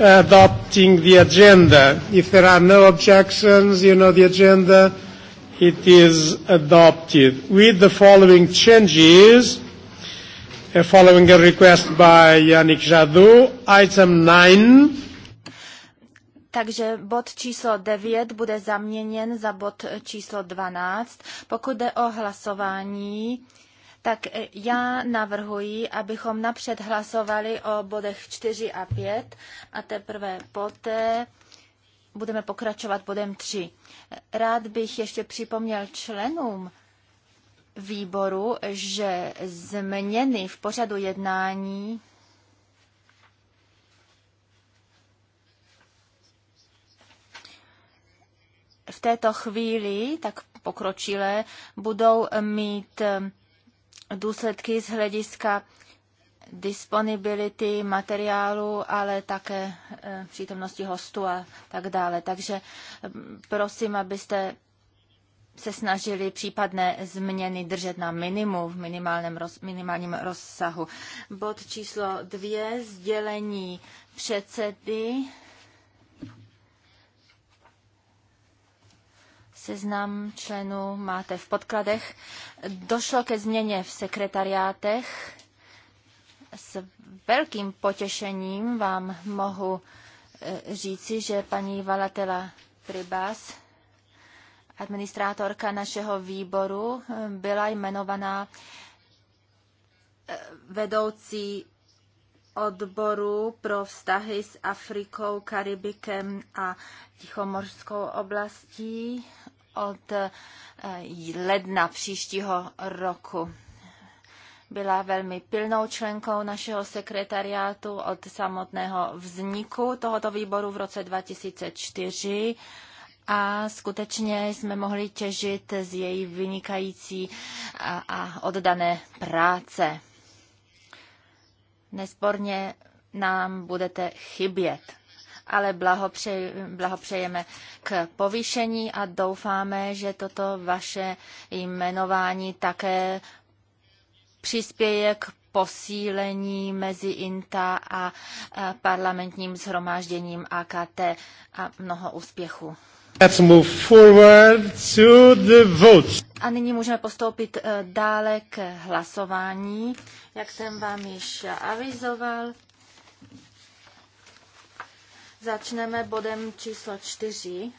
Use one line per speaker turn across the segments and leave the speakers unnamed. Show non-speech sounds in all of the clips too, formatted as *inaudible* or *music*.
adopting the agenda. If there are no objections, you know the agenda, it is adopted with the following changes. Uh, following a request by Yannick Jadot, item 9.
Takže bod číslo 9 bude zaměněn za bod číslo 12. Pokud jde o hlasování, tak já navrhuji, abychom napřed hlasovali o bodech 4 a 5 a teprve poté budeme pokračovat bodem 3. Rád bych ještě připomněl členům výboru, že změny v pořadu jednání v této chvíli, tak pokročilé, budou mít důsledky z hlediska disponibility materiálu, ale také e, přítomnosti hostů a tak dále. Takže e, prosím, abyste se snažili případné změny držet na minimu, v minimálním, roz, minimálním rozsahu. Bod číslo dvě, sdělení předsedy Seznam členů máte v podkladech. Došlo ke změně v sekretariátech. S velkým potěšením vám mohu e, říci, že paní Valatela Pribas, administrátorka našeho výboru, e, byla jmenovaná e, vedoucí odboru pro vztahy s Afrikou, Karibikem a Tichomorskou oblastí od eh, ledna příštího roku. Byla velmi pilnou členkou našeho sekretariátu od samotného vzniku tohoto výboru v roce 2004 a skutečně jsme mohli těžit z její vynikající a, a oddané práce. Nesporně nám budete chybět ale blahopřeji, blahopřejeme k povýšení a doufáme, že toto vaše jmenování také přispěje k posílení mezi INTA a parlamentním zhromážděním AKT a mnoho úspěchů.
Let's move forward to the
vote. A nyní můžeme postoupit eh, dále k hlasování. Jak jsem vám již avizoval, Začneme bodem číslo čtyři.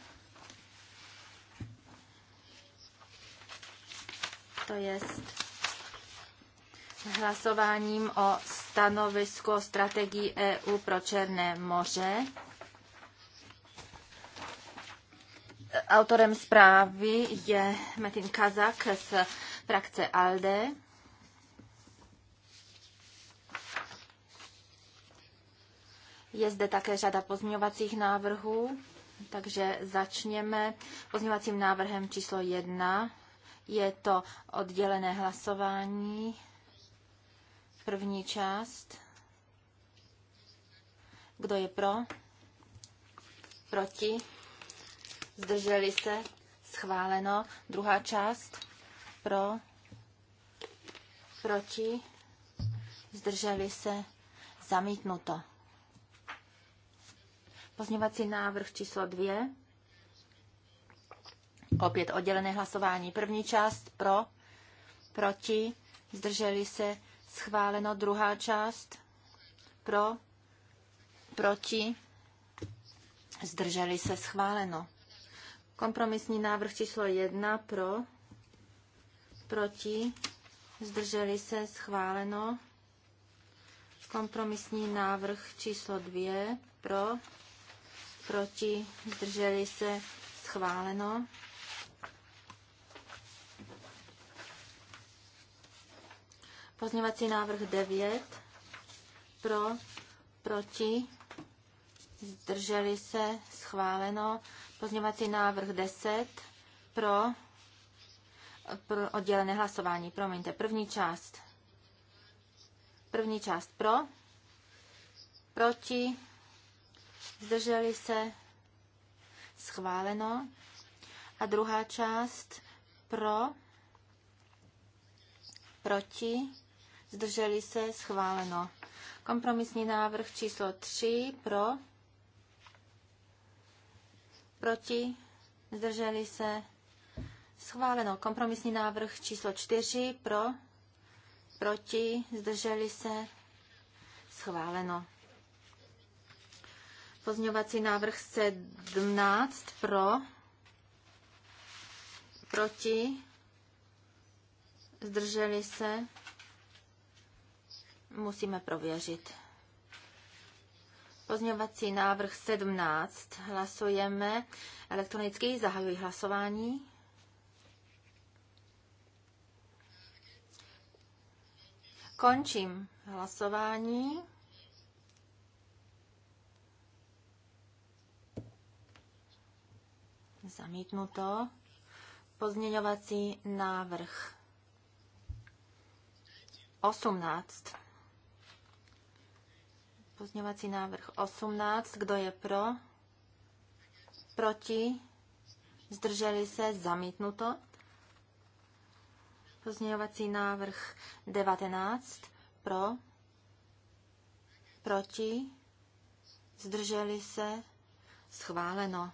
To je hlasováním o stanovisku o strategii EU pro Černé moře. Autorem zprávy je Metin Kazak z frakce ALDE. Je zde také řada pozměňovacích návrhů, takže začněme pozměňovacím návrhem číslo jedna. Je to oddělené hlasování, první část. Kdo je pro? Proti? Zdrželi se? Schváleno. Druhá část. Pro? Proti? Zdrželi se? Zamítnuto. Pozměňovací návrh číslo 2. Opět oddělené hlasování. První část pro, proti, zdrželi se, schváleno. Druhá část pro, proti, zdrželi se, schváleno. Kompromisní návrh číslo 1 pro, proti, zdrželi se, schváleno. Kompromisní návrh číslo 2 pro, proti, zdrželi se, schváleno. Pozměvací návrh 9, pro, proti, zdrželi se, schváleno. Pozměvací návrh 10, pro, pro oddělené hlasování, promiňte, první část. První část pro, proti, zdrželi se, schváleno. A druhá část pro, proti, zdrželi se, schváleno. Kompromisní návrh číslo 3 pro, proti, zdrželi se, schváleno. Kompromisní návrh číslo 4 pro, proti, zdrželi se, schváleno. Pozměňovací návrh 17 pro, proti, zdrželi se, musíme prověřit. Pozměňovací návrh 17. Hlasujeme elektronicky. Zahajuji hlasování. Končím hlasování. Zamítnuto. Pozměňovací návrh 18. Pozměňovací návrh 18. Kdo je pro? Proti? Zdrželi se? Zamítnuto. Pozměňovací návrh 19. Pro? Proti? Zdrželi se? Schváleno.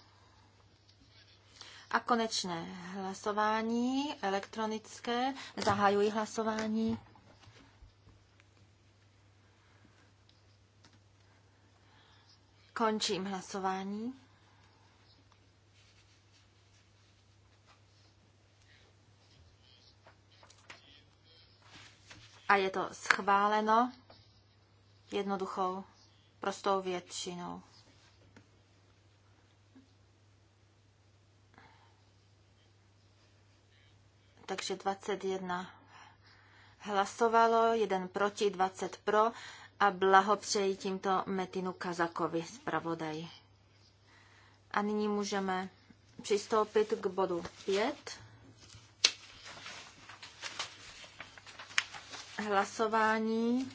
A konečné hlasování elektronické. Zahajuji hlasování. Končím hlasování. A je to schváleno jednoduchou, prostou většinou. takže 21 hlasovalo, jeden proti, 20 pro a blahopřeji tímto Metinu Kazakovi, zpravodaji. A nyní můžeme přistoupit k bodu 5. Hlasování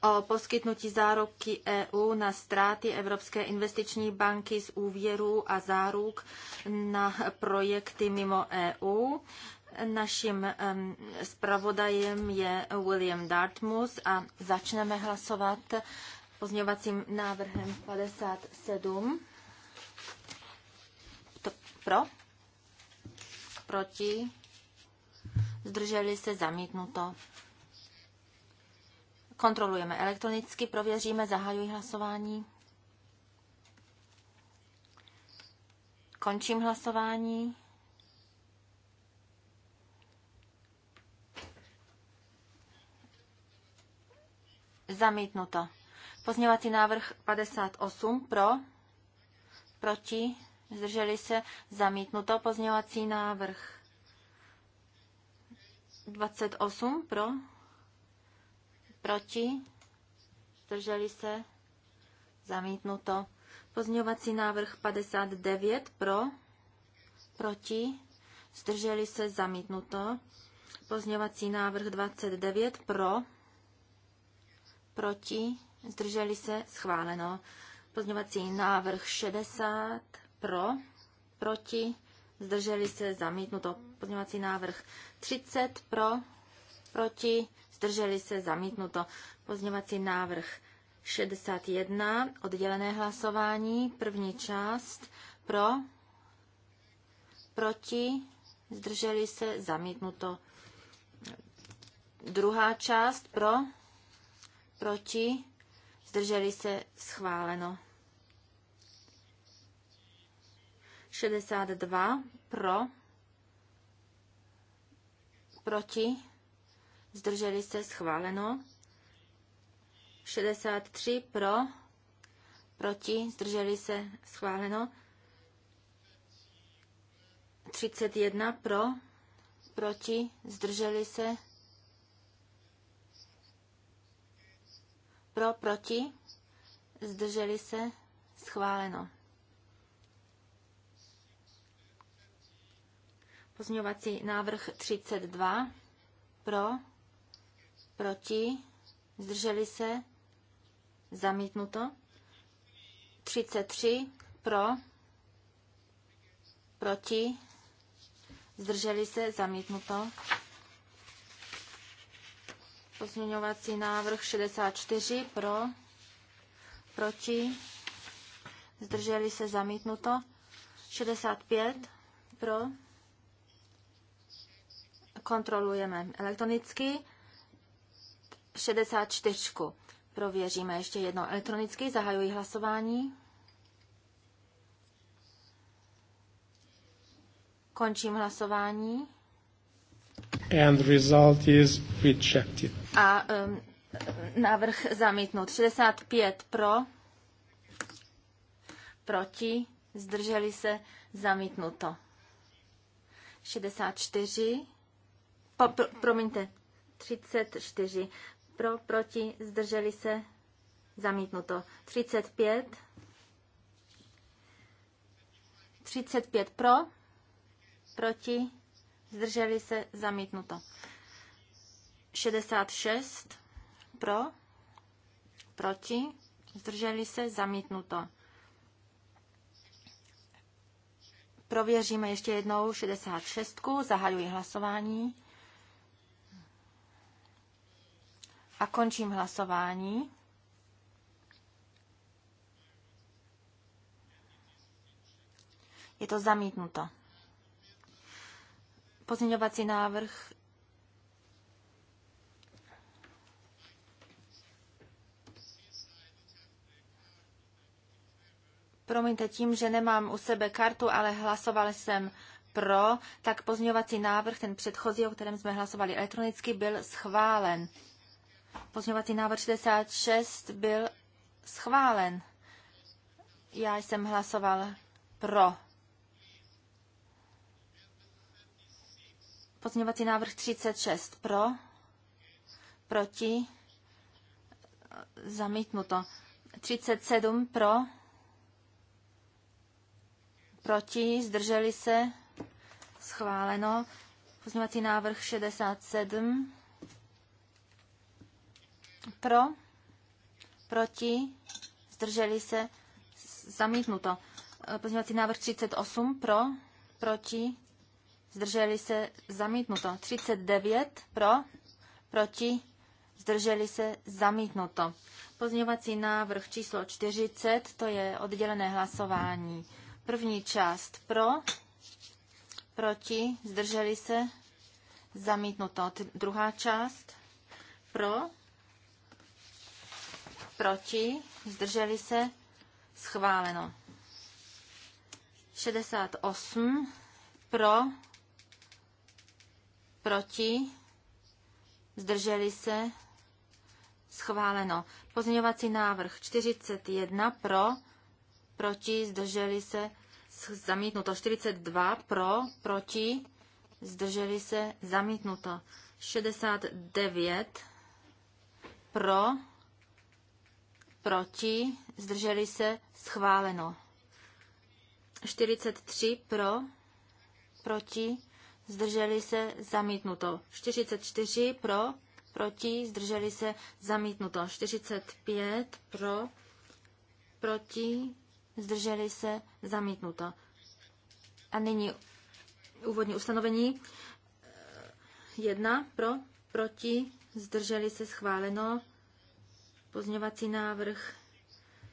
o poskytnutí záruky EU na ztráty Evropské investiční banky z úvěrů a záruk na projekty mimo EU. Naším zpravodajem je William Dartmouth a začneme hlasovat pozměňovacím návrhem 57. To pro? Proti? Zdrželi se zamítnuto. Kontrolujeme elektronicky, prověříme, zahajuji hlasování. Končím hlasování. Zamítnuto. Pozměňovací návrh 58 pro, proti, zdrželi se, zamítnuto. Pozměňovací návrh 28 pro, Proti? Zdrželi se? Zamítnuto. Pozměňovací návrh 59 pro, proti, zdrželi se zamítnuto. Pozměňovací návrh 29 pro, proti, zdrželi se schváleno. Pozměňovací návrh 60 pro, proti, zdrželi se zamítnuto. Pozměňovací návrh 30 pro, proti, zdrželi se, zamítnuto. pozněvací návrh 61, oddělené hlasování, první část, pro, proti, zdrželi se, zamítnuto. Druhá část, pro, proti, zdrželi se, schváleno. 62, pro, proti, zdrželi se, schváleno. 63 pro, proti, zdrželi se, schváleno. 31 pro, proti, zdrželi se, pro, proti, zdrželi se, schváleno. Pozměňovací návrh 32 pro, proti, zdrželi se, zamítnuto. 33 pro, proti, zdrželi se, zamítnuto. Pozměňovací návrh 64 pro, proti, zdrželi se, zamítnuto. 65 pro, kontrolujeme elektronicky. 64. Prověříme ještě jedno elektronicky. Zahajuji hlasování. Končím hlasování.
And the result is rejected.
A um, návrh zamítnut. 65 pro, proti, zdrželi se, zamítnuto. 64, po, pro, promiňte, 34 pro, proti, zdrželi se, zamítnuto. 35, 35 pro, proti, zdrželi se, zamítnuto. 66 pro, proti, zdrželi se, zamítnuto. Prověříme ještě jednou 66, zahajuji hlasování. A končím hlasování. Je to zamítnuto. Pozměňovací návrh Promiňte tím, že nemám u sebe kartu, ale hlasoval jsem pro, tak pozměňovací návrh, ten předchozí, o kterém jsme hlasovali elektronicky, byl schválen. Pozměňovací návrh 66 byl schválen. Já jsem hlasoval pro. Pozměňovací návrh 36 pro, proti, zamítnuto. 37 pro, proti, zdrželi se, schváleno. Pozměňovací návrh 67 pro, proti, zdrželi se, zamítnuto. E, pozměňovací návrh 38 pro, proti, zdrželi se, zamítnuto. 39 pro, proti, zdrželi se, zamítnuto. Pozměňovací návrh číslo 40, to je oddělené hlasování. První část pro, proti, zdrželi se, zamítnuto. Druhá část pro, proti, zdrželi se, schváleno. 68 pro, proti, zdrželi se, schváleno. Pozměňovací návrh 41 pro, proti, zdrželi se, zamítnuto. 42 pro, proti, zdrželi se, zamítnuto. 69 pro, proti, zdrželi se, schváleno. 43 pro, proti, zdrželi se, zamítnuto. 44 pro, proti, zdrželi se, zamítnuto. 45 pro, proti, zdrželi se, zamítnuto. A nyní úvodní ustanovení. 1 pro, proti, zdrželi se, schváleno. Pozměňovací návrh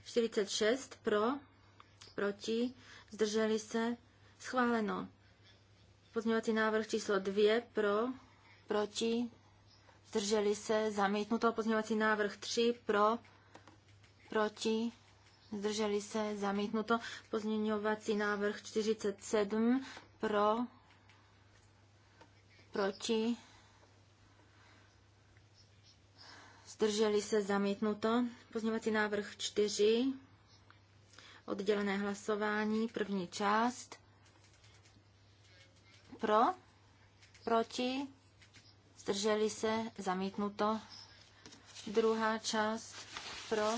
46 pro, proti, zdrželi se, schváleno. Pozměňovací návrh číslo 2 pro, proti, zdrželi se, zamítnuto. Pozměňovací návrh 3 pro, proti, zdrželi se, zamítnuto. Pozměňovací návrh 47 pro, proti, zdrželi se zamítnuto. Pozměňovací návrh 4, oddělené hlasování, první část. Pro, proti, zdrželi se zamítnuto. Druhá část pro,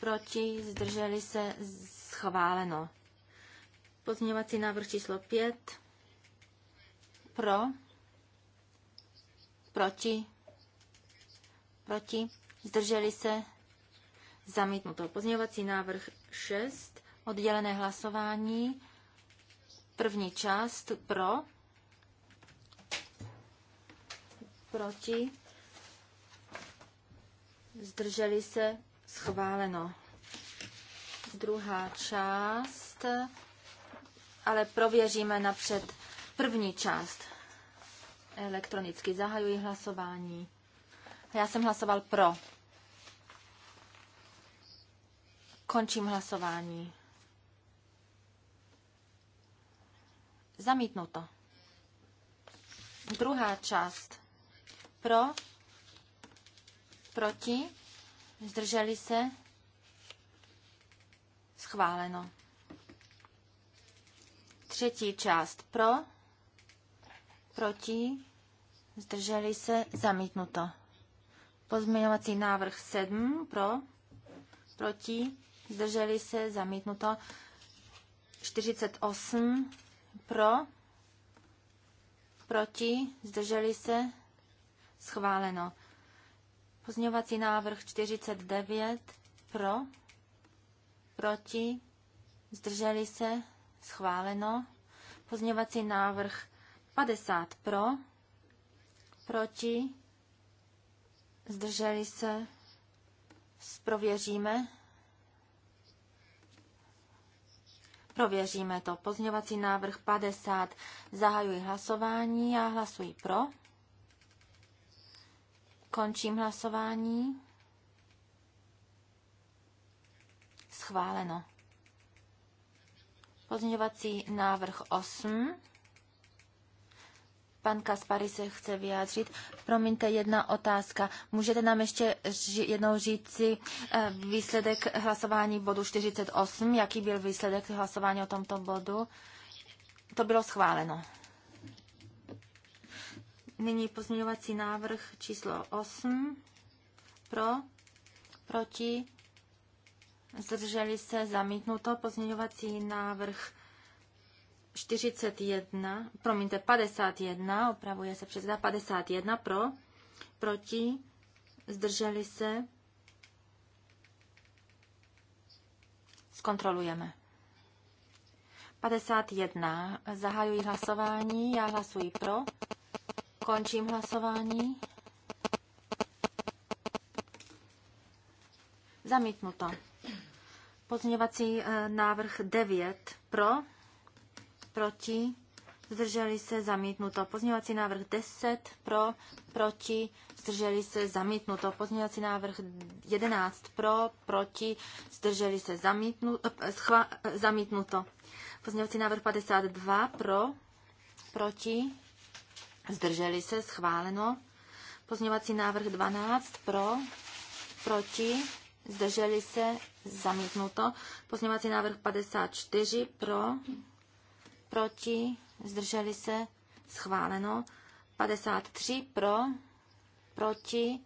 proti, zdrželi se schváleno. Pozměňovací návrh číslo 5. Pro. Proti proti, zdrželi se, zamítnuto. Pozměňovací návrh 6, oddělené hlasování, první část pro, proti, zdrželi se, schváleno. Druhá část, ale prověříme napřed první část. Elektronicky zahajuji hlasování. Já jsem hlasoval pro. Končím hlasování. Zamítnuto. Druhá část. Pro, proti, zdrželi se, schváleno. Třetí část. Pro, proti, zdrželi se, zamítnuto. Pozměňovací návrh 7 pro, proti, zdrželi se, zamítnuto. 48 pro, proti, zdrželi se, schváleno. Pozměňovací návrh 49 pro, proti, zdrželi se, schváleno. Pozměňovací návrh 50 pro, proti, Zdrželi se? Prověříme. Prověříme to. Pozměňovací návrh 50. Zahajuji hlasování a hlasuji pro. Končím hlasování. Schváleno. Pozměňovací návrh 8. Pan Kaspary se chce vyjádřit. Promiňte, jedna otázka. Můžete nám ještě jednou říci eh, výsledek hlasování bodu 48? Jaký byl výsledek hlasování o tomto bodu? To bylo schváleno. Nyní pozměňovací návrh číslo 8. Pro, proti, zdrželi se, zamítnuto. Pozměňovací návrh 41, promiňte, 51, opravuje se předseda, 51 pro, proti, zdrželi se, zkontrolujeme. 51, zahajuji hlasování, já hlasuji pro, končím hlasování. Zamítnuto. Pozměňovací eh, návrh 9 pro proti, zdrželi se, zamítnuto. Pozměňovací návrh 10, pro, proti, zdrželi se, zamítnuto. Pozměňovací návrh 11, pro, proti, zdrželi se, zamítnu, eh, schva, eh, zamítnuto. Pozměňovací návrh 52, pro, proti, zdrželi se, schváleno. Pozměňovací návrh 12, pro, proti, zdrželi se, zamítnuto. Pozměňovací návrh 54, pro, proti, zdrželi se, schváleno. 53 pro, proti,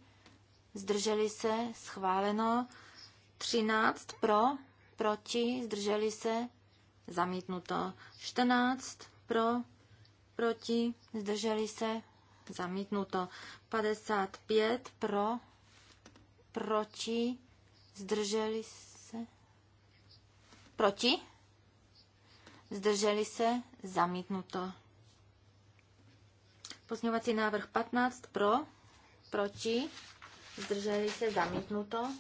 zdrželi se, schváleno. 13 pro, proti, zdrželi se, zamítnuto. 14 pro, proti, zdrželi se, zamítnuto. 55 pro, proti, zdrželi se, proti, zdrželi se, zamítnuto. Pozměňovací návrh 15 pro, proti, zdrželi se, zamítnuto.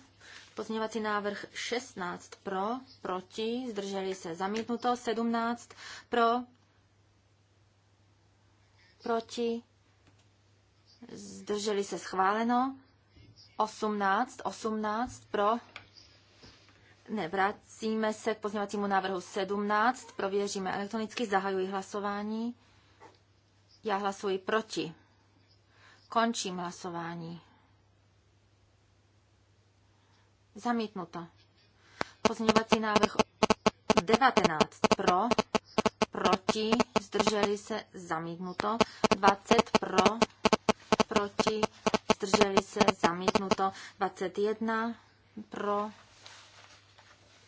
Pozměňovací návrh 16 pro, proti, zdrželi se, zamítnuto. 17 pro, proti, zdrželi se, schváleno. 18, 18 pro, ne, vracíme se k pozměňovacímu návrhu 17, prověříme elektronicky, zahajuji hlasování. Já hlasuji proti. Končím hlasování. Zamítnuto. Pozměňovací návrh 19 pro, proti, zdrželi se, zamítnuto. 20 pro, proti, zdrželi se, zamítnuto. 21 pro,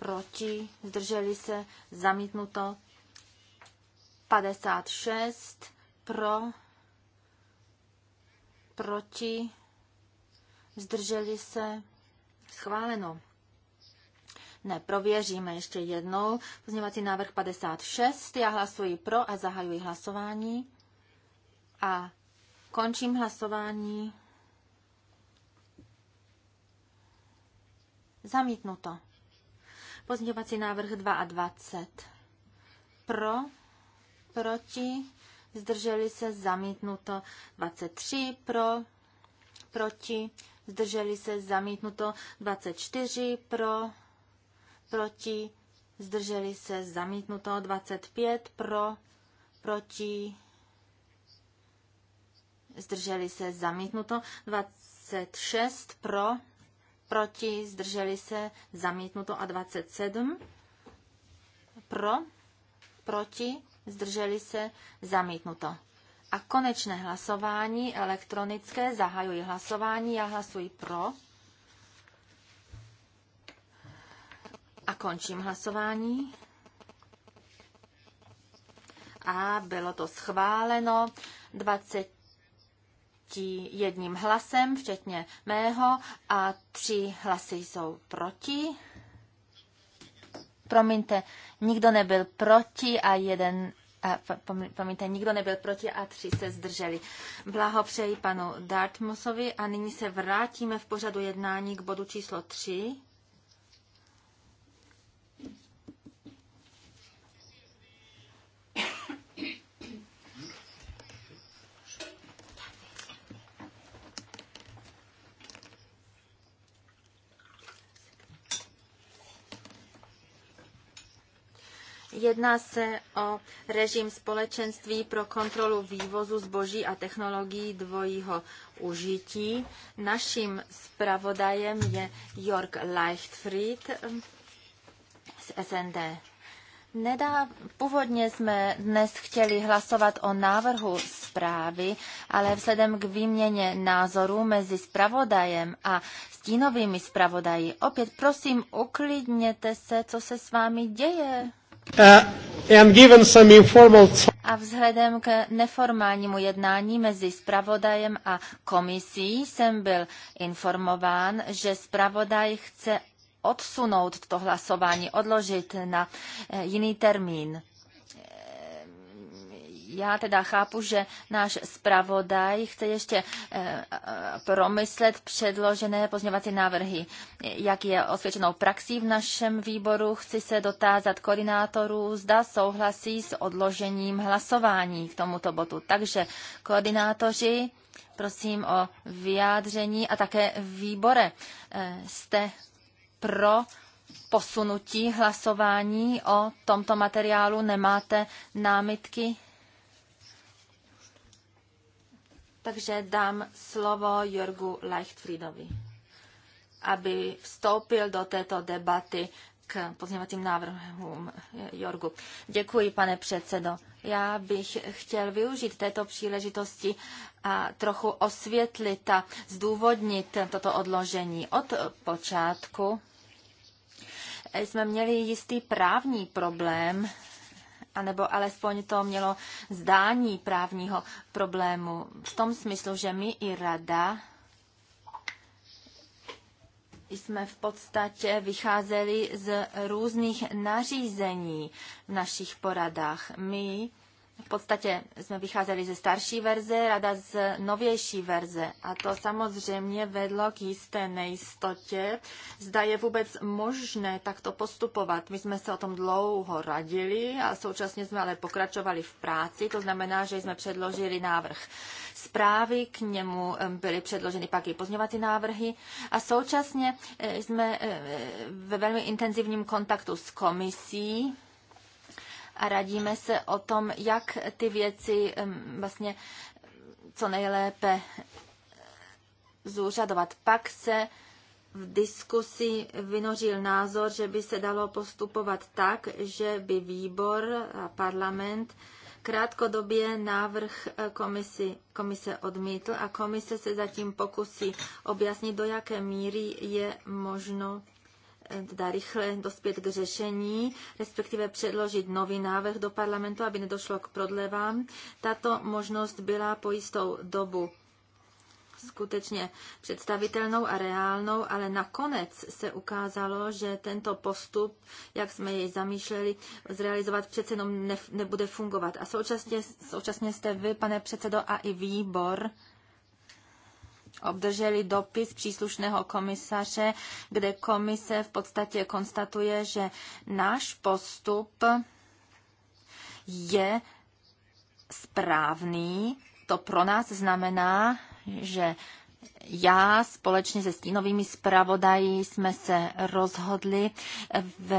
proti, zdrželi se, zamítnuto 56 pro, proti, zdrželi se, schváleno. Ne, prověříme ještě jednou. Pozměňovací návrh 56. Já hlasuji pro a zahajuji hlasování. A končím hlasování. Zamítnuto. Pozměňovací návrh 22. Pro, proti, zdrželi se zamítnuto 23. Pro, proti, zdrželi se zamítnuto 24. Pro, proti, zdrželi se zamítnuto 25. Pro, proti, zdrželi se zamítnuto 26. Pro, proti, zdrželi se, zamítnuto a 27 pro, proti, zdrželi se, zamítnuto. A konečné hlasování elektronické, zahajuji hlasování, já hlasuji pro. A končím hlasování. A bylo to schváleno 20 tí jedním hlasem, včetně mého, a tři hlasy jsou proti. Promiňte, nikdo nebyl proti a jeden a, promiňte, nikdo nebyl proti a tři se zdrželi. Blahopřeji panu Dartmusovi a nyní se vrátíme v pořadu jednání k bodu číslo 3 Jedná se o režim společenství pro kontrolu vývozu zboží a technologií dvojího užití. Naším zpravodajem je Jörg Leichtfried z SND. Nedá, původně jsme dnes chtěli hlasovat o návrhu zprávy, ale vzhledem k výměně názorů mezi zpravodajem a stínovými zpravodaji, opět prosím, uklidněte se, co se s vámi děje
and uh, given some informal
a vzhledem k neformálnímu jednání mezi zpravodajem a komisí jsem byl informován, že zpravodaj chce odsunout to hlasování, odložit na eh, jiný termín. Já teda chápu, že náš zpravodaj chce ještě eh, eh, promyslet předložené pozměňovací návrhy. Jak je osvědčenou praxí v našem výboru, chci se dotázat koordinátorů, zda souhlasí s odložením hlasování k tomuto botu. Takže koordinátoři, prosím o vyjádření a také výbore. Eh, jste pro posunutí hlasování o tomto materiálu? Nemáte námitky? Takže dám slovo Jorgu Leichtfriedovi, aby vstoupil do této debaty k pozměňovacím návrhům Jorgu. Děkuji, pane předsedo. Já bych chtěl využít této příležitosti a trochu osvětlit a zdůvodnit toto odložení. Od počátku jsme měli jistý právní problém anebo alespoň to mělo zdání právního problému v tom smyslu, že my i rada jsme v podstatě vycházeli z různých nařízení v našich poradách. My v podstatě jsme vycházeli ze starší verze, rada z novější verze. A to samozřejmě vedlo k jisté nejistotě. Zda je vůbec možné takto postupovat. My jsme se o tom dlouho radili a současně jsme ale pokračovali v práci. To znamená, že jsme předložili návrh zprávy, k němu byly předloženy pak i pozměňovací návrhy a současně eh, jsme eh, ve velmi intenzivním kontaktu s komisí a radíme se o tom, jak ty věci vlastně co nejlépe zúřadovat. Pak se v diskusi vynořil názor, že by se dalo postupovat tak, že by výbor a parlament krátkodobě návrh eh, komisi, komise odmítl a komise se zatím pokusí objasnit, do jaké míry je možno Eh, teda rychle dospět k řešení, respektive předložit nový návrh do parlamentu, aby nedošlo k prodlevám. Tato možnost byla po jistou dobu skutečně představitelnou a reálnou, ale nakonec se ukázalo, že tento postup, jak jsme jej zamýšleli, zrealizovat přece jenom nebude fungovat. A současně, současně jste vy, pane předsedo, a i výbor obdrželi dopis příslušného komisaře, kde komise v podstatě konstatuje, že náš postup je správný. To pro nás znamená, že já společně se stínovými zpravodaji jsme se rozhodli v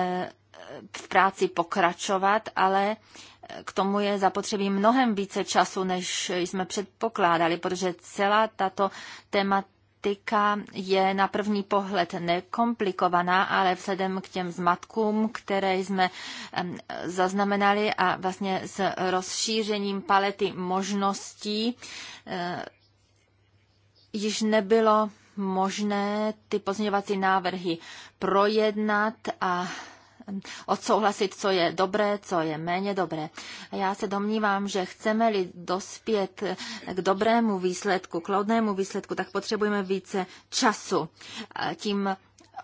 v práci pokračovat, ale k tomu je zapotřebí mnohem více času, než jsme předpokládali, protože celá tato tematika je na první pohled nekomplikovaná, ale vzhledem k těm zmatkům, které jsme zaznamenali a vlastně s rozšířením palety možností e, již nebylo možné ty pozměňovací návrhy projednat a odsouhlasit, co je dobré, co je méně dobré. A já se domnívám, že chceme-li dospět k dobrému výsledku, k lodnému výsledku, tak potřebujeme více času. A tím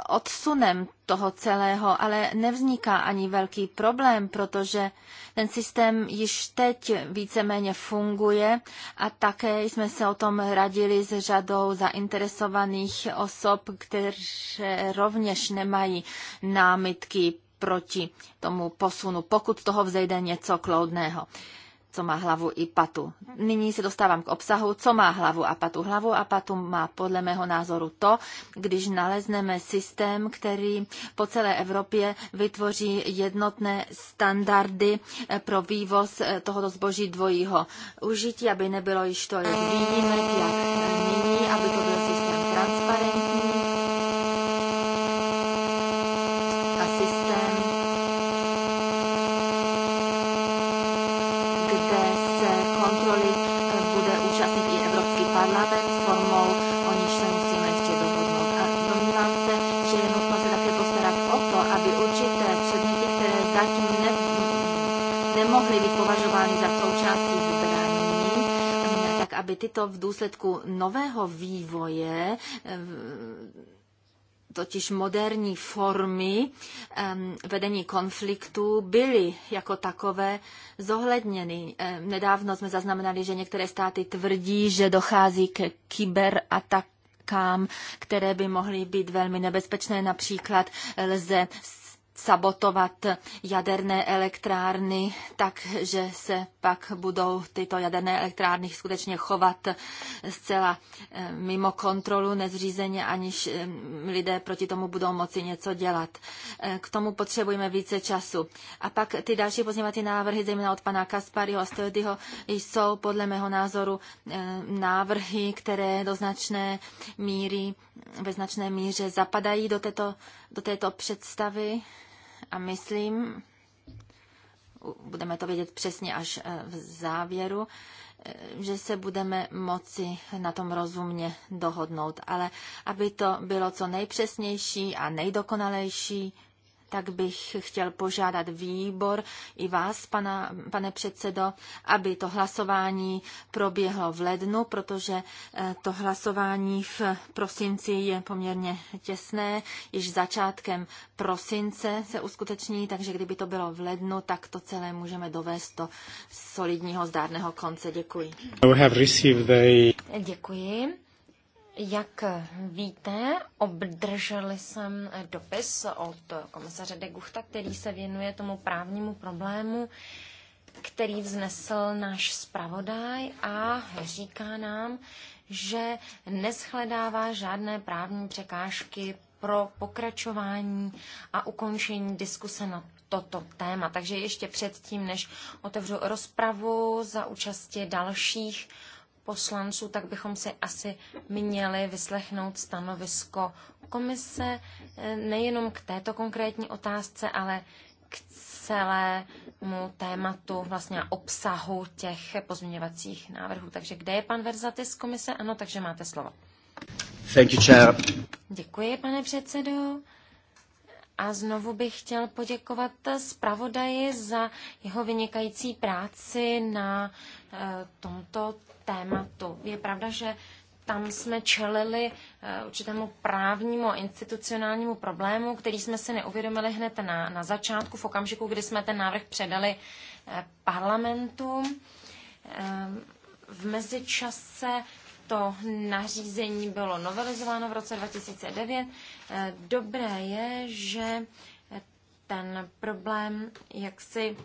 odsunem toho celého, ale nevzniká ani velký problém, protože ten systém již teď víceméně funguje a také jsme se o tom radili s řadou zainteresovaných osob, které rovněž nemají námitky proti tomu posunu, pokud toho vzejde něco kloudného co má hlavu i patu. Nyní se dostávám k obsahu, co má hlavu a patu. Hlavu a patu má podle mého názoru to, když nalezneme systém, který po celé Evropě vytvoří jednotné standardy pro vývoz eh, tohoto zboží dvojího užití, aby nebylo již to jak výjimek, jak nyní, aby to byl systém transparentní aby tyto v důsledku nového vývoje eh, totiž moderní formy vedení konfliktů byly jako takové zohledněny. Nedávno jsme zaznamenali, že některé státy tvrdí, že dochází k kyberatakům, které by mohly být velmi nebezpečné. Například lze sabotovat jaderné elektrárny, takže se pak budou tyto jaderné elektrárny skutečně chovat zcela eh, mimo kontrolu, nezřízeně, aniž eh, lidé proti tomu budou moci něco dělat. Eh, k tomu potřebujeme více času. A pak ty další pozměňovací návrhy, zejména od pana Kaspariho a Stojdyho, jsou podle mého názoru návrhy, které do značné míry, ve značné míře zapadají do této, do této představy a myslím, budeme to vědět přesně až eh, v závěru, eh, že se budeme moci na tom rozumně dohodnout. Ale aby to bylo co nejpřesnější a nejdokonalejší, tak bych chtěl požádat výbor i vás, pana, pane předsedo, aby to hlasování proběhlo v lednu, protože eh, to hlasování v prosinci je poměrně těsné. Již začátkem prosince se uskuteční, takže kdyby to bylo v lednu, tak to celé můžeme dovést do solidního zdárného konce. Děkuji. Děkuji. Jak víte, obdrželi
jsem dopis od komisaře de Guchta, který se věnuje tomu právnímu problému, který vznesl náš zpravodaj a říká nám, že neschledává žádné právní překážky pro pokračování a ukončení diskuse na toto téma. Takže ještě předtím, než otevřu rozpravu za účastí dalších poslanců, tak bychom si asi měli vyslechnout stanovisko komise eh, nejenom k této konkrétní otázce, ale k celému tématu vlastně obsahu těch pozměňovacích návrhů. Takže kde je pan Verzaty z komise? Ano, takže máte slovo.
Thank you, chair.
Děkuji, pane předsedo. A znovu bych chtěl poděkovat zpravodaji za jeho vynikající práci na Eh, tomto tématu. Je pravda, že tam jsme čelili eh, určitému právnímu a institucionálnímu problému, který jsme si neuvědomili hned na, na začátku, v okamžiku, kdy jsme ten návrh předali eh, parlamentu. V mezičase to nařízení bylo novelizováno v roce 2009. Dobré je, že ten problém jaksi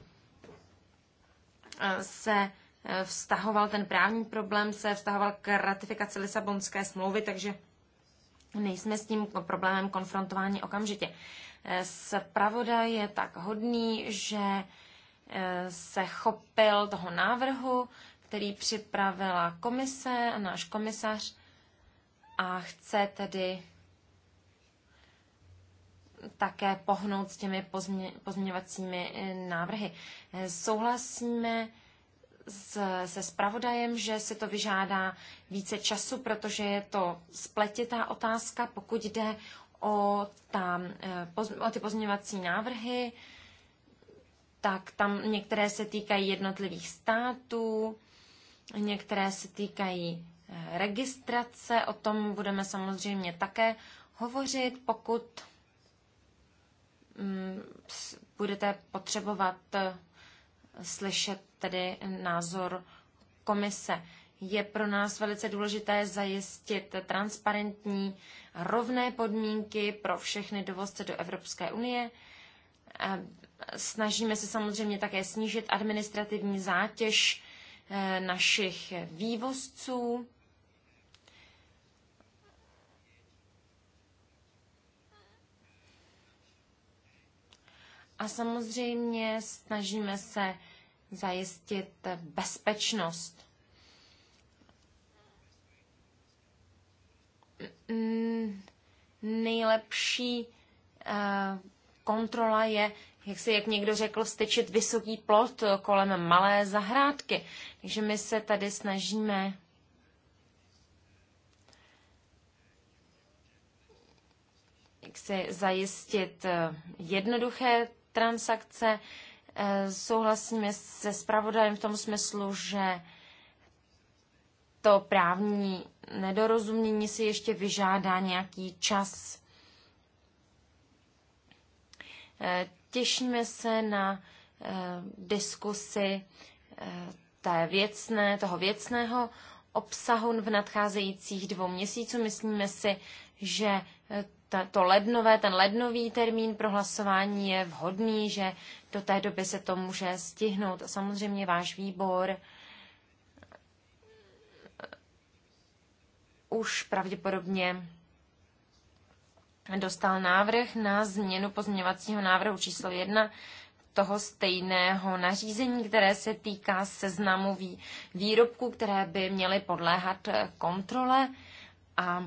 se Eh, vztahoval ten právní problém, se vztahoval k ratifikaci Lisabonské smlouvy, takže nejsme s tím problémem konfrontováni okamžitě. Spravoda eh, je tak hodný, že eh, se chopil toho návrhu, který připravila komise a náš komisař a chce tedy také pohnout s těmi pozměňovacími návrhy. Souhlasíme se spravodajem, že si to vyžádá více času, protože je to spletitá otázka, pokud jde o, ta, eh, o ty pozměňovací návrhy, tak tam některé se týkají jednotlivých států, některé se týkají eh, registrace, o tom budeme samozřejmě také hovořit, pokud mm, budete potřebovat eh, slyšet tedy názor komise. Je pro nás velice důležité zajistit transparentní rovné podmínky pro všechny dovozce do Evropské unie. E, snažíme se samozřejmě také snížit administrativní zátěž e, našich vývozců A samozřejmě snažíme se zajistit bezpečnost. Nejlepší eh, kontrola je, jak si jak někdo řekl, vstyčit vysoký plot kolem malé zahrádky. Takže my se tady snažíme jak si zajistit eh, jednoduché transakce. E, souhlasíme se spravodajem v tom smyslu, že to právní nedorozumění si ještě vyžádá nějaký čas. E, těšíme se na e, diskusy té věcné, toho věcného obsahu v nadcházejících dvou měsíců. Myslíme si, že to lednové, ten lednový termín pro hlasování je vhodný, že do té doby se to může stihnout. A samozřejmě váš výbor eh, už pravděpodobně dostal návrh na změnu pozměňovacího návrhu číslo 1 toho stejného nařízení, které se týká seznamu výrobků, které by měly podléhat eh, kontrole a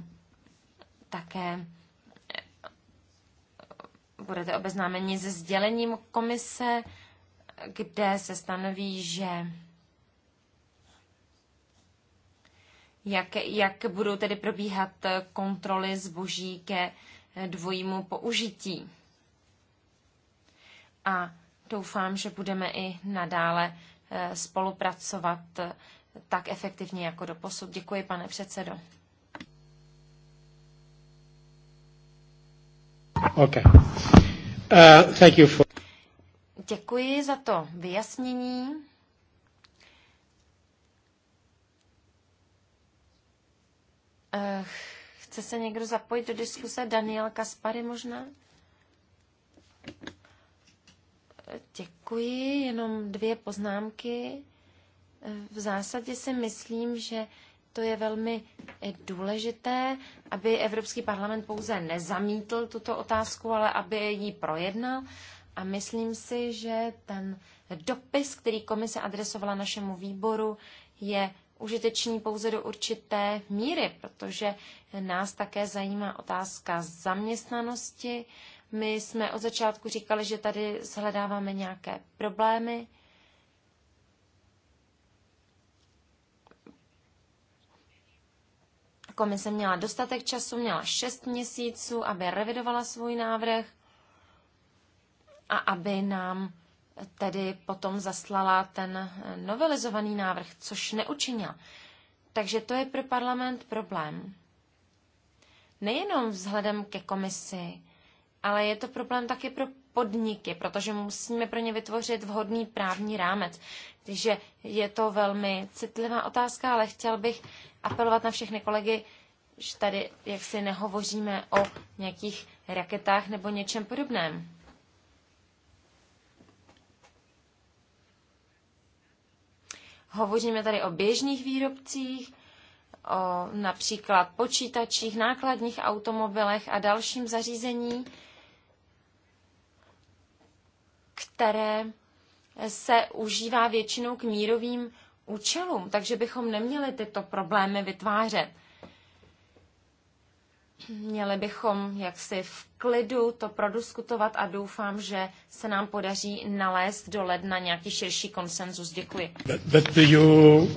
také budete obeznámeni se sdělením komise, kde se stanoví, že jak, jak budou tedy probíhat kontroly zboží ke dvojímu použití. A doufám, že budeme i nadále eh, spolupracovat eh, tak efektivně jako do posud. Děkuji, pane předsedo.
Okay. Uh, thank you for...
Děkuji za to vyjasnění. Uh, chce se někdo zapojit do diskuse? Daniel Kaspary možná? Eh, děkuji, jenom dvě poznámky. Eh, v zásadě si myslím, že to je velmi eh, důležité, aby Evropský parlament pouze nezamítl tuto otázku, ale aby ji projednal. A myslím si, že ten dopis, který komise adresovala našemu výboru, je užitečný pouze do určité míry, protože nás také zajímá otázka zaměstnanosti. My jsme od začátku říkali, že tady shledáváme nějaké problémy, Komise měla dostatek času, měla 6 měsíců, aby revidovala svůj návrh a aby nám tedy potom zaslala ten novelizovaný návrh, což neučinila. Takže to je pro parlament problém. Nejenom vzhledem ke komisi, ale je to problém taky pro podniky, protože musíme pro ně vytvořit vhodný právní rámec. Takže je to velmi citlivá otázka, ale chtěl bych apelovat na všechny kolegy, že tady jaksi nehovoříme o nějakých raketách nebo něčem podobném. Hovoříme tady o běžných výrobcích, o například počítačích, nákladních automobilech a dalším zařízení, které se užívá většinou k mírovým účelům, takže bychom neměli tyto problémy vytvářet. Měli bychom jaksi v klidu to prodiskutovat a doufám, že se nám podaří nalézt do ledna nějaký širší konsenzus. Děkuji.
But, but do you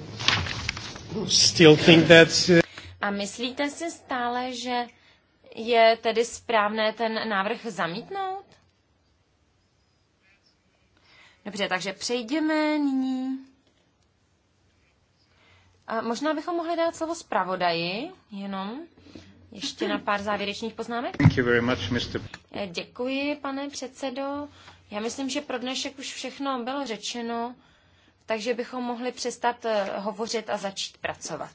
still think that... Uh,
a myslíte si stále, že je tedy správné ten návrh zamítnout? Dobře, takže přejdeme nyní. A možná bychom mohli dát slovo zpravodaji, jenom ještě na pár závěrečných poznámek.
Thank you very much, Mr.
Eh, děkuji, pane předsedo. Já myslím, že pro dnešek už všechno bylo řečeno, takže bychom mohli přestat eh, hovořit a začít pracovat.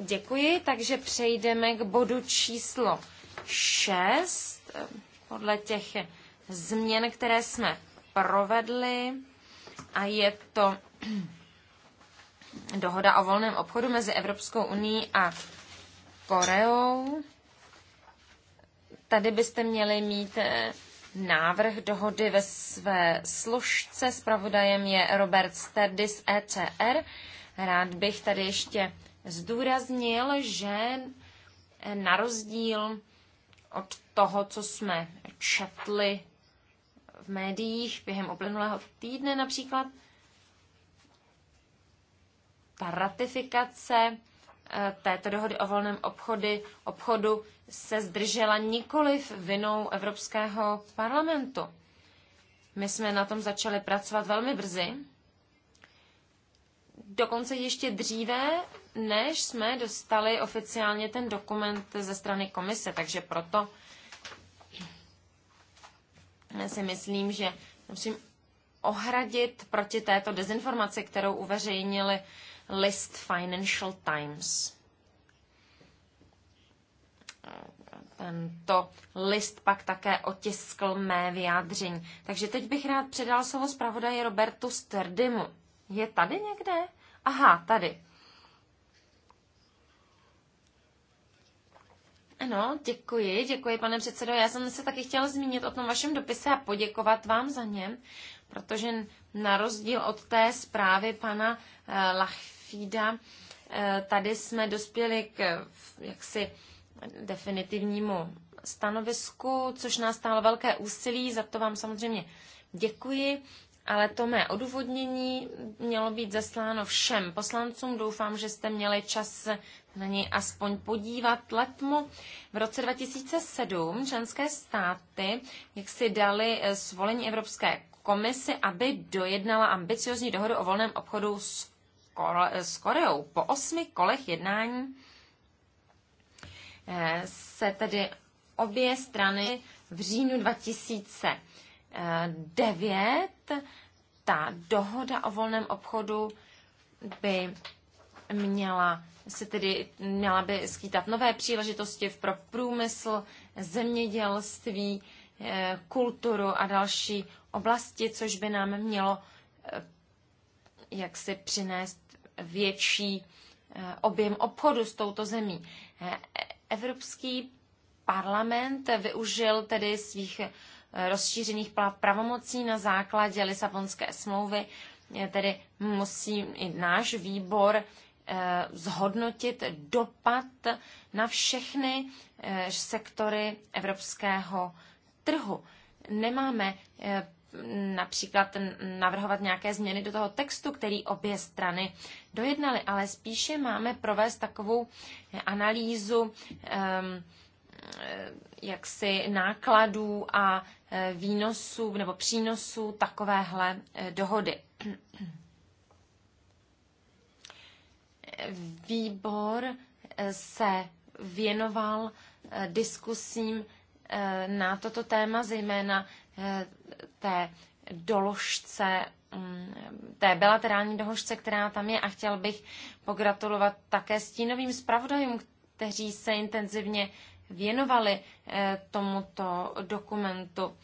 Děkuji, takže přejdeme k bodu číslo 6 eh, podle těch změn, které jsme provedli a je to *clears throat* dohoda o volném obchodu mezi Evropskou uní a Koreou. Tady byste měli mít eh, návrh dohody ve své složce. Spravodajem je Robert Sterdis ECR. Rád bych tady ještě zdůraznil, že eh, na rozdíl od toho, co jsme četli v médiích během uplynulého týdne například. Ta ratifikace eh, této dohody o volném obchody, obchodu se zdržela nikoliv vinou Evropského parlamentu. My jsme na tom začali pracovat velmi brzy, dokonce ještě dříve, než jsme dostali oficiálně ten dokument ze strany komise, takže proto si myslím, že musím ohradit proti této dezinformaci, kterou uveřejnili list Financial Times. Tento list pak také otiskl mé vyjádření. Takže teď bych rád předal slovo zpravodaji Robertu Sterdimu. Je tady někde? Aha, tady. Ano, děkuji, děkuji, pane předsedo. Já jsem se taky chtěla zmínit o tom vašem dopise a poděkovat vám za něm, protože na rozdíl od té zprávy pana eh, Lachfída, eh, tady jsme dospěli k jaksi definitivnímu stanovisku, což nás stálo velké úsilí, za to vám samozřejmě děkuji, ale to mé odůvodnění mělo být zasláno všem poslancům. Doufám, že jste měli čas na něj aspoň podívat letmo. V roce 2007 členské státy jak si dali eh, svolení Evropské komisi, aby dojednala ambiciozní dohodu o volném obchodu s, Kore- s Koreou. Po osmi kolech jednání eh, se tedy obě strany v říjnu 2009 ta dohoda o volném obchodu by měla se tedy měla by skýtat nové příležitosti pro průmysl, zemědělství, eh, kulturu a další oblasti, což by nám mělo eh, jak přinést větší eh, objem obchodu s touto zemí. Evropský parlament využil tedy svých rozšířených pravomocí na základě Lisabonské smlouvy, tedy musí i náš výbor Eh, zhodnotit dopad na všechny eh, sektory evropského trhu. Nemáme eh, například navrhovat nějaké změny do toho textu, který obě strany dojednaly, ale spíše máme provést takovou analýzu ehm, jaksi nákladů a výnosů nebo přínosů takovéhle dohody výbor eh, se věnoval eh, diskusím eh, na toto téma, zejména té doložce, mm, té bilaterální doložce, která tam je a chtěl bych pogratulovat také stínovým zpravodajům, kteří se intenzivně věnovali tomuto dokumentu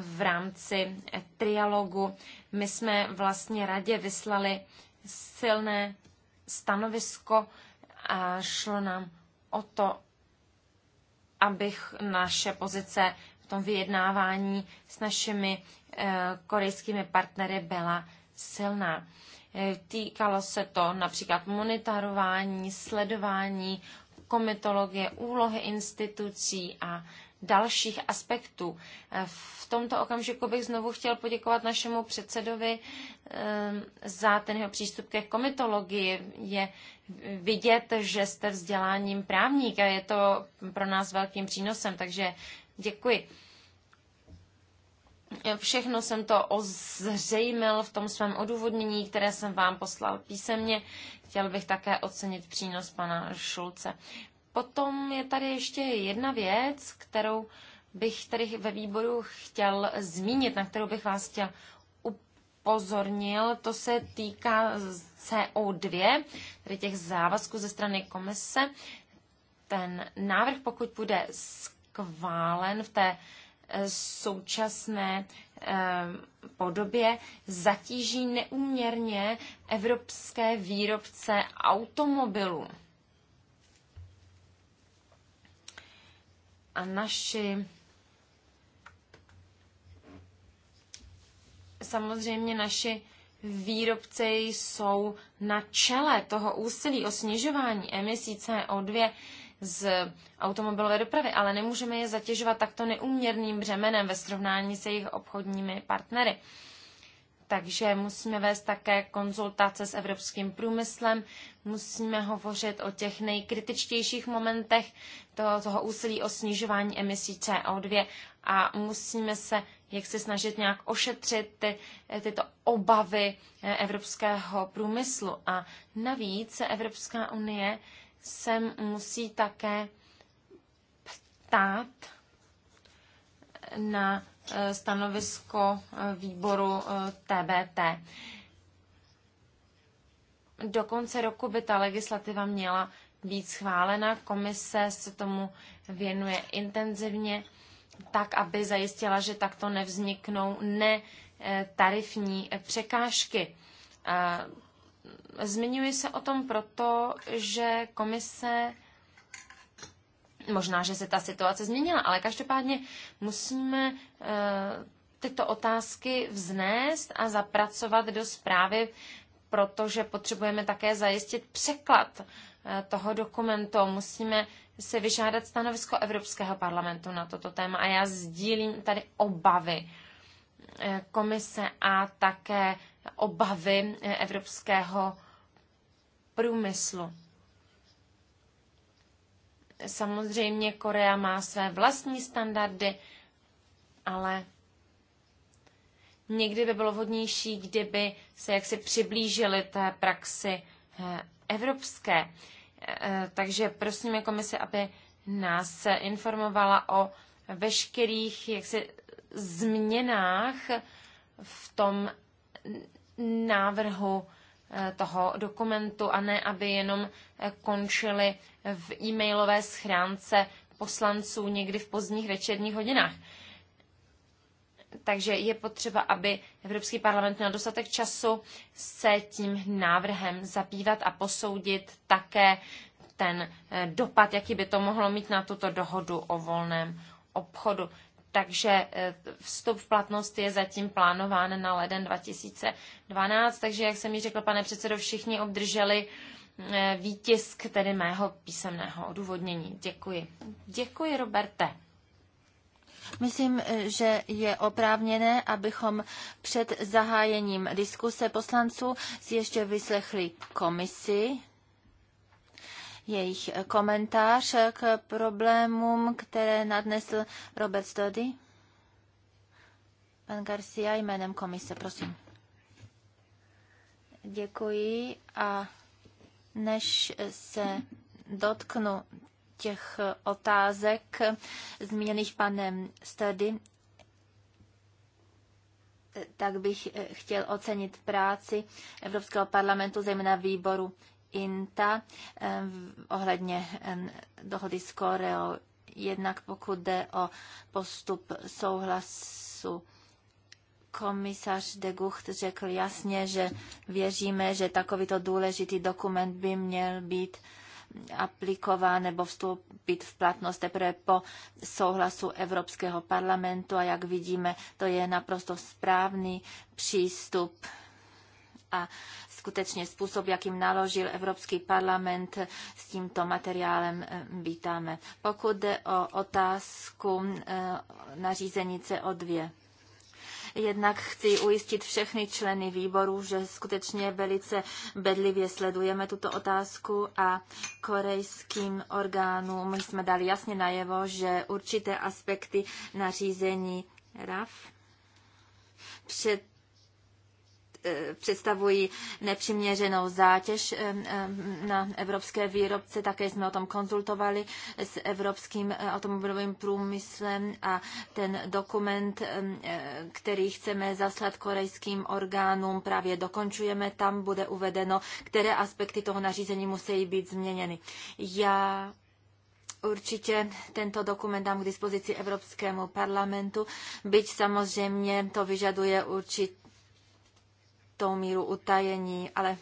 v rámci trialogu. My jsme vlastně radě vyslali silné stanovisko a šlo nám o to, abych naše pozice v tom vyjednávání s našimi eh, korejskými partnery byla silná. Eh, týkalo se to například monitorování, sledování, komitologie, úlohy institucí a dalších aspektů. Eh, v tomto okamžiku bych znovu chtěl poděkovat našemu předsedovi eh, za ten jeho přístup ke komitologii. Je vidět, že jste vzděláním právník a je to pro nás velkým přínosem, takže děkuji. Eh, všechno jsem to ozřejmil v tom svém odůvodnění, které jsem vám poslal písemně. Chtěl bych také ocenit přínos pana Šulce. Potom je tady ještě jedna věc, kterou bych tady ve výboru chtěl zmínit, na kterou bych vás chtěl upozornil. To se týká CO2, tedy těch závazků ze strany komise. Ten návrh, pokud bude schválen v té eh, současné eh, podobě zatíží neuměrně evropské výrobce automobilů. a naši samozřejmě naši výrobci jsou na čele toho úsilí o snižování emisí CO2 z automobilové dopravy, ale nemůžeme je zatěžovat takto neuměrným břemenem ve srovnání se jejich obchodními partnery takže musíme vést také konzultace s evropským průmyslem, musíme hovořit o těch nejkritičtějších momentech toho, toho úsilí o snižování emisí CO2 a musíme se jak se snažit nějak ošetřit ty, tyto obavy eh, evropského průmyslu. A navíc Evropská unie se musí také ptát na Eh, stanovisko eh, výboru TBT. Eh, Do konce roku by ta legislativa měla být schválena. Komise se tomu věnuje intenzivně, tak aby zajistila, že takto nevzniknou netarifní překážky. Zmiňuji se o tom proto, že komise Možná, že se ta situace změnila, ale každopádně musíme eh, tyto otázky vznést a zapracovat do zprávy, protože potřebujeme také zajistit překlad eh, toho dokumentu. Musíme se vyžádat stanovisko Evropského parlamentu na toto téma a já sdílím tady obavy eh, komise a také obavy evropského průmyslu. Samozřejmě Korea má své vlastní standardy, ale někdy by bylo vhodnější, kdyby se jaksi přiblížili té praxi eh, evropské. Eh, takže prosíme jako komisi, aby nás informovala o veškerých jaksi změnách v tom návrhu toho dokumentu a ne, aby jenom eh, končili v e-mailové schránce poslanců někdy v pozdních večerních hodinách. Takže je potřeba, aby Evropský parlament měl dostatek času se tím návrhem zabývat a posoudit také ten eh, dopad, jaký by to mohlo mít na tuto dohodu o volném obchodu takže e, vstup v platnost je zatím plánován na leden 2012, takže jak jsem mi řekl, pane předsedo, všichni obdrželi e, výtisk tedy mého písemného odůvodnění. Děkuji. Děkuji, Roberte.
Myslím, e, že je oprávněné, abychom před zahájením diskuse poslanců si ještě vyslechli komisi jejich komentář k problémům, které nadnesl Robert Stody. Pan Garcia jménem komise, prosím. Děkuji a než se dotknu těch otázek zmíněných panem Stody, tak bych chtěl ocenit práci Evropského parlamentu, zejména výboru INTA eh, ohledně dohody s Koreou. Jednak pokud jde o postup souhlasu komisař de Gucht řekl jasně, že věříme, že takovýto důležitý dokument by měl být aplikován nebo vstoupit v platnost teprve po souhlasu Evropského parlamentu a jak vidíme, to je naprosto správný přístup a skutečně způsob, jakým naložil Evropský parlament s tímto materiálem, eh, vítáme. Pokud jde o otázku eh, nařízení CO2, Jednak chci ujistit všechny členy výboru, že skutečně velice bedlivě sledujeme tuto otázku a korejským orgánům jsme dali jasně najevo, že určité aspekty nařízení RAF před Eh, představují nepřiměřenou zátěž eh, eh, na evropské výrobce. Také jsme o tom konzultovali s evropským automobilovým průmyslem a ten dokument, který chceme zaslat korejským orgánům, právě dokončujeme. Tam bude uvedeno, které aspekty toho nařízení musí být změněny. Já Určitě tento dokument dám k dispozici Evropskému parlamentu, byť samozřejmě to vyžaduje určitě určitou míru utajení, ale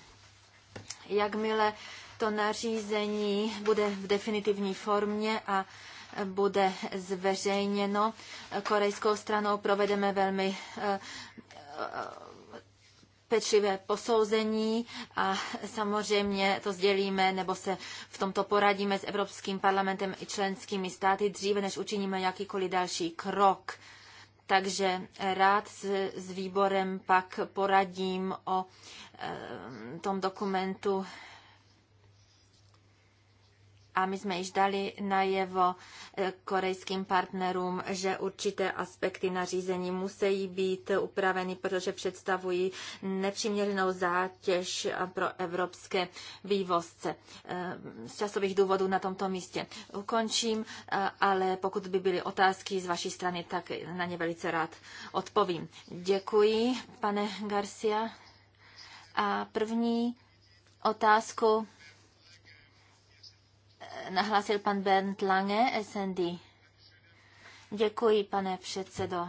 jakmile to nařízení bude v definitivní formě a bude zveřejněno, korejskou stranou provedeme velmi eh, eh, pečlivé posouzení a samozřejmě to sdělíme nebo se v tomto poradíme s Evropským parlamentem i členskými státy dříve, než učiníme jakýkoliv další krok takže rád s, s výborem pak poradím o eh, tom dokumentu a my jsme již dali najevo eh, korejským partnerům, že určité aspekty nařízení musí být upraveny, protože představují nepřiměřenou zátěž pro evropské vývozce. Eh, z časových důvodů na tomto místě ukončím, eh, ale pokud by byly otázky z vaší strany, tak na ně velice rád odpovím. Děkuji, pane Garcia. A první otázku nahlásil pan Bernd Lange, SND. Děkuji, pane předsedo.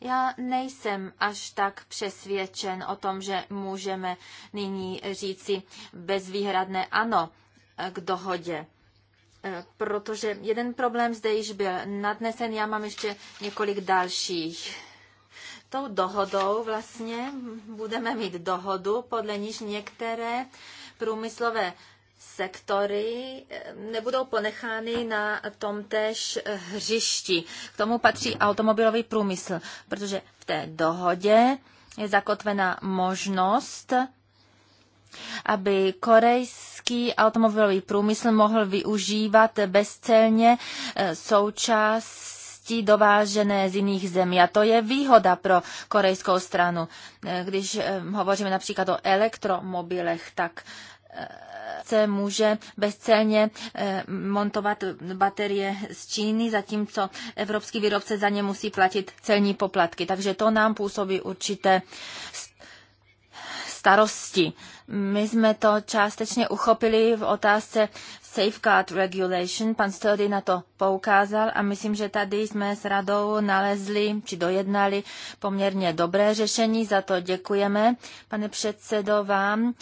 Já nejsem až tak přesvědčen o tom, že můžeme nyní říci bezvýhradné ano k dohodě. Eh, protože jeden problém zde již byl nadnesen, já mám ještě několik dalších tou dohodou vlastně budeme mít dohodu, podle níž některé průmyslové sektory eh, nebudou ponechány na tomtež hřišti. K tomu patří automobilový průmysl, protože v té dohodě je zakotvena možnost, aby korejský automobilový průmysl mohl využívat bezcelně eh, součást částí dovážené z jiných zemí. A to je výhoda pro korejskou stranu. Eh, Když eh, hovoříme například o elektromobilech, tak eh, se může bezcelně montovat baterie z Číny, zatímco evropský výrobce za ně musí platit celní poplatky. Takže to nám působí určité starosti. My jsme to částečně uchopili v otázce Safeguard Regulation, pan Sturdy na to poukázal a myslím, že tady jsme s radou nalezli či dojednali poměrně dobré řešení, za to děkujeme. Pane předsedo, vám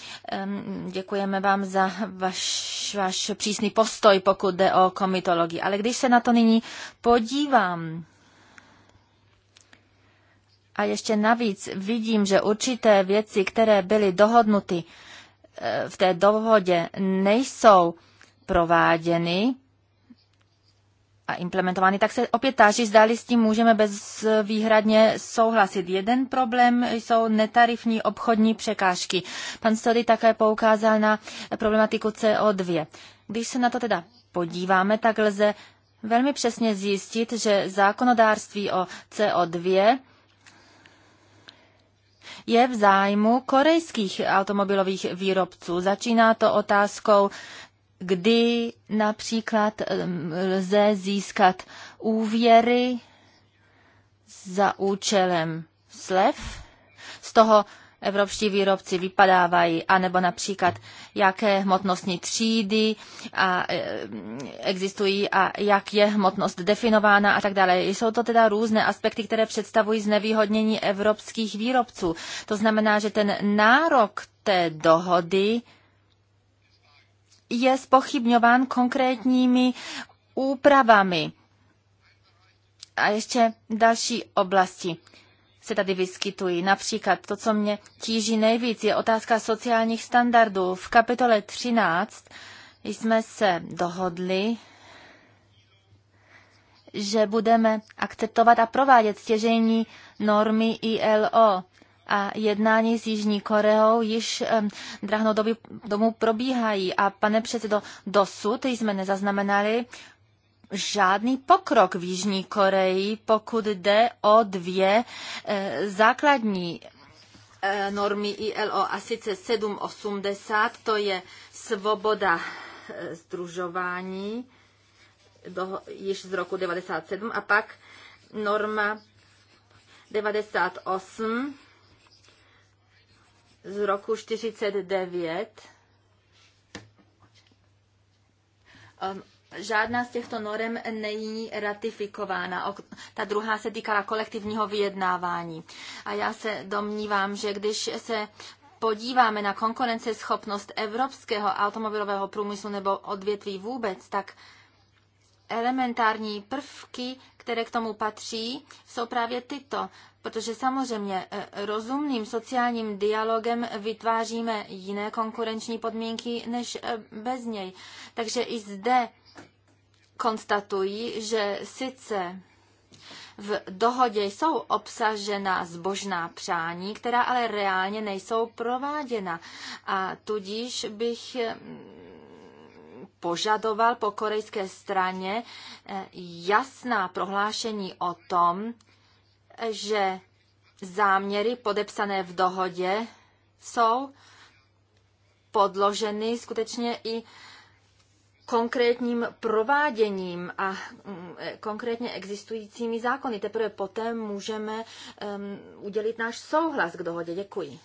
děkujeme vám za váš, váš přísný postoj, pokud jde o komitologii. Ale když se na to nyní podívám, a ještě navíc vidím, že určité věci, které byly dohodnuty eh, v té dohodě, nejsou prováděny a implementovány, tak se opět táží, zdáli s tím můžeme bezvýhradně souhlasit. Jeden problém jsou netarifní obchodní překážky. Pan Story také poukázal na problematiku CO2. Když se na to teda podíváme, tak lze velmi přesně zjistit, že zákonodárství o CO2 je v zájmu korejských automobilových výrobců. Začíná to otázkou kdy například lze získat úvěry za účelem slev. Z toho evropští výrobci vypadávají, anebo například jaké hmotnostní třídy a, existují a jak je hmotnost definována a tak dále. Jsou to teda různé aspekty, které představují znevýhodnění evropských výrobců. To znamená, že ten nárok té dohody je spochybňován konkrétními úpravami. A ještě další oblasti se tady vyskytují. Například to, co mě tíží nejvíc, je otázka sociálních standardů. V kapitole 13 jsme se dohodli, že budeme akceptovat a provádět stěžení normy ILO a jednání s Jižní Koreou již drahnodobí doby domů probíhají. A pane předsedo, dosud jsme nezaznamenali žádný pokrok v Jižní Koreji, pokud jde o dvě e, základní e, normy ILO, a sice 780, to je svoboda e, združování do, již z roku 97 a pak norma 98, z roku 49 ehm, žádná z těchto norem není ratifikována. Ta druhá se týkala kolektivního vyjednávání. A já se domnívám, že když se podíváme na konkurenceschopnost evropského automobilového průmyslu nebo odvětví vůbec, tak elementární prvky, které k tomu patří, jsou právě tyto. Protože samozřejmě e, rozumným sociálním dialogem vytváříme jiné konkurenční podmínky než e, bez něj. Takže i zde konstatují, že sice v dohodě jsou obsažena zbožná přání, která ale reálně nejsou prováděna. A tudíž bych požadoval po korejské straně eh, jasná prohlášení o tom, že záměry podepsané v dohodě jsou podloženy skutečně i konkrétním prováděním a mm, eh, konkrétně existujícími zákony. Teprve poté můžeme um, udělit náš souhlas k dohodě. Děkuji.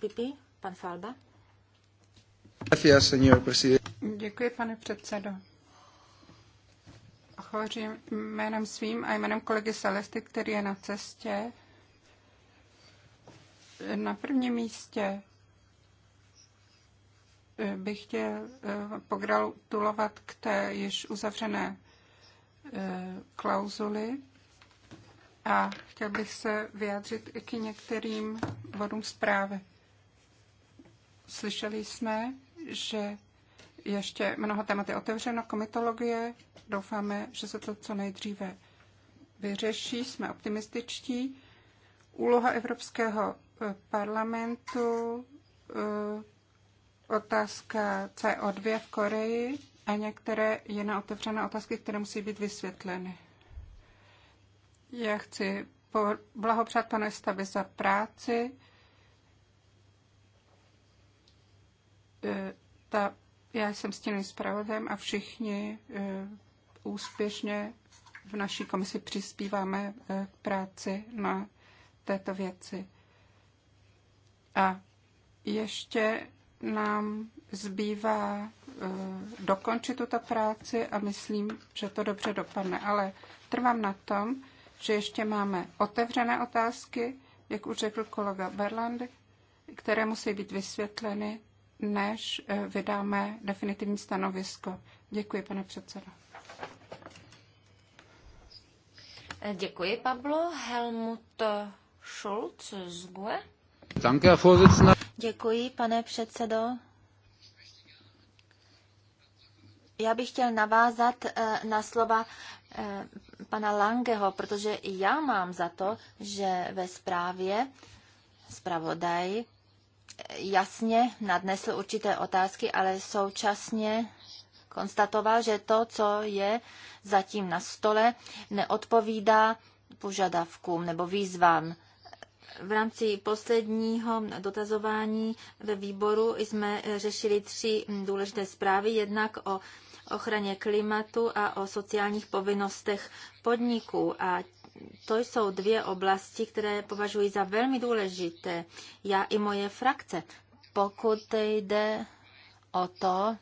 pipi, pan Falba.
Děkuji, pane předsedo. Hovořím jménem svým a jménem kolegy Celesty, který je na cestě. Na prvním místě eh, bych chtěl eh, pogratulovat k té již uzavřené eh, klauzuli a chtěl bych se vyjádřit i k některým bodům zprávy. Slyšeli jsme, že ještě mnoho témat je otevřeno, komitologie. Doufáme, že se to co nejdříve vyřeší, jsme optimističtí. Úloha Evropského eh, parlamentu, eh, otázka CO2 v Koreji a některé jiné otevřené otázky, které musí být vysvětleny. Já chci blahopřát panu Estavi za práci. E, ta, já jsem s tím zpravodajem a všichni e, úspěšně v naší komisi přispíváme k e, práci na této věci. A ještě nám zbývá dokončit tuto práci a myslím, že to dobře dopadne. Ale trvám na tom, že ještě máme otevřené otázky, jak už řekl kolega Berland, které musí být vysvětleny než eh, vydáme definitivní stanovisko. Děkuji, pane předsedo.
Eh, děkuji, Pablo. Helmut eh, Schulz z GUE. Danke, Děkuji, pane předsedo. Já bych chtěl navázat na slova pana Langeho, protože já mám za to, že ve zprávě zpravodaj jasně nadnesl určité otázky, ale současně konstatoval, že to, co je zatím na stole, neodpovídá požadavkům nebo výzvám. V rámci posledního dotazování ve výboru jsme řešili tři důležité zprávy. Jednak o ochraně klimatu a o sociálních povinnostech podniků. A to jsou dvě oblasti, které považuji za velmi důležité. Já i moje frakce. Pokud jde o to,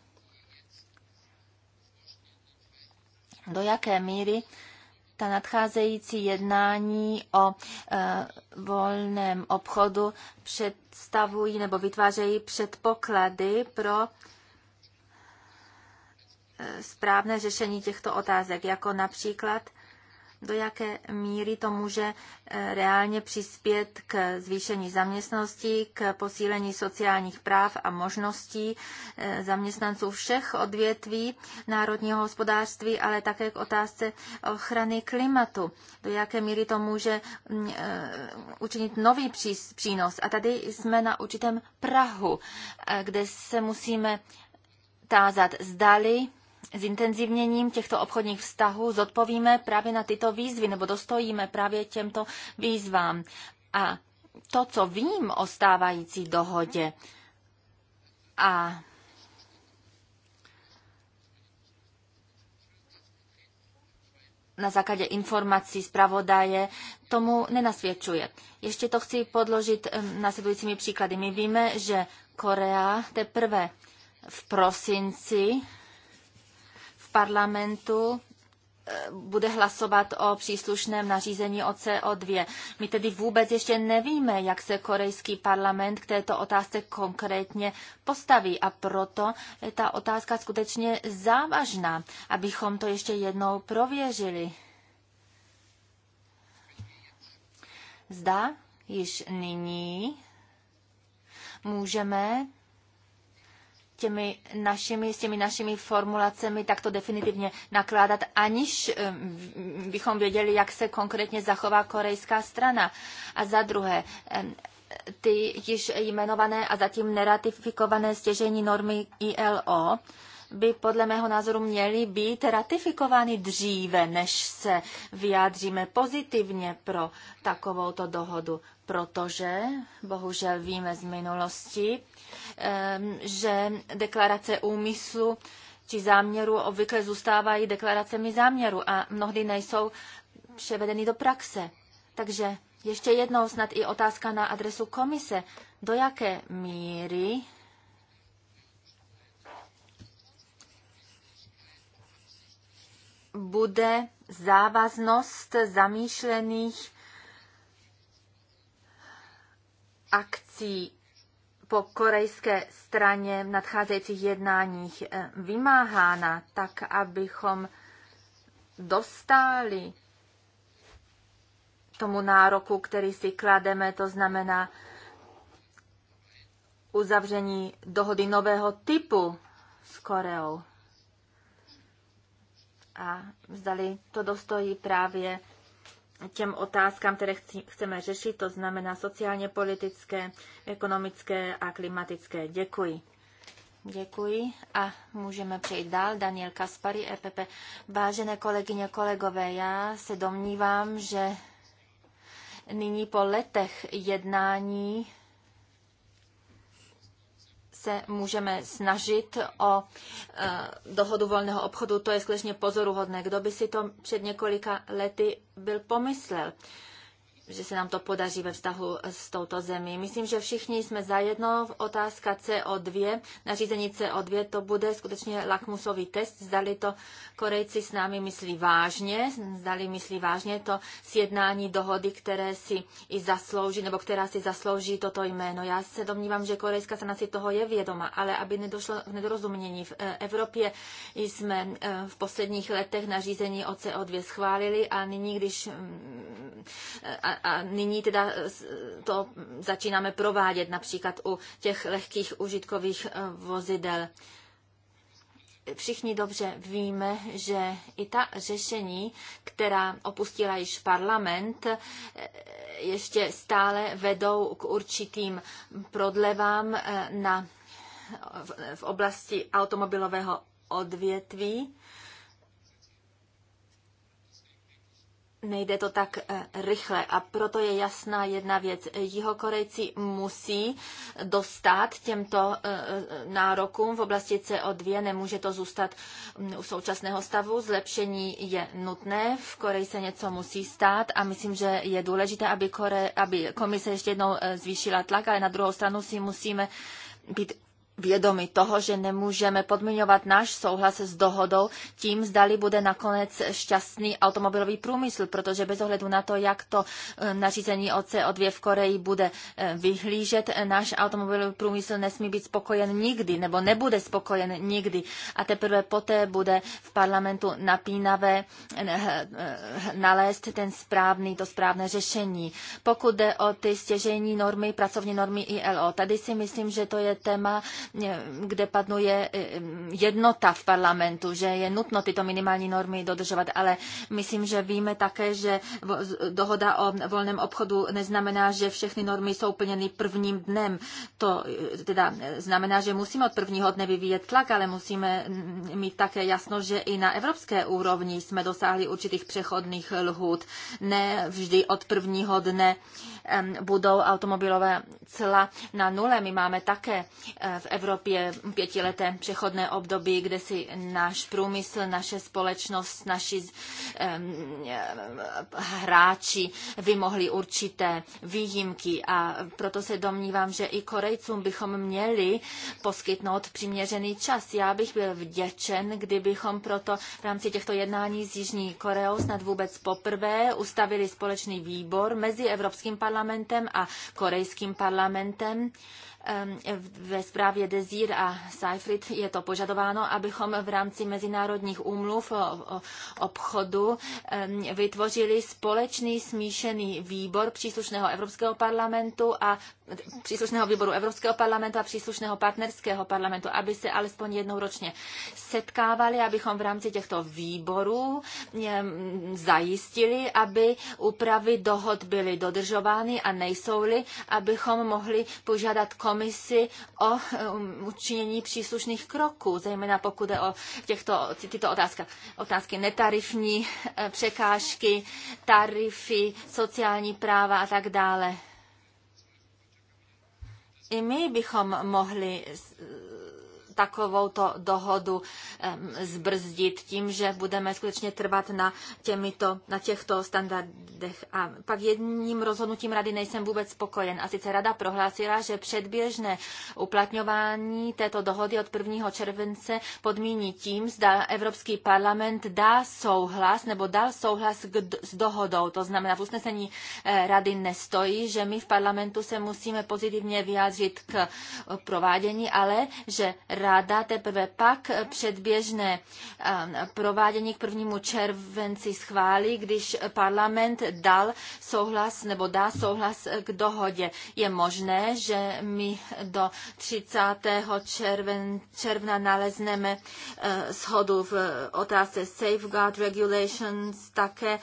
do jaké míry ta nadcházející jednání o e, volném obchodu představují nebo vytvářejí předpoklady pro e, správné řešení těchto otázek, jako například do jaké míry to může eh, reálně přispět k zvýšení zaměstnanosti, k posílení sociálních práv a možností eh, zaměstnanců všech odvětví národního hospodářství, ale také k otázce ochrany klimatu, do jaké míry to může mm, eh, učinit nový přínos. A tady jsme na určitém Prahu, kde se musíme tázat, zdali zintenzivněním těchto obchodních vztahů zodpovíme právě na tyto výzvy nebo dostojíme právě těmto výzvám. A to, co vím o stávající dohodě a na základě informací zpravodaje tomu nenasvědčuje. Ještě to chci podložit následujícími příklady. My víme, že Korea teprve v prosinci parlamentu eh, bude hlasovat o příslušném nařízení o CO2. My tedy vůbec ještě nevíme, jak se korejský parlament k této otázce konkrétně postaví a proto je ta otázka skutečně závažná, abychom to ještě jednou prověřili. Zda již nyní můžeme těmi našimi, s těmi našimi formulacemi takto definitivně nakládat, aniž bychom věděli, jak se konkrétně zachová korejská strana. A za druhé, ty již jmenované a zatím neratifikované stěžení normy ILO by podle mého názoru měly být ratifikovány dříve, než se vyjádříme pozitivně pro takovouto dohodu protože, bohužel víme z minulosti, že deklarace úmyslu či záměru obvykle zůstávají deklaracemi záměru a mnohdy nejsou převedeny do praxe. Takže ještě jednou snad i otázka na adresu komise. Do jaké míry bude závaznost zamýšlených akcí po korejské straně v nadcházejících jednáních eh, vymáhána, tak abychom dostali tomu nároku, který si klademe, to znamená uzavření dohody nového typu s Koreou. A zdali to dostojí právě těm otázkám, které chci, chceme řešit, to znamená sociálně politické, ekonomické a klimatické. Děkuji. Děkuji a můžeme přejít dál. Daniel Kaspary, EPP. Vážené kolegyně, kolegové, já se domnívám, že nyní po letech jednání se můžeme snažit o eh, dohodu volného obchodu, to je skutečně pozoruhodné. Kdo by si to před několika lety byl pomyslel? že se nám to podaří ve vztahu s touto zemí. Myslím, že všichni jsme zajedno. Otázka CO2, nařízení CO2, to bude skutečně lakmusový test. Zdali to Korejci s námi myslí vážně, zdali myslí vážně to sjednání dohody, které si i zaslouží, nebo která si zaslouží toto jméno. Já se domnívám, že korejská strana si toho je vědoma, ale aby nedošlo k nedorozumění. V eh, Evropě jsme eh, v posledních letech nařízení o CO2 schválili a nyní, když mm, eh, a a nyní teda to začínáme provádět například u těch lehkých užitkových eh, vozidel. Všichni dobře víme, že i ta řešení, která opustila již parlament, eh, ještě stále vedou k určitým prodlevám eh, na, v, v oblasti automobilového odvětví nejde to tak eh, rychle a proto je jasná jedna věc. Jihokorejci musí dostat těmto eh, eh, nárokům v oblasti CO2, nemůže to zůstat mm, u současného stavu. Zlepšení je nutné, v Koreji se něco musí stát a myslím, že je důležité, aby, Kore, aby komise ještě jednou zvýšila tlak, ale na druhou stranu si musíme být vědomi toho, že nemůžeme podmiňovat náš souhlas s dohodou tím, zdali bude nakonec šťastný automobilový průmysl, protože bez ohledu na to, jak to e, nařízení o CO2 v Koreji bude e, vyhlížet, e, náš automobilový průmysl nesmí být spokojen nikdy, nebo nebude spokojen nikdy. A teprve poté bude v parlamentu napínavé nalézt ten správný, to správné řešení. Pokud jde o ty stěžejní normy, pracovní normy ILO, tady si myslím, že to je téma, kde panuje eh, jednota v parlamentu, že je nutno tyto minimální normy dodržovat, ale myslím, že víme také, že dohoda o volném obchodu neznamená, že všechny normy jsou plněny prvním dnem. To eh, teda znamená, že musíme od prvního dne vyvíjet tlak, ale musíme mm, mít také jasno, že i na evropské úrovni jsme dosáhli určitých přechodných lhůt. Ne vždy od prvního dne budou automobilové cla na nule. My máme také eh, v Evropě pětileté přechodné období, kde si náš průmysl, naše společnost, naši eh, hráči vymohli určité výjimky a proto se domnívám, že i Korejcům bychom měli poskytnout přiměřený čas. Já bych byl vděčen, kdybychom proto v rámci těchto jednání s Jižní Koreou snad vůbec poprvé ustavili společný výbor mezi Evropským parlamentem parlamentem a korejským parlamentem. Ve zprávě Dezír a Seyfried je to požadováno, abychom v rámci mezinárodních úmluv o obchodu vytvořili společný smíšený výbor příslušného Evropského parlamentu a příslušného výboru Evropského parlamentu a příslušného partnerského parlamentu, aby se alespoň jednou ročně setkávali, abychom v rámci těchto výborů zajistili, aby úpravy dohod byly dodržovány a nejsou-li, abychom mohli požádat komisi o um, učinění příslušných kroků, zejména pokud je o těchto, tyto otázka, otázky netarifní eh, překážky, tarify, sociální práva a tak dále i my bychom mohli takovouto dohodu zbrzdit tím, že budeme skutečně trvat na, těmito, na těchto standardech. A pak jedním rozhodnutím rady nejsem vůbec spokojen. A sice rada prohlásila, že předběžné uplatňování této dohody od 1. července podmíní tím, zda Evropský parlament dá souhlas nebo dal souhlas k, s dohodou. To znamená, v usnesení eh, rady nestojí, že my v parlamentu se musíme pozitivně vyjádřit k eh, provádění, ale že rada ráda, teprve pak předběžné eh, provádění k prvnímu červenci schválí, když parlament dal souhlas nebo dá souhlas k dohodě. Je možné, že my do 30. Červen, června nalezneme eh, shodu v otázce safeguard regulations, také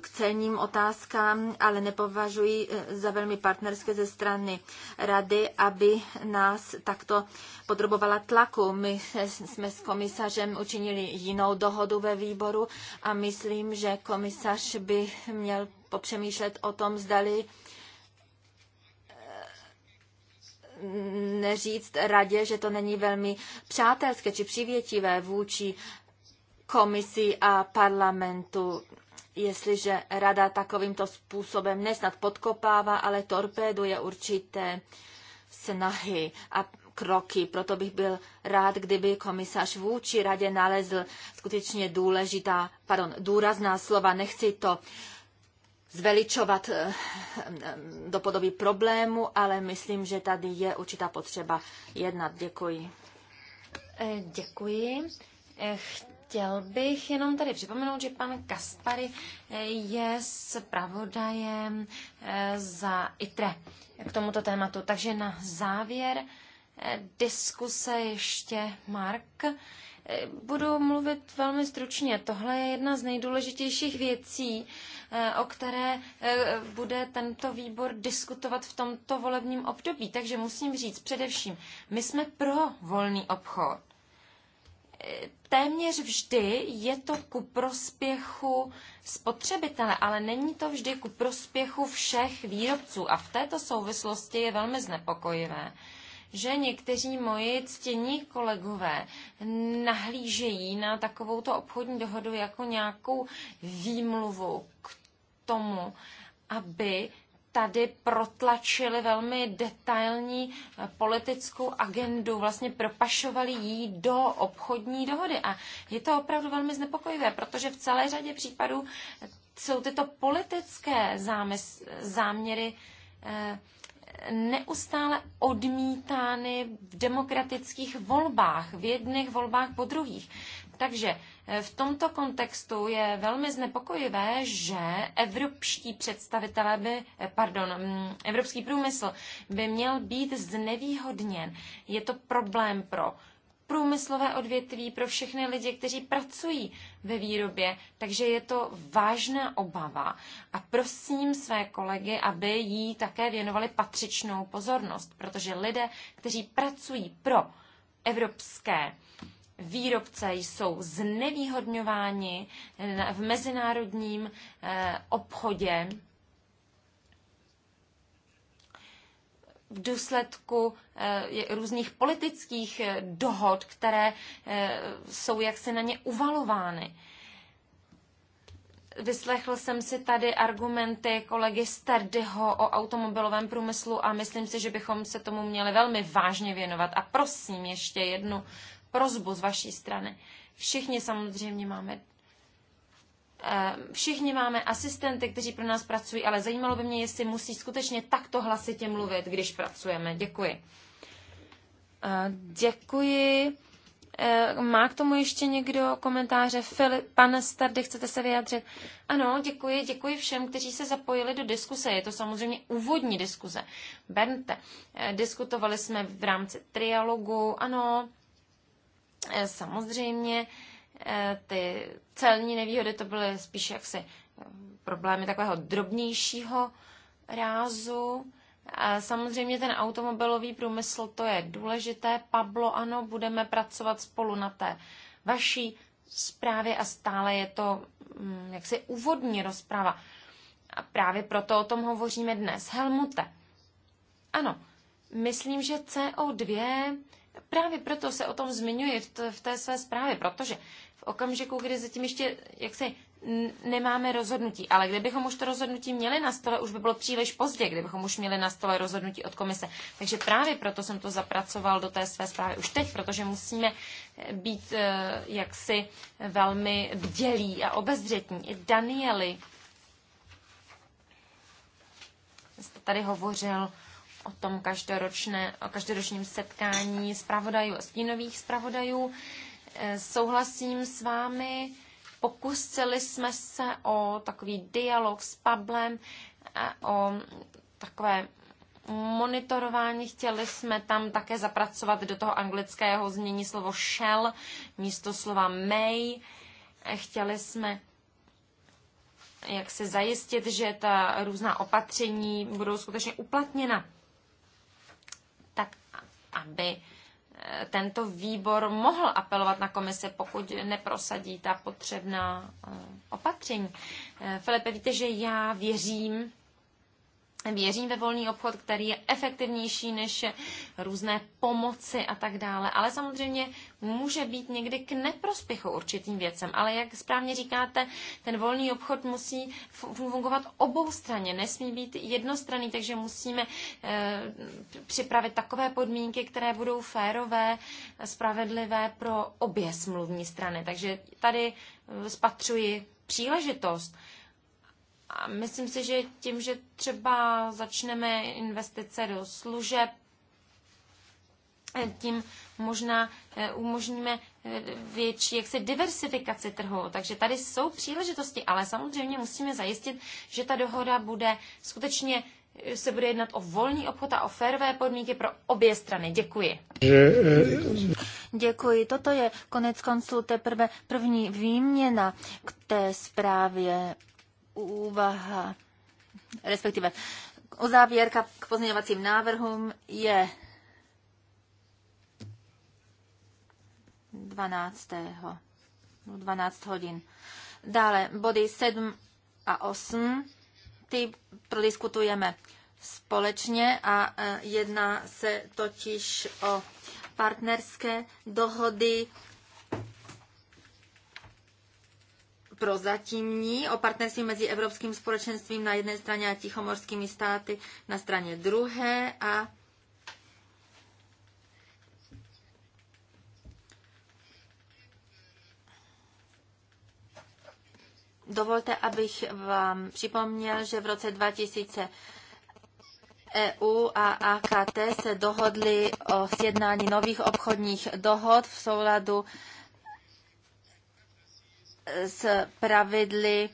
k celním otázkám, ale nepovažuji eh, za velmi partnerské ze strany rady, aby nás takto pod podrobovala tlaku. My jsme s komisařem učinili jinou dohodu ve výboru a myslím, že komisař by měl popřemýšlet o tom, zdali eh, neříct radě, že to není velmi přátelské či přivětivé vůči komisi a parlamentu jestliže rada takovýmto způsobem nesnad podkopává, ale torpéduje určité snahy. A kroky. Proto bych byl rád, kdyby komisař vůči radě nalezl skutečně důležitá, pardon, důrazná slova. Nechci to zveličovat eh, eh, do podoby problému, ale myslím, že tady je určitá potřeba jednat. Děkuji. Eh, děkuji. Chtěl bych jenom tady připomenout, že pan Kaspary
je zpravodajem za ITRE k tomuto tématu. Takže na závěr diskuse ještě Mark. Eh, budu mluvit velmi stručně. Tohle je jedna z nejdůležitějších věcí, eh, o které eh, bude tento výbor diskutovat v tomto volebním období. Takže musím říct především, my jsme pro volný obchod. Téměř vždy je to ku prospěchu spotřebitele, ale není to vždy ku prospěchu všech výrobců. A v této souvislosti je velmi znepokojivé, že někteří moji ctění kolegové nahlížejí na takovouto obchodní dohodu jako nějakou výmluvu k tomu, aby tady protlačili velmi detailní eh, politickou agendu, vlastně propašovali jí do obchodní dohody. A je to opravdu velmi znepokojivé, protože v celé řadě případů jsou tyto politické zámys- záměry eh, neustále odmítány v demokratických volbách, v jedných volbách po druhých. Takže eh, v tomto kontextu je velmi znepokojivé, že evropští představitelé by, eh, pardon, mm, evropský průmysl by měl být znevýhodněn. Je to problém pro průmyslové odvětví, pro všechny lidi, kteří pracují ve výrobě. Takže je to vážná obava a prosím své kolegy, aby jí také věnovali patřičnou pozornost, protože lidé, kteří pracují pro evropské výrobce jsou znevýhodňováni v mezinárodním eh, obchodě v důsledku eh, různých politických eh, dohod, které eh, jsou jaksi na ně uvalovány. Vyslechl jsem si tady argumenty kolegy Stardyho o automobilovém průmyslu a myslím si, že bychom se tomu měli velmi vážně věnovat. A prosím ještě jednu prozbu z vaší strany. Všichni samozřejmě máme Ehm, všichni máme asistenty, kteří pro nás pracují, ale zajímalo by mě, jestli musí skutečně takto hlasitě mluvit, když pracujeme. Děkuji. Ehm, děkuji. Ehm, má k tomu ještě někdo komentáře? Filip, pane Stardy, chcete se vyjádřit? Ano, děkuji, děkuji všem, kteří se zapojili do diskuse. Je to samozřejmě úvodní diskuze. Bernte, eh, diskutovali jsme v rámci trialogu, ano, eh, samozřejmě Eh, ty celní nevýhody to byly spíš jaksi eh, problémy takového drobnějšího rázu. samozřejmě ten automobilový průmysl, to je důležité. Pablo, ano, budeme pracovat spolu na té vaší zprávě a stále je to mm, jaksi úvodní rozprava. A právě proto o tom hovoříme dnes. Helmute, ano, myslím, že CO2 Právě proto se o tom zmiňuji v, v té své zprávě, protože v okamžiku, kdy zatím ještě jaksi nemáme rozhodnutí, ale kdybychom už to rozhodnutí měli na stole, už by bylo příliš pozdě, kdybychom už měli na stole rozhodnutí od komise. Takže právě proto jsem to zapracoval do té své zprávy už teď, protože musíme eh, být eh, jaksi velmi bdělí a obezřetní. I Danieli jste tady hovořil o tom každoročné, o každoročním setkání zpravodajů a stínových zpravodajů. Eh, souhlasím s vámi, pokusili jsme se o takový dialog s Pablem, eh, o takové monitorování. Chtěli jsme tam také zapracovat do toho anglického změní slovo shell místo slova may. Eh, chtěli jsme jak se zajistit, že ta různá opatření budou skutečně uplatněna tak aby eh, tento výbor mohl apelovat na komise, pokud neprosadí ta potřebná eh, opatření. Eh, Filipe, víte, že já věřím Věřím ve volný obchod, který je efektivnější než různé pomoci a tak dále. Ale samozřejmě může být někdy k neprospěchu určitým věcem. Ale jak správně říkáte, ten volný obchod musí fungovat obou straně, nesmí být jednostranný, takže musíme eh, připravit takové podmínky, které budou férové, spravedlivé pro obě smluvní strany. Takže tady eh, spatřuji příležitost. A myslím si, že tím, že třeba začneme investice do služeb, tím možná eh, umožníme eh, větší jaksi diversifikaci trhu. Takže tady jsou příležitosti, ale samozřejmě musíme zajistit, že ta dohoda bude skutečně eh, se bude jednat o volný obchod a o férové
podmínky pro obě strany. Děkuji. Děkuji. Toto je konec konců teprve první výměna k té zprávě úvaha, respektive uzávěrka k pozměňovacím návrhům je 12. 12 no, hodin. Dále body 7 a 8, ty prodiskutujeme společně a e, jedná se totiž o partnerské dohody prozatímní o partnerství mezi Evropským společenstvím na jedné straně a Tichomorskými státy na straně druhé a Dovolte, abych vám připomněl, že v roce 2000 EU a AKT se dohodly o sjednání nových obchodních dohod v souladu s pravidly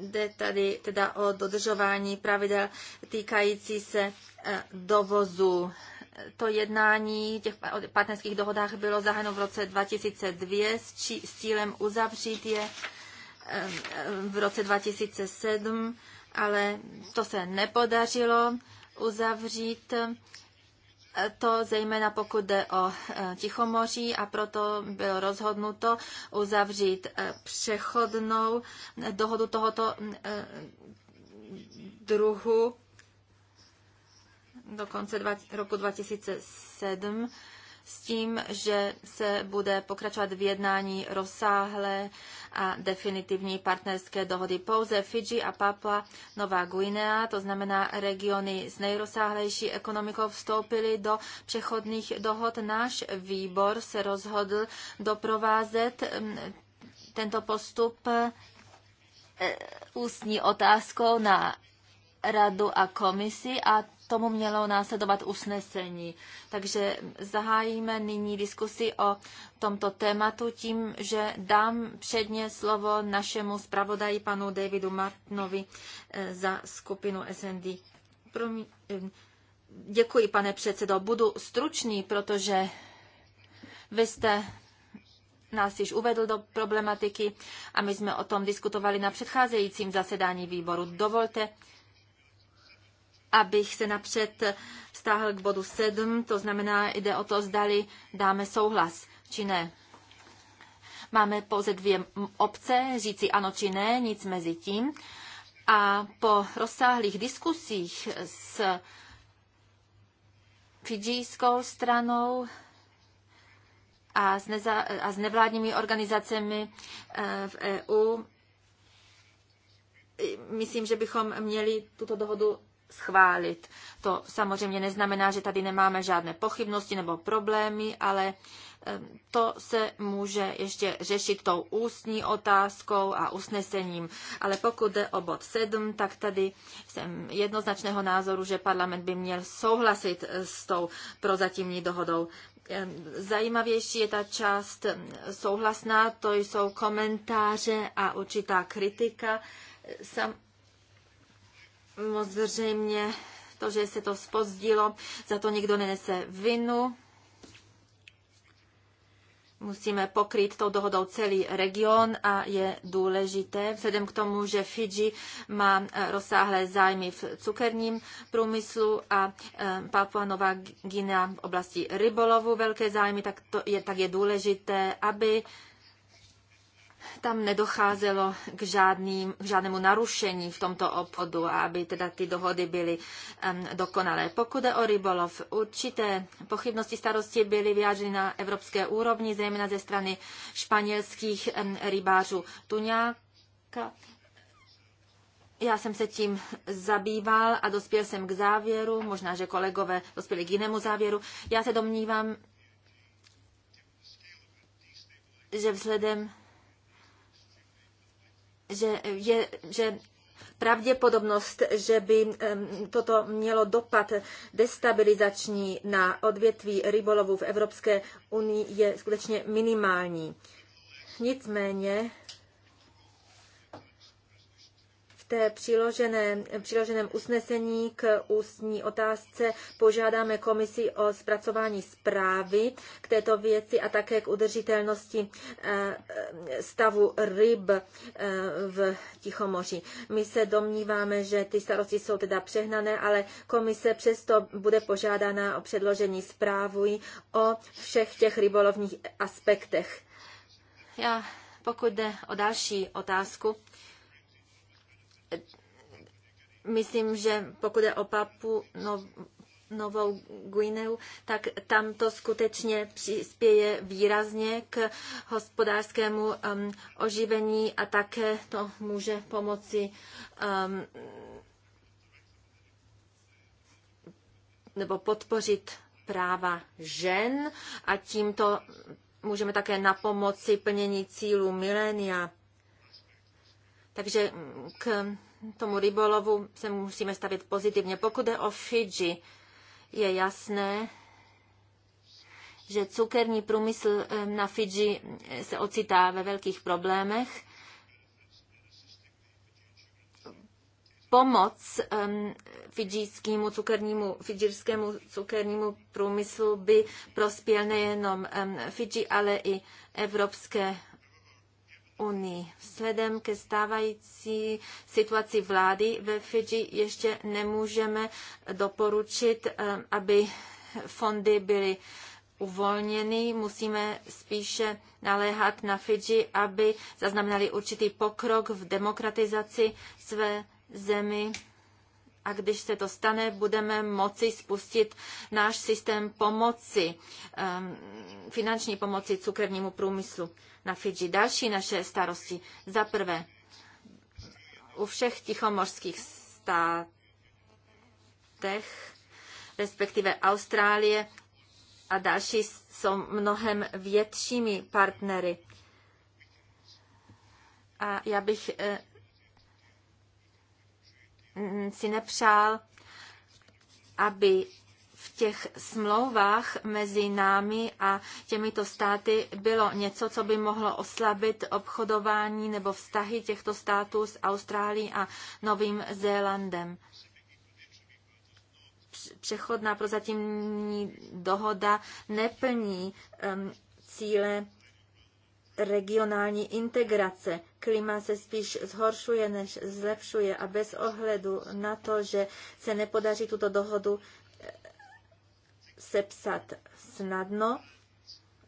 jde tady teda o dodržování pravidel týkající se e, dovozu. To jednání těch partnerských dohodách bylo zahájeno v roce 2002 s cílem uzavřít je e, e, v roce 2007, ale to se nepodařilo uzavřít to zejména pokud jde o e, Tichomoří a proto bylo rozhodnuto uzavřít e, přechodnou e, dohodu tohoto druhu do konce roku 2007 s tím, že se bude pokračovat v jednání rozsáhlé a definitivní partnerské dohody. Pouze Fidži a Papua Nová Guinea, to znamená regiony s nejrozsáhlejší ekonomikou, vstoupily do přechodných dohod. Náš výbor se rozhodl doprovázet mm, tento postup e, ústní otázkou na radu a komisi a tomu mělo následovat usnesení. Takže zahájíme nyní diskusi o tomto tématu tím, že dám předně slovo našemu zpravodaji panu Davidu Martnovi eh, za skupinu SND. Eh, děkuji, pane předsedo. Budu stručný, protože vy jste nás již uvedl do problematiky a my jsme o tom diskutovali na předcházejícím zasedání výboru. Dovolte, abych se napřed stáhl k bodu 7, to znamená, jde o to, zdali dáme souhlas, či ne. Máme pouze dvě obce, říci ano či ne, nic mezi tím. A po rozsáhlých diskusích s fidžijskou stranou a s, neza, a s nevládními organizacemi eh, v EU, myslím, že bychom měli tuto dohodu schválit. To samozřejmě neznamená, že tady nemáme žádné pochybnosti nebo problémy, ale eh, to se může ještě řešit tou ústní otázkou a usnesením. Ale pokud jde o bod 7, tak tady jsem jednoznačného názoru, že parlament by měl souhlasit eh, s tou prozatímní dohodou. Ehm, zajímavější je ta část ehm, souhlasná, to jsou komentáře a určitá kritika. Sam, Samozřejmě to, že se to spozdilo, za to nikdo nenese vinu. Musíme pokryt tou dohodou celý region a je důležité, vzhledem k tomu, že Fidži má eh, rozsáhlé zájmy v cukerním průmyslu a eh, Papua Nová Guinea v oblasti rybolovu velké zájmy, tak, to je, tak je důležité, aby tam nedocházelo k, žádným, k žádnému narušení v tomto obchodu, aby teda ty dohody byly um, dokonalé. Pokud je o rybolov, určité pochybnosti starosti byly vyjádřeny na evropské úrovni, zejména ze strany španělských um, rybářů Tuňáka. Já jsem se tím zabýval a dospěl jsem k závěru, možná, že kolegové dospěli k jinému závěru. Já se domnívám, že vzhledem že, je, že pravděpodobnost, že by toto mělo dopad destabilizační na odvětví rybolovu v Evropské unii je skutečně minimální. Nicméně té přiložené, přiloženém usnesení k ústní otázce požádáme komisi o zpracování zprávy k této věci a také k udržitelnosti eh, stavu ryb eh, v Tichomoří. My se domníváme, že ty starosti jsou teda přehnané, ale komise přesto bude požádána o předložení zprávy o všech těch rybolovních aspektech. Já, pokud jde o další otázku, myslím, že pokud je o Papu no, Novou Guineu, tak tam to skutečně přispěje výrazně k hospodářskému um, oživení a také to může pomoci um, nebo podpořit práva žen a tímto můžeme také na pomoci plnění cílů milénia. Takže mm, k tomu rybolovu se musíme stavit pozitivně. Pokud je o Fidži, je jasné, že cukerní průmysl eh, na Fidži eh, se ocitá ve velkých problémech. Pomoc ehm, fidžijskému cukernímu, fidžirskému cukernímu průmyslu by prospěl nejenom ehm, Fidži, ale i Evropské unii. Vzhledem ke stávající situaci vlády ve Fidži ještě nemůžeme doporučit, eh, aby fondy byly uvolněny. Musíme spíše naléhat na Fidži, aby zaznamenali určitý pokrok v demokratizaci své zemi a když se to stane, budeme moci spustit náš systém pomoci, ehm, finanční pomoci cukernímu průmyslu na Fidži. Další naše starosti. Za prvé, u všech tichomorských státech, respektive Austrálie a další jsou mnohem většími partnery. A já bych eh, Mm, si nepřál, aby v těch smlouvách mezi námi a těmito státy bylo něco, co by mohlo oslabit obchodování nebo vztahy těchto států s Austrálií a Novým Zélandem. Přechodná prozatímní dohoda neplní um, cíle regionální integrace. Klima se spíš zhoršuje, než zlepšuje a bez ohledu na to, že se nepodaří tuto dohodu eh, sepsat snadno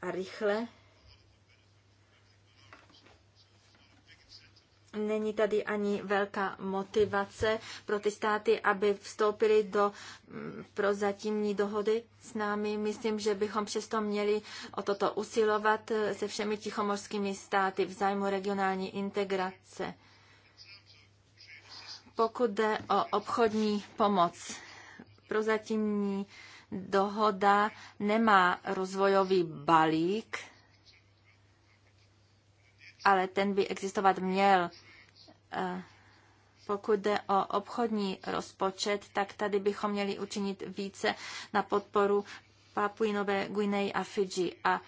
a rychle, Není tady ani velká motivace pro ty státy, aby vstoupili do mm, prozatímní dohody s námi. Myslím, že bychom přesto měli o toto usilovat eh, se všemi tichomorskými státy v zájmu regionální integrace. Pokud jde o obchodní pomoc, prozatímní dohoda nemá rozvojový balík, ale ten by existovat měl pokud jde o obchodní rozpočet, tak tady bychom měli učinit více na podporu Papuinové Guineji a Fidži. A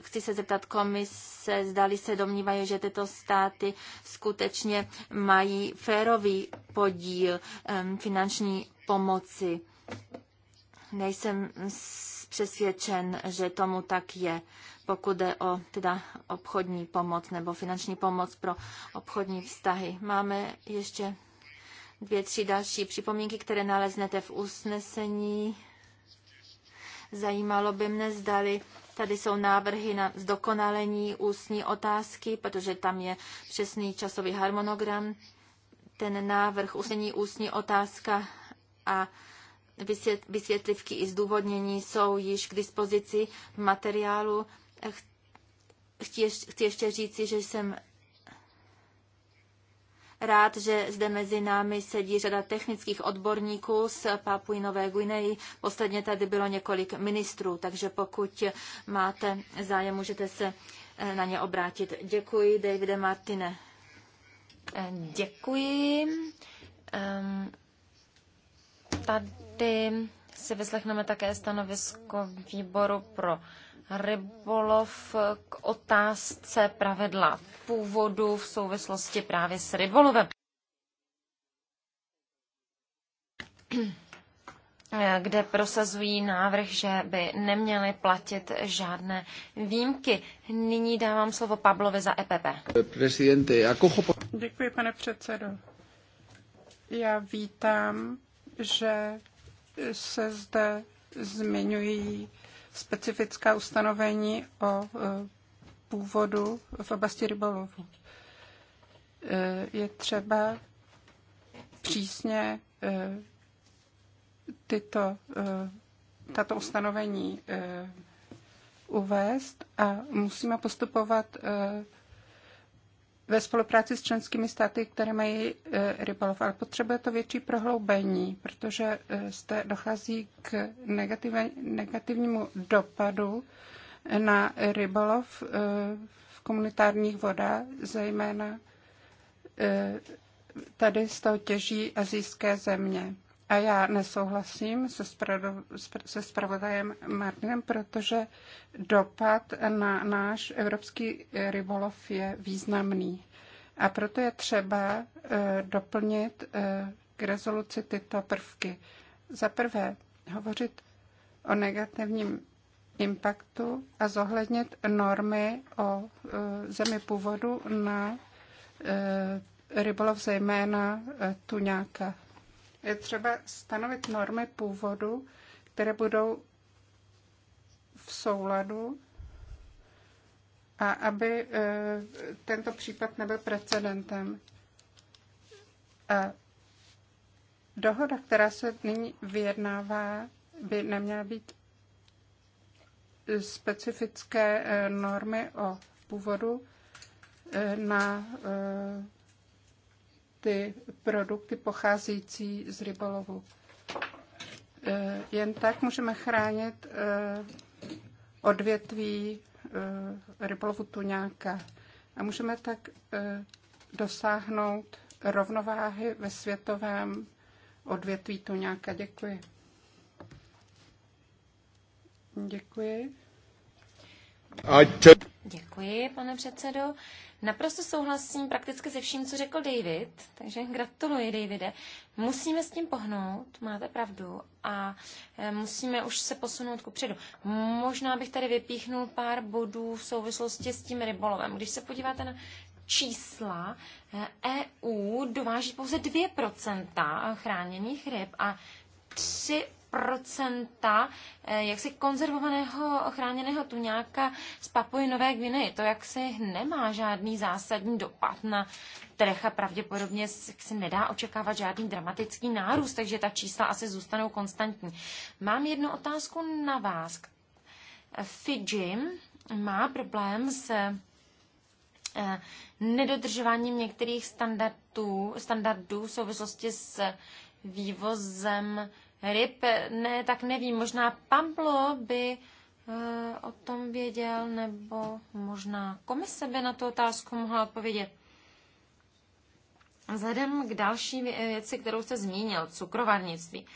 chci se zeptat komise, zdali se domnívají, že tyto státy skutečně mají férový podíl finanční pomoci. Nejsem přesvědčen, že tomu tak je pokud jde o teda obchodní pomoc nebo finanční pomoc pro obchodní vztahy. Máme ještě dvě, tři další připomínky, které naleznete v usnesení. Zajímalo by mne, zdali tady jsou návrhy na zdokonalení ústní otázky, protože tam je přesný časový harmonogram. Ten návrh usnesení ústní otázka a vysvětlivky i zdůvodnění jsou již k dispozici v materiálu Chci, chci ještě říci, že jsem rád, že zde mezi námi sedí řada technických odborníků z Papuji Nové Guineji. Posledně tady bylo několik ministrů, takže pokud máte zájem, můžete se eh, na ně obrátit. Děkuji, Davide Martine. Eh, děkuji. Ehm,
tady si vyslechneme také stanovisko výboru pro rybolov k otázce pravidla původu v souvislosti právě s rybolovem. kde prosazují návrh, že by neměly platit žádné výjimky. Nyní dávám slovo Pablovi za EPP. Děkuji, pane předsedo. Já vítám, že
se zde zmiňují specifická ustanovení o e, původu v oblasti rybolovu. E, je třeba přísně e, tyto, tato ustanovení uvést a musíme postupovat ve spolupráci s členskými státy, které mají e, rybolov, ale potřebuje to větší prohloubení, protože e, zde dochází k negativnímu dopadu na rybolov e, v komunitárních vodách, zejména tady z toho těží azijské země. A já nesouhlasím se, spravo, se spravodajem Martinem, protože dopad na náš evropský rybolov je významný. A proto je třeba eh, doplnit eh, k rezoluci tyto prvky. Za prvé, hovořit o negativním impaktu a zohlednit normy o eh, zemi původu na rybolov, zejména tuňáka je třeba stanovit normy původu, které budou v souladu a aby eh, tento případ nebyl precedentem. A dohoda, která se nyní vyjednává, by neměla být specifické eh, normy o původu eh, na ty produkty pocházející z rybolovu. E, jen tak můžeme chránit e, odvětví e, rybolovu tuňáka a můžeme tak dosáhnout rovnováhy ve světovém odvětví tuňáka. Děkuji.
Děkuji. Děkuji, pane předsedo. Naprosto souhlasím prakticky se vším, co řekl David, takže gratuluji, Davide. Musíme s tím pohnout, máte pravdu, a e, musíme už se posunout ku předu. Možná bych tady vypíchnul pár bodů v souvislosti s tím rybolovem. Když se podíváte na čísla, EU e dováží pouze 2% chráněných ryb a 3 procenta eh, jaksi konzervovaného ochráněného tuňáka z Papuji Nové Gviny. To jaksi nemá žádný zásadní dopad na trh a pravděpodobně se nedá očekávat žádný dramatický nárůst, takže ta čísla asi zůstanou konstantní. Mám jednu otázku na vás. Fiji má problém s eh, nedodržováním některých standardů, standardů v souvislosti s vývozem ryb, ne, tak nevím, možná Pablo by eh, o tom věděl, nebo možná komise by na tu otázku mohla odpovědět. Vzhledem k další věci, kterou jste zmínil, cukrovarnictví.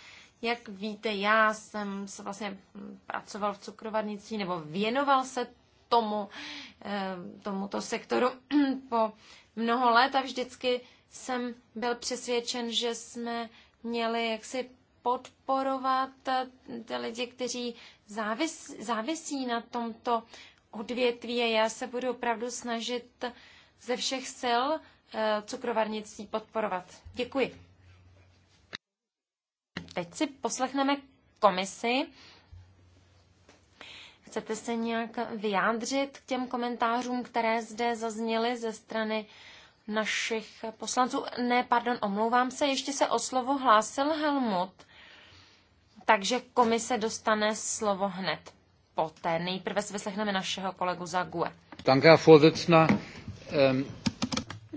Jak víte, já jsem se vlastně hm, pracoval v cukrovarnictví nebo věnoval se tomu, eh, tomuto sektoru *clears throat* po mnoho let a vždycky jsem byl přesvědčen, že jsme měli jaksi podporovat eh, ty lidi, kteří závis, závisí na tomto odvětví a já se budu opravdu snažit ze všech sil eh, cukrovarnictví podporovat. Děkuji. Teď si poslechneme komisi. Chcete se nějak vyjádřit k těm komentářům, které zde zazněly ze strany našich poslanců? Ne, pardon, omlouvám se, ještě se o slovo hlásil Helmut takže komise dostane slovo hned poté. Nejprve si vyslechneme našeho kolegu Zague.
Danke, Vorsitzender. Ähm,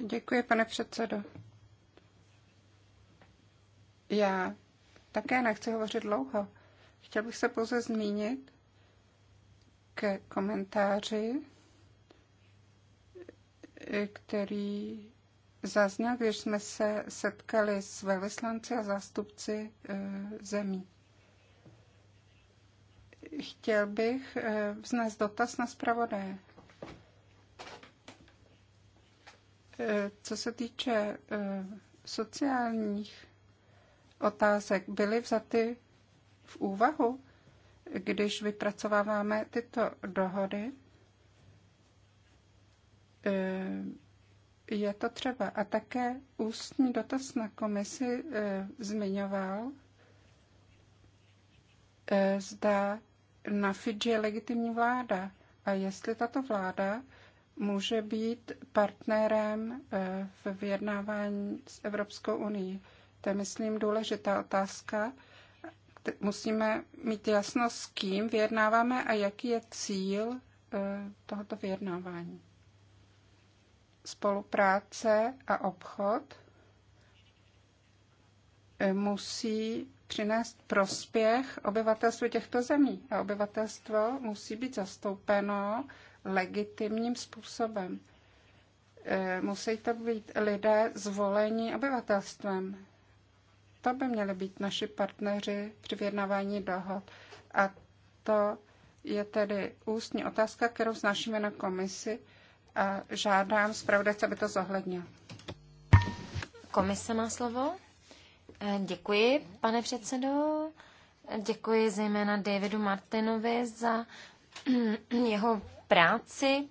Děkuji, pane předsedo.
Já také nechci hovořit dlouho. Chtěl bych se pouze zmínit k komentáři, který zazněl, když jsme se setkali s velvyslanci a zástupci eh, zemí. Chtěl bych eh, vznést dotaz na zpravodaje. Eh, co se týče eh, sociálních otázek, byly vzaty v úvahu, když vypracováváme tyto dohody? Je to třeba. A také ústní dotaz na komisi zmiňoval, zda na Fidži je legitimní vláda a jestli tato vláda může být partnerem eh, v vyjednávání s Evropskou unii. To je, myslím, důležitá otázka. Musíme mít jasno, s kým vyjednáváme a jaký je cíl eh, tohoto vyjednávání. Spolupráce a obchod eh, musí přinést prospěch obyvatelstvu těchto zemí. A obyvatelstvo musí být zastoupeno legitimním způsobem. E, musí to být lidé zvolení obyvatelstvem. To by měli být naši partneři při vyjednávání dohod. A to je tedy ústní otázka, kterou znášíme na komisi a žádám zpravodajce, aby to zohlednil.
Komise má slovo. Děkuji, pane předsedo. Děkuji zejména Davidu Martinovi za *clears throat* jeho práci.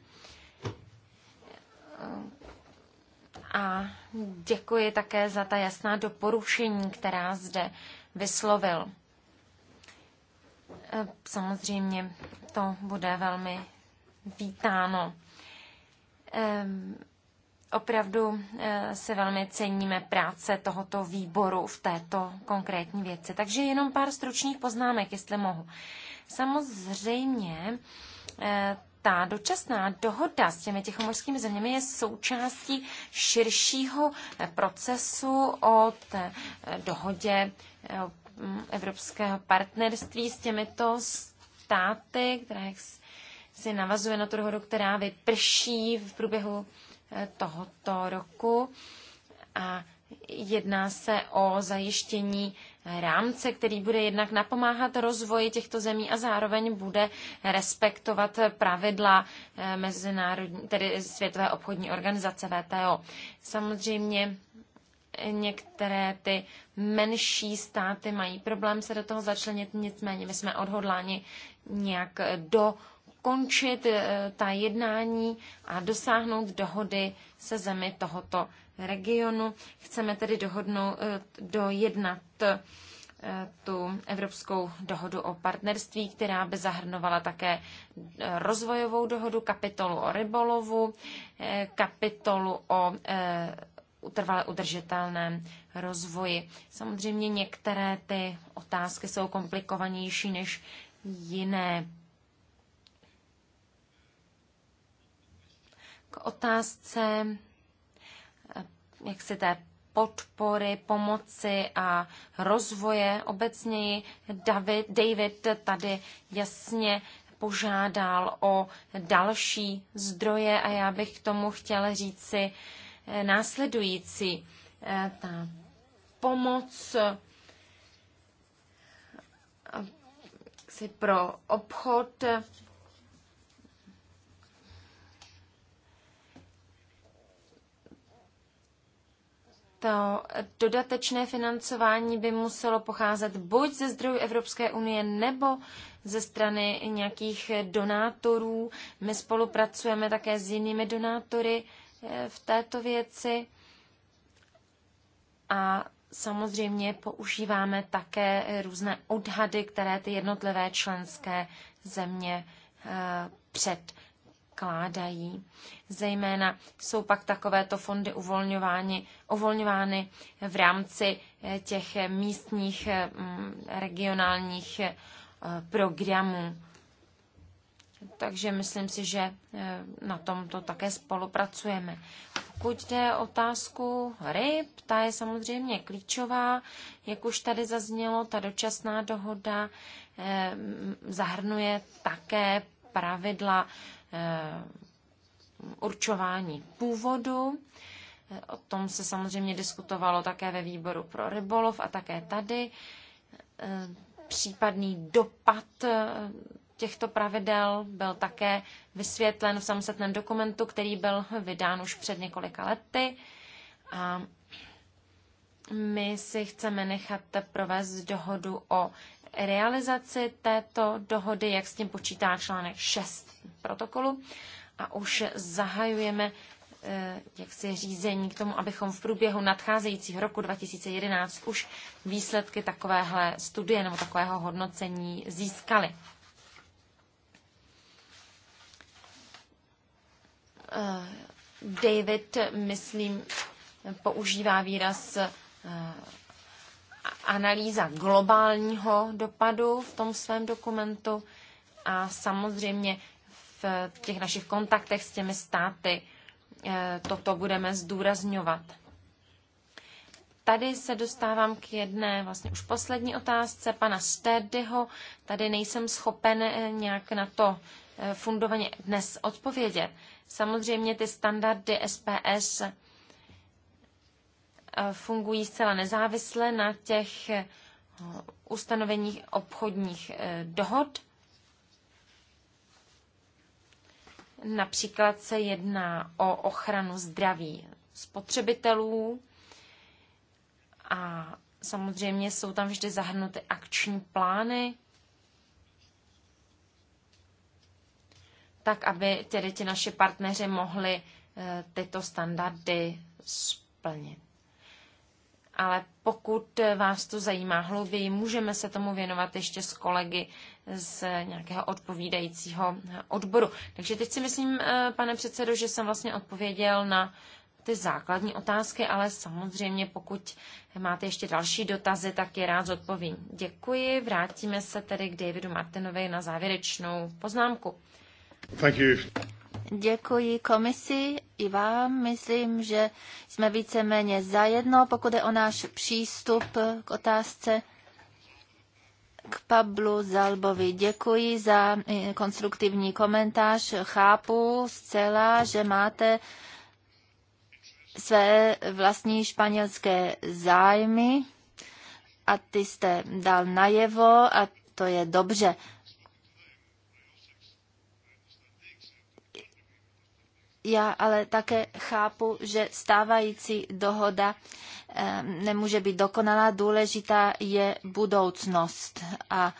A děkuji také za ta jasná doporušení, která zde vyslovil. Samozřejmě to bude velmi vítáno opravdu eh, se velmi ceníme práce tohoto výboru v této konkrétní věci. Takže jenom pár stručných poznámek, jestli mohu. Samozřejmě eh, ta dočasná dohoda s těmi tichomorskými zeměmi je součástí širšího eh, procesu od dohodě mm, evropského partnerství s těmito státy, která si navazuje na tu dohodu, která vyprší v průběhu tohoto roku a jedná se o zajištění rámce, který bude jednak napomáhat rozvoji těchto zemí a zároveň bude respektovat pravidla eh, mezinárodní, tedy Světové obchodní organizace VTO. Samozřejmě některé ty menší státy mají problém se do toho začlenit, nicméně my jsme odhodláni nějak do končit eh, ta jednání a dosáhnout dohody se zemi tohoto regionu. Chceme tedy dohodnout, eh, dojednat eh, tu Evropskou dohodu o partnerství, která by zahrnovala také rozvojovou dohodu, kapitolu o rybolovu, kapitolu o trvale udržitelném rozvoji. Samozřejmě některé ty otázky jsou komplikovanější než jiné. K otázce eh, jak si té podpory, pomoci a rozvoje obecněji David, David tady jasně požádal o další zdroje a já bych k tomu chtěla říci eh, následující. Eh, ta pomoc si pro obchod to dodatečné financování by muselo pocházet buď ze zdrojů Evropské unie nebo ze strany nějakých donátorů. My spolupracujeme také s jinými donátory eh, v této věci a samozřejmě používáme také různé odhady, které ty jednotlivé členské země eh, před odkládají. Zejména jsou pak takovéto fondy uvolňovány, uvolňovány v rámci eh, těch místních eh, mm, regionálních eh, programů. Takže myslím si, že na tomto také spolupracujeme. Pokud jde o otázku ryb, ta je samozřejmě klíčová. Jak už tady zaznělo, ta dočasná dohoda zahrnuje také pravidla Eh, určování původu. O tom se samozřejmě diskutovalo také ve výboru pro rybolov a také tady. Eh, případný dopad eh, těchto pravidel byl také vysvětlen v samostatném dokumentu, který byl vydán už před několika lety. A my si chceme nechat provést dohodu o realizaci této dohody, jak s tím počítá článek 6 protokolu. A už zahajujeme eh, jak si řízení k tomu, abychom v průběhu nadcházejících roku 2011 už výsledky takovéhle studie nebo takového hodnocení získali. Eh, David, myslím, používá výraz eh, analýza globálního dopadu v tom svém dokumentu a samozřejmě v těch našich kontaktech s těmi státy eh, toto budeme zdůrazňovat. Tady se dostávám k jedné vlastně už poslední otázce pana Stedyho. Tady nejsem schopen eh, nějak na to eh, fundovaně dnes odpovědět. Samozřejmě ty standardy SPS Eh, fungují zcela nezávisle na těch eh, ustanoveních obchodních eh, dohod. Například se jedná o ochranu zdraví spotřebitelů a samozřejmě jsou tam vždy zahrnuty akční plány, tak aby tedy ti naši partneři mohli tyto standardy splnit ale pokud vás to zajímá hlouběji, můžeme se tomu věnovat ještě s kolegy z nějakého odpovídajícího odboru. Takže teď si myslím, eh, pane předsedo, že jsem vlastně odpověděl na ty základní otázky, ale samozřejmě pokud máte ještě další dotazy, tak je rád zodpovím. Děkuji, vrátíme
se tedy k Davidu Martinovi na závěrečnou poznámku. Thank you. Děkuji komisi i vám. Myslím, že jsme víceméně zajedno, pokud je o náš přístup k otázce k Pablu Zalbovi. Děkuji za eh, konstruktivní komentář. Chápu zcela, že máte své vlastní španělské zájmy a ty jste dal najevo a to je dobře. Já ale také chápu, že stávající dohoda nemůže být dokonalá. Důležitá je budoucnost a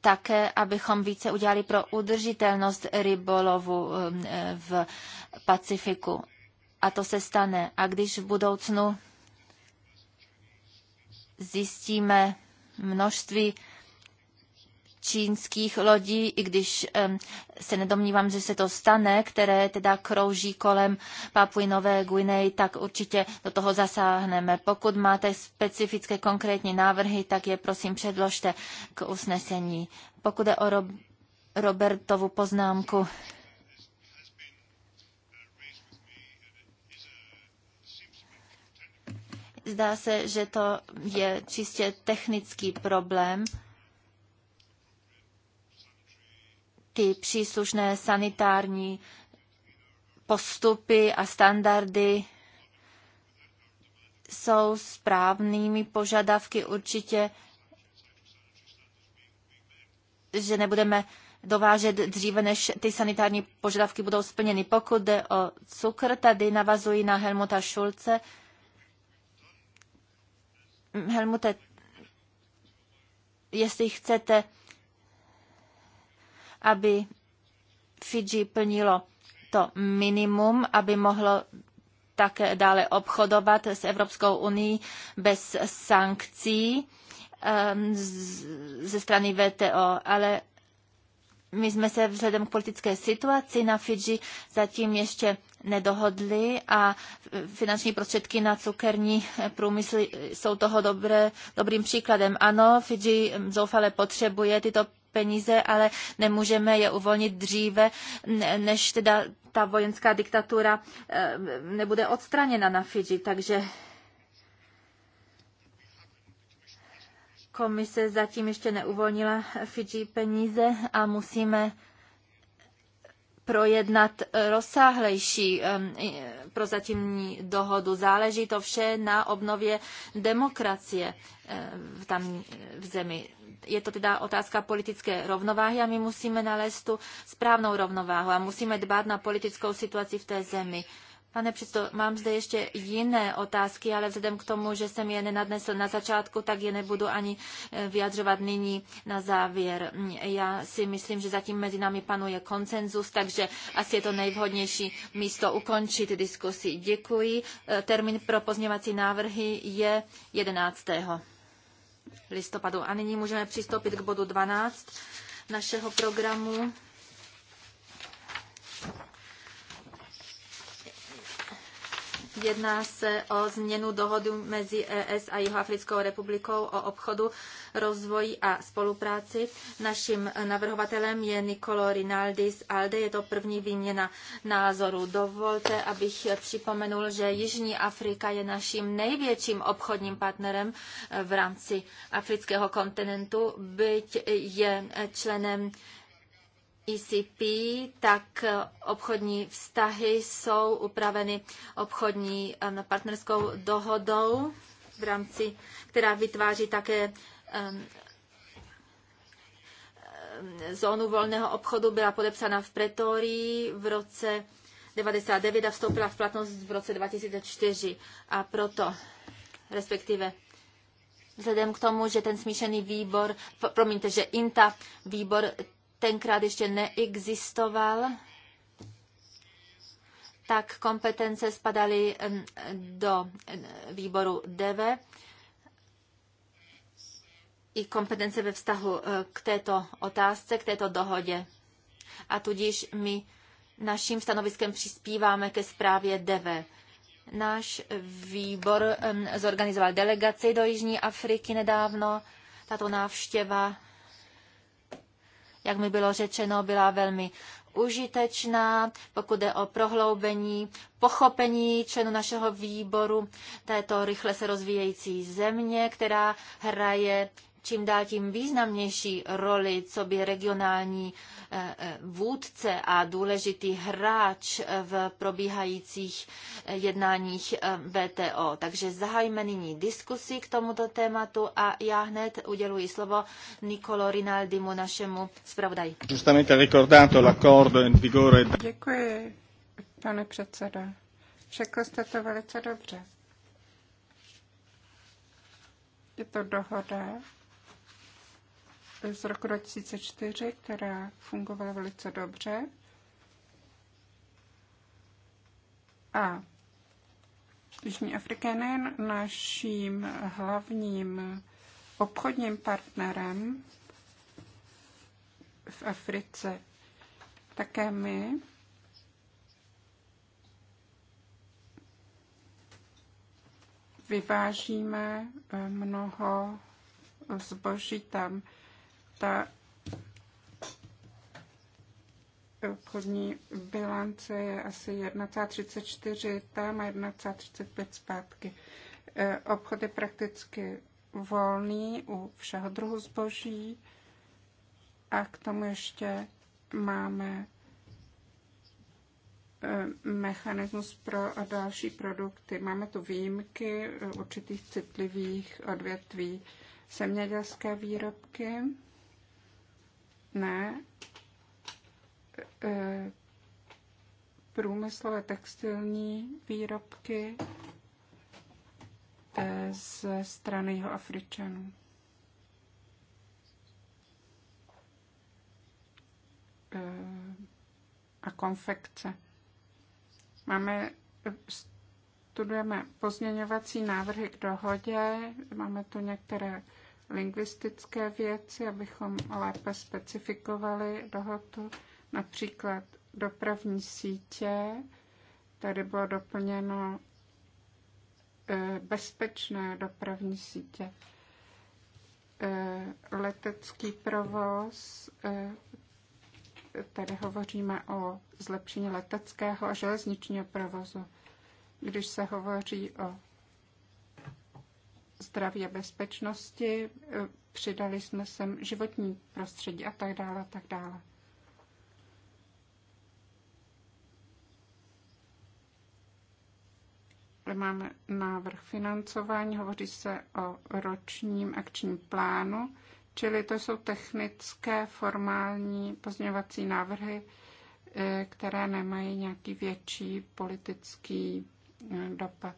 také, abychom více udělali pro udržitelnost rybolovu e, v Pacifiku. A to se stane. A když v budoucnu zjistíme množství čínských lodí, i když se nedomnívám, že se to stane, které teda krouží kolem Papuji Nové Guinei, tak určitě do toho zasáhneme. Pokud máte specifické konkrétní návrhy, tak je prosím předložte k usnesení. Pokud je o Rob- Robertovu poznámku, Zdá se, že to je čistě technický problém. ty příslušné sanitární postupy a standardy jsou správnými požadavky určitě, že nebudeme dovážet dříve, než ty sanitární požadavky budou splněny. Pokud jde o cukr, tady navazují na Helmuta Šulce. Helmute, jestli chcete aby Fidži plnilo to minimum, aby mohlo také dále obchodovat s Evropskou unii bez sankcí ehm, ze strany VTO, ale my jsme se vzhledem k politické situaci na Fidži zatím ještě nedohodli a finanční prostředky na cukerní průmysl jsou toho dobré, dobrým příkladem. Ano, Fidži zoufale potřebuje tyto peníze, ale nemůžeme je uvolnit dříve, než teda ta vojenská diktatura eh, nebude odstraněna na Fidži. Takže komise zatím ještě neuvolnila Fidži peníze a musíme projednat eh, rozsáhlejší prozatímní dohodu. Záleží to vše na obnově demokracie eh, v, tam, eh, v zemi. Je to teda otázka politické rovnováhy a my musíme nalézt tu správnou rovnováhu a musíme dbát na politickou situaci v té zemi. Pane předsedo, mám zde ještě jiné otázky, ale vzhledem k tomu, že jsem je nenadnesl na začátku, tak je nebudu ani eh, vyjadřovat nyní na závěr. Já si myslím, že zatím mezi námi panuje konsenzus, takže asi je to nejvhodnější místo ukončit diskusi. Děkuji. Eh, termín pro pozměvací návrhy je 11. listopadu. A nyní můžeme přistoupit k bodu 12 našeho programu. Jedná se o změnu dohody mezi ES a Jihoafrickou republikou o obchodu, rozvoji a spolupráci. Naším navrhovatelem je Nicolo Rinaldi z ALDE. Je to první výměna názoru. Dovolte, abych připomenul, že Jižní Afrika je naším největším obchodním partnerem v rámci afrického kontinentu, byť je členem ECP, tak obchodní vztahy jsou upraveny obchodní um, partnerskou dohodou, v rámci, která vytváří také um, um, zónu volného obchodu, byla podepsána v Pretorii v roce 99 a vstoupila v platnost v roce 2004. A proto, respektive vzhledem k tomu, že ten smíšený výbor, promiňte, že INTA výbor tenkrát ještě neexistoval, tak kompetence spadaly do výboru DV i kompetence ve vztahu e, k této otázce, k této dohodě. A tudíž my naším stanoviskem přispíváme ke zprávě DV. Náš výbor zorganizoval delegaci do Jižní Afriky nedávno. Tato návštěva jak mi bylo řečeno, byla velmi užitečná, pokud je o prohloubení, pochopení členů našeho výboru této rychle se rozvíjející země, která hraje čím dál tím významnější roli, co by regionální eh, eh, vůdce a důležitý hráč eh, v probíhajících jednáních VTO. Takže zahajme nyní diskusi k tomuto tématu a já hned uděluji slovo Nikolo Rinaldimu, našemu zpravodaji. Děkuji, pane předsedo. Řekl jste to velice dobře.
Je to dohoda, z roku 2004, která fungovala velice dobře. A Jižní Afrika je nejen naším hlavním obchodním partnerem v Africe, také my vyvážíme eh, mnoho zboží tam ta obchodní bilance je asi 1,34 tam a 1,35 zpátky. E, obchod je prakticky volný u všeho druhu zboží a k tomu ještě máme e, mechanismus pro další produkty. Máme tu výjimky e, určitých citlivých odvětví zemědělské výrobky nutné eh, průmyslové textilní výrobky eh, ze strany jeho Afričanů. Eh, a konfekce. Máme, studujeme pozměňovací návrhy k dohodě, máme tu některé lingvistické věci, abychom lépe specifikovali dohodu, například dopravní sítě, tady bylo doplněno eh, bezpečné dopravní sítě, eh, letecký provoz, eh, tady hovoříme o zlepšení leteckého a železničního provozu. Když se hovoří o zdraví a bezpečnosti, e, přidali jsme sem životní prostředí a tak dále a tak dále. Máme návrh financování, hovoří se o ročním akčním plánu, čili to jsou technické, formální pozměňovací návrhy, e, které nemají nějaký větší politický e, dopad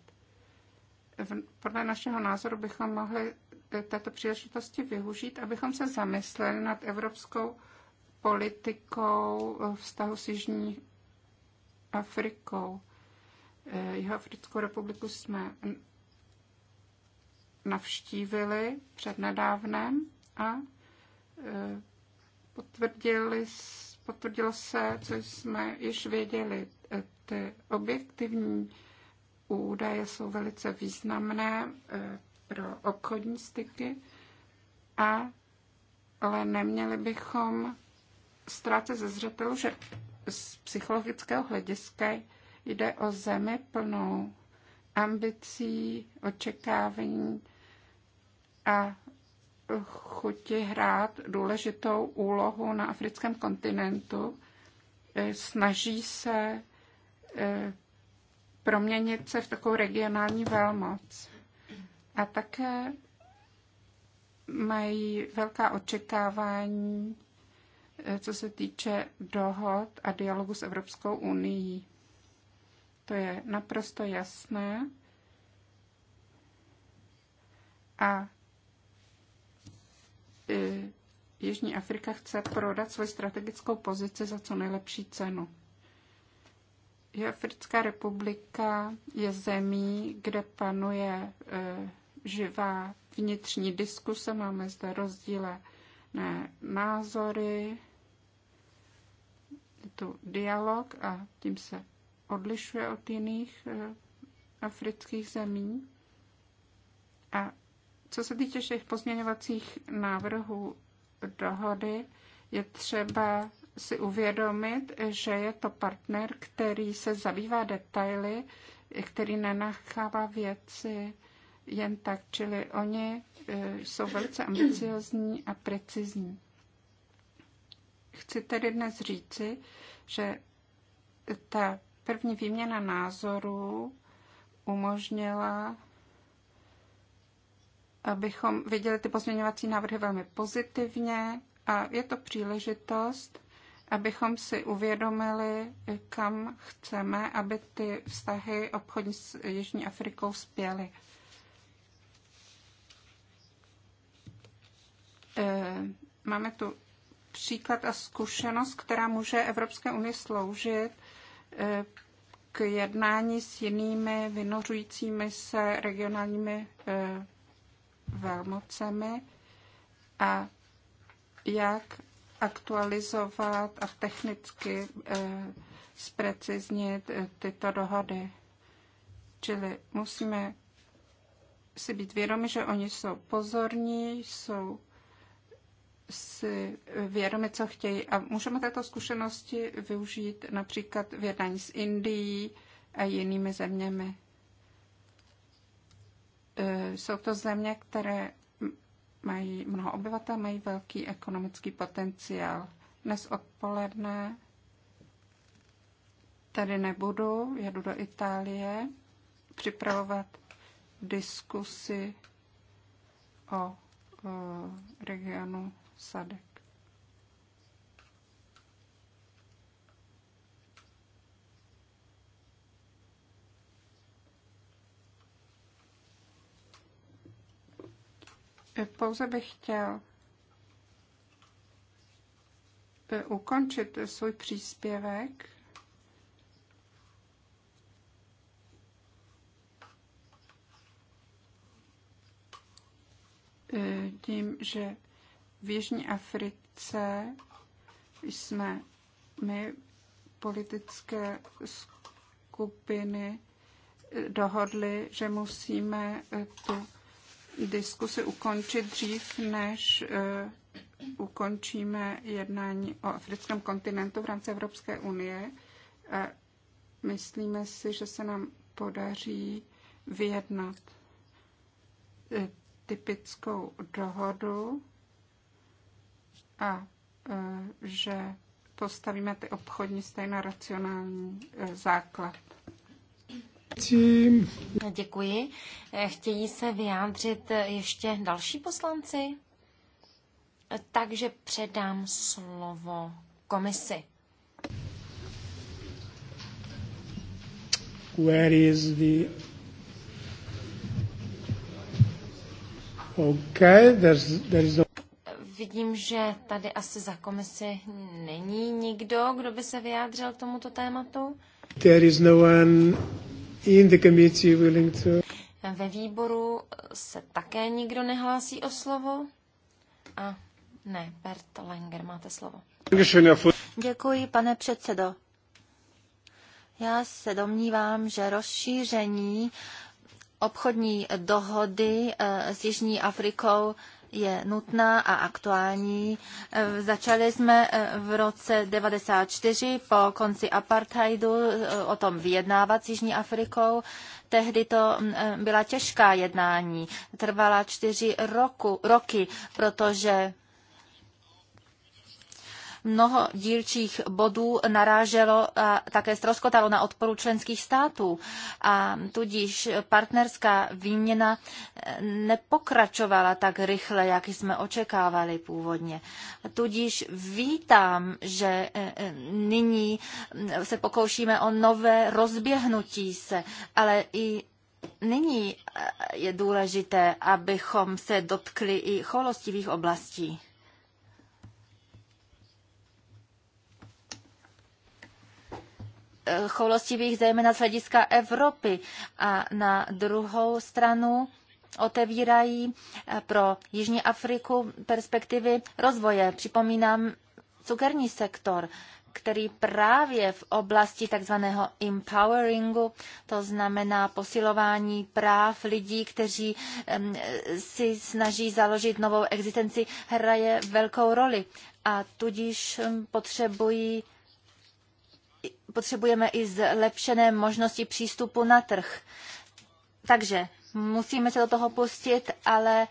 podle našeho názoru bychom mohli této příležitosti využít, abychom se zamysleli nad evropskou politikou eh, vztahu s Jižní Afrikou. Eh, Africkou republiku jsme navštívili před nedávnem a eh, potvrdili, potvrdilo se, co jsme již věděli, ty objektivní údaje jsou velice významné e, pro obchodní styky, a, ale neměli bychom ztrácet ze zřetelu, že z psychologického hlediska jde o zemi plnou ambicí, očekávání a chuti hrát důležitou úlohu na africkém kontinentu. E, snaží se e, proměnit se v takovou regionální velmoc. A také mají velká očekávání, eh, co se týče dohod a dialogu s Evropskou unii. To je naprosto jasné. A eh, Jižní Afrika chce prodat svoji strategickou pozici za co nejlepší cenu. Africká republika je zemí, kde panuje e, živá vnitřní diskuse, máme zde ne, názory, je tu dialog a tím se odlišuje od jiných e, afrických zemí. A co se týče těch pozměňovacích návrhů dohody, je třeba si uvědomit, že je to partner, který se zabývá detaily, který nenachává věci jen tak, čili oni eh, jsou velice ambiciozní a precizní. Chci tedy dnes říci, že ta první výměna názorů umožnila, abychom viděli ty pozměňovací návrhy velmi pozitivně a je to příležitost, abychom si uvědomili, kam chceme, aby ty vztahy obchodní s Jižní Afrikou spěly. Eh, máme tu příklad a zkušenost, která může Evropské unii sloužit eh, k jednání s jinými vynořujícími se regionálními eh, velmocemi a jak aktualizovat a technicky eh, zpreciznit eh, tyto dohody. Čili musíme si být vědomi, že oni jsou pozorní, jsou si vědomi, co chtějí. A můžeme této zkušenosti využít například v jednání s Indií a jinými zeměmi. Eh, jsou to země, které mají mnoho obyvatel, mají velký ekonomický potenciál. Dnes odpoledne tady nebudu, jedu do Itálie připravovat diskusy o, o regionu Sadek. Pouze bych chtěl eh, ukončit svůj příspěvek. Eh, tím, že v Jižní Africe jsme my politické skupiny eh, dohodli, že musíme tu diskusi ukončit dřív, než eh, ukončíme jednání o africkém kontinentu v rámci Evropské unie. Myslíme si, že se nám podaří vyjednat eh, typickou dohodu a eh, že postavíme ty obchodní stejně racionální
základ. Děkuji. Chtějí se vyjádřit ještě další poslanci? Takže předám slovo komisi.
Where is the... Okay, there's, there's. a... No-
Vidím, že tady asi za komisi není nikdo, kdo by se vyjádřil tomuto tématu.
There is no one in the committee willing to...
Ve výboru se také nikdo nehlásí o slovo. A ne,
Bert Langer, máte slovo. Děkuji, pane předsedo. Já se domnívám, že rozšíření obchodní dohody eh, s Jižní Afrikou je nutná a aktuální. Eh, začali jsme eh, v roce 94 po konci apartheidu eh, o tom vyjednávat s Jižní Afrikou. Tehdy to mm, byla těžká jednání. Trvala čtyři roku, roky, protože mnoho dílčích bodů naráželo a také stroskotalo na odporu členských států a tudíž partnerská výměna e, nepokračovala tak rychle, jak jsme očekávali původně. Tudíž vítám, že e, e, nyní se pokoušíme o nové rozběhnutí se, ale i nyní je důležité, abychom se dotkli i cholostivých oblastí. Eh, choulostivých zejména z hlediska Evropy a na druhou stranu otevírají eh, pro Jižní Afriku perspektivy rozvoje. Připomínám cukerní sektor, který právě v oblasti takzvaného empoweringu, to znamená posilování práv lidí, kteří si snaží založit novou existenci, hraje velkou roli a tudíž potřebují potřebujeme i zlepšené možnosti přístupu na trh. Takže musíme se do toho pustit, ale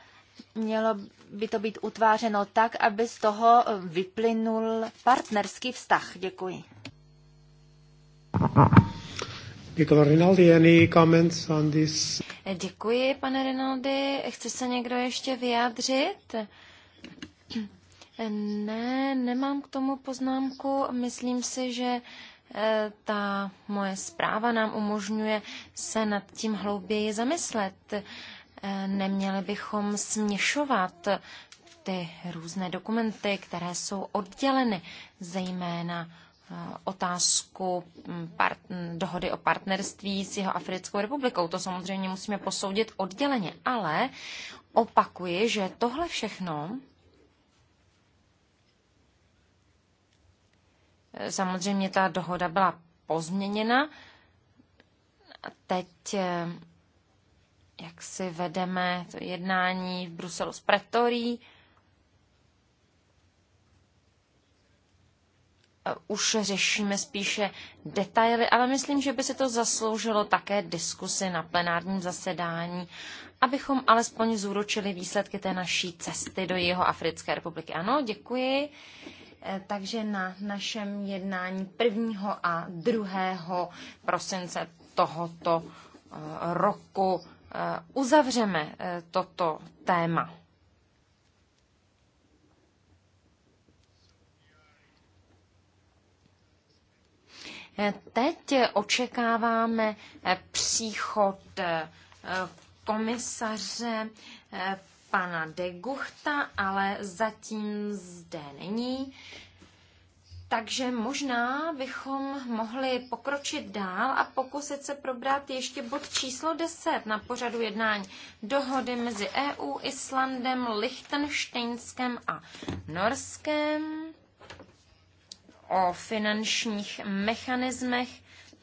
mělo by to být utvářeno tak, aby z toho vyplynul partnerský vztah. Děkuji.
Nicola Rinaldi, any comments on this?
Děkuji,
pane Rinaldi. Chce se někdo ještě vyjádřit? Ne, nemám k tomu poznámku. Myslím si, že E, ta moje zpráva nám umožňuje se nad tím hlouběji zamyslet. E, neměli bychom směšovat ty různé dokumenty, které jsou odděleny, zejména e, otázku part, dohody o partnerství s jeho Africkou republikou. To samozřejmě musíme posoudit odděleně, ale opakuji, že tohle všechno Samozřejmě ta dohoda byla pozměněna. A teď eh, jak si vedeme to jednání v Bruselu s Pretorí. Eh, už řešíme spíše detaily, ale myslím, že by se to zasloužilo také diskusy na plenárním zasedání, abychom alespoň zúročili výsledky té naší cesty do jeho Africké republiky. Ano, děkuji. Eh, takže na našem jednání 1. a 2. prosince tohoto eh, roku eh, uzavřeme toto téma. Teď očekáváme příchod komisaře pana de Guchta, ale zatím zde není. Takže možná bychom mohli pokročit dál a pokusit se probrat ještě bod číslo 10 na pořadu jednání dohody mezi EU, Islandem, Lichtenštejnskem a Norskem o finančních mechanismech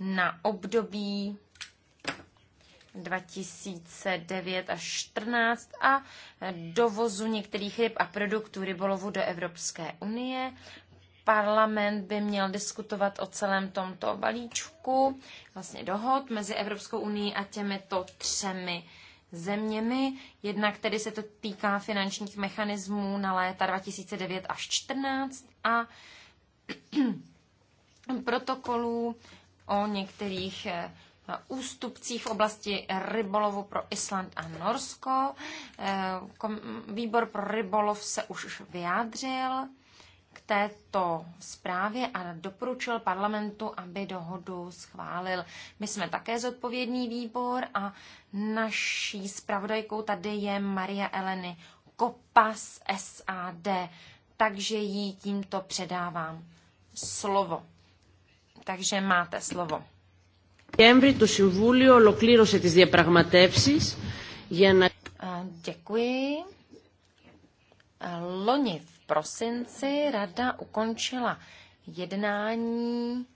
na období 2009 až 14 a dovozu některých ryb a produktů rybolovu do Evropské unie. Parlament by měl diskutovat o celém tomto balíčku, vlastně dohod mezi Evropskou unii a těmito třemi zeměmi. Jednak tedy se to týká finančních mechanismů na léta 2009 až 14 a *clears throat* protokolů o některých eh, ústupcích v oblasti rybolovu pro Island a Norsko. Eh, výbor pro rybolov se už vyjádřil k této zprávě a doporučil parlamentu, aby dohodu schválil. My jsme také zodpovědný výbor a naší zpravodajkou tady je Maria Eleny Kopas SAD, takže jí tímto předávám slovo. Takže máte slovo. Σεπτέμβρη το Συμβούλιο ολοκλήρωσε τις διαπραγματεύσεις για να... Děkuji. Loni v prosinci rada ukončila jednání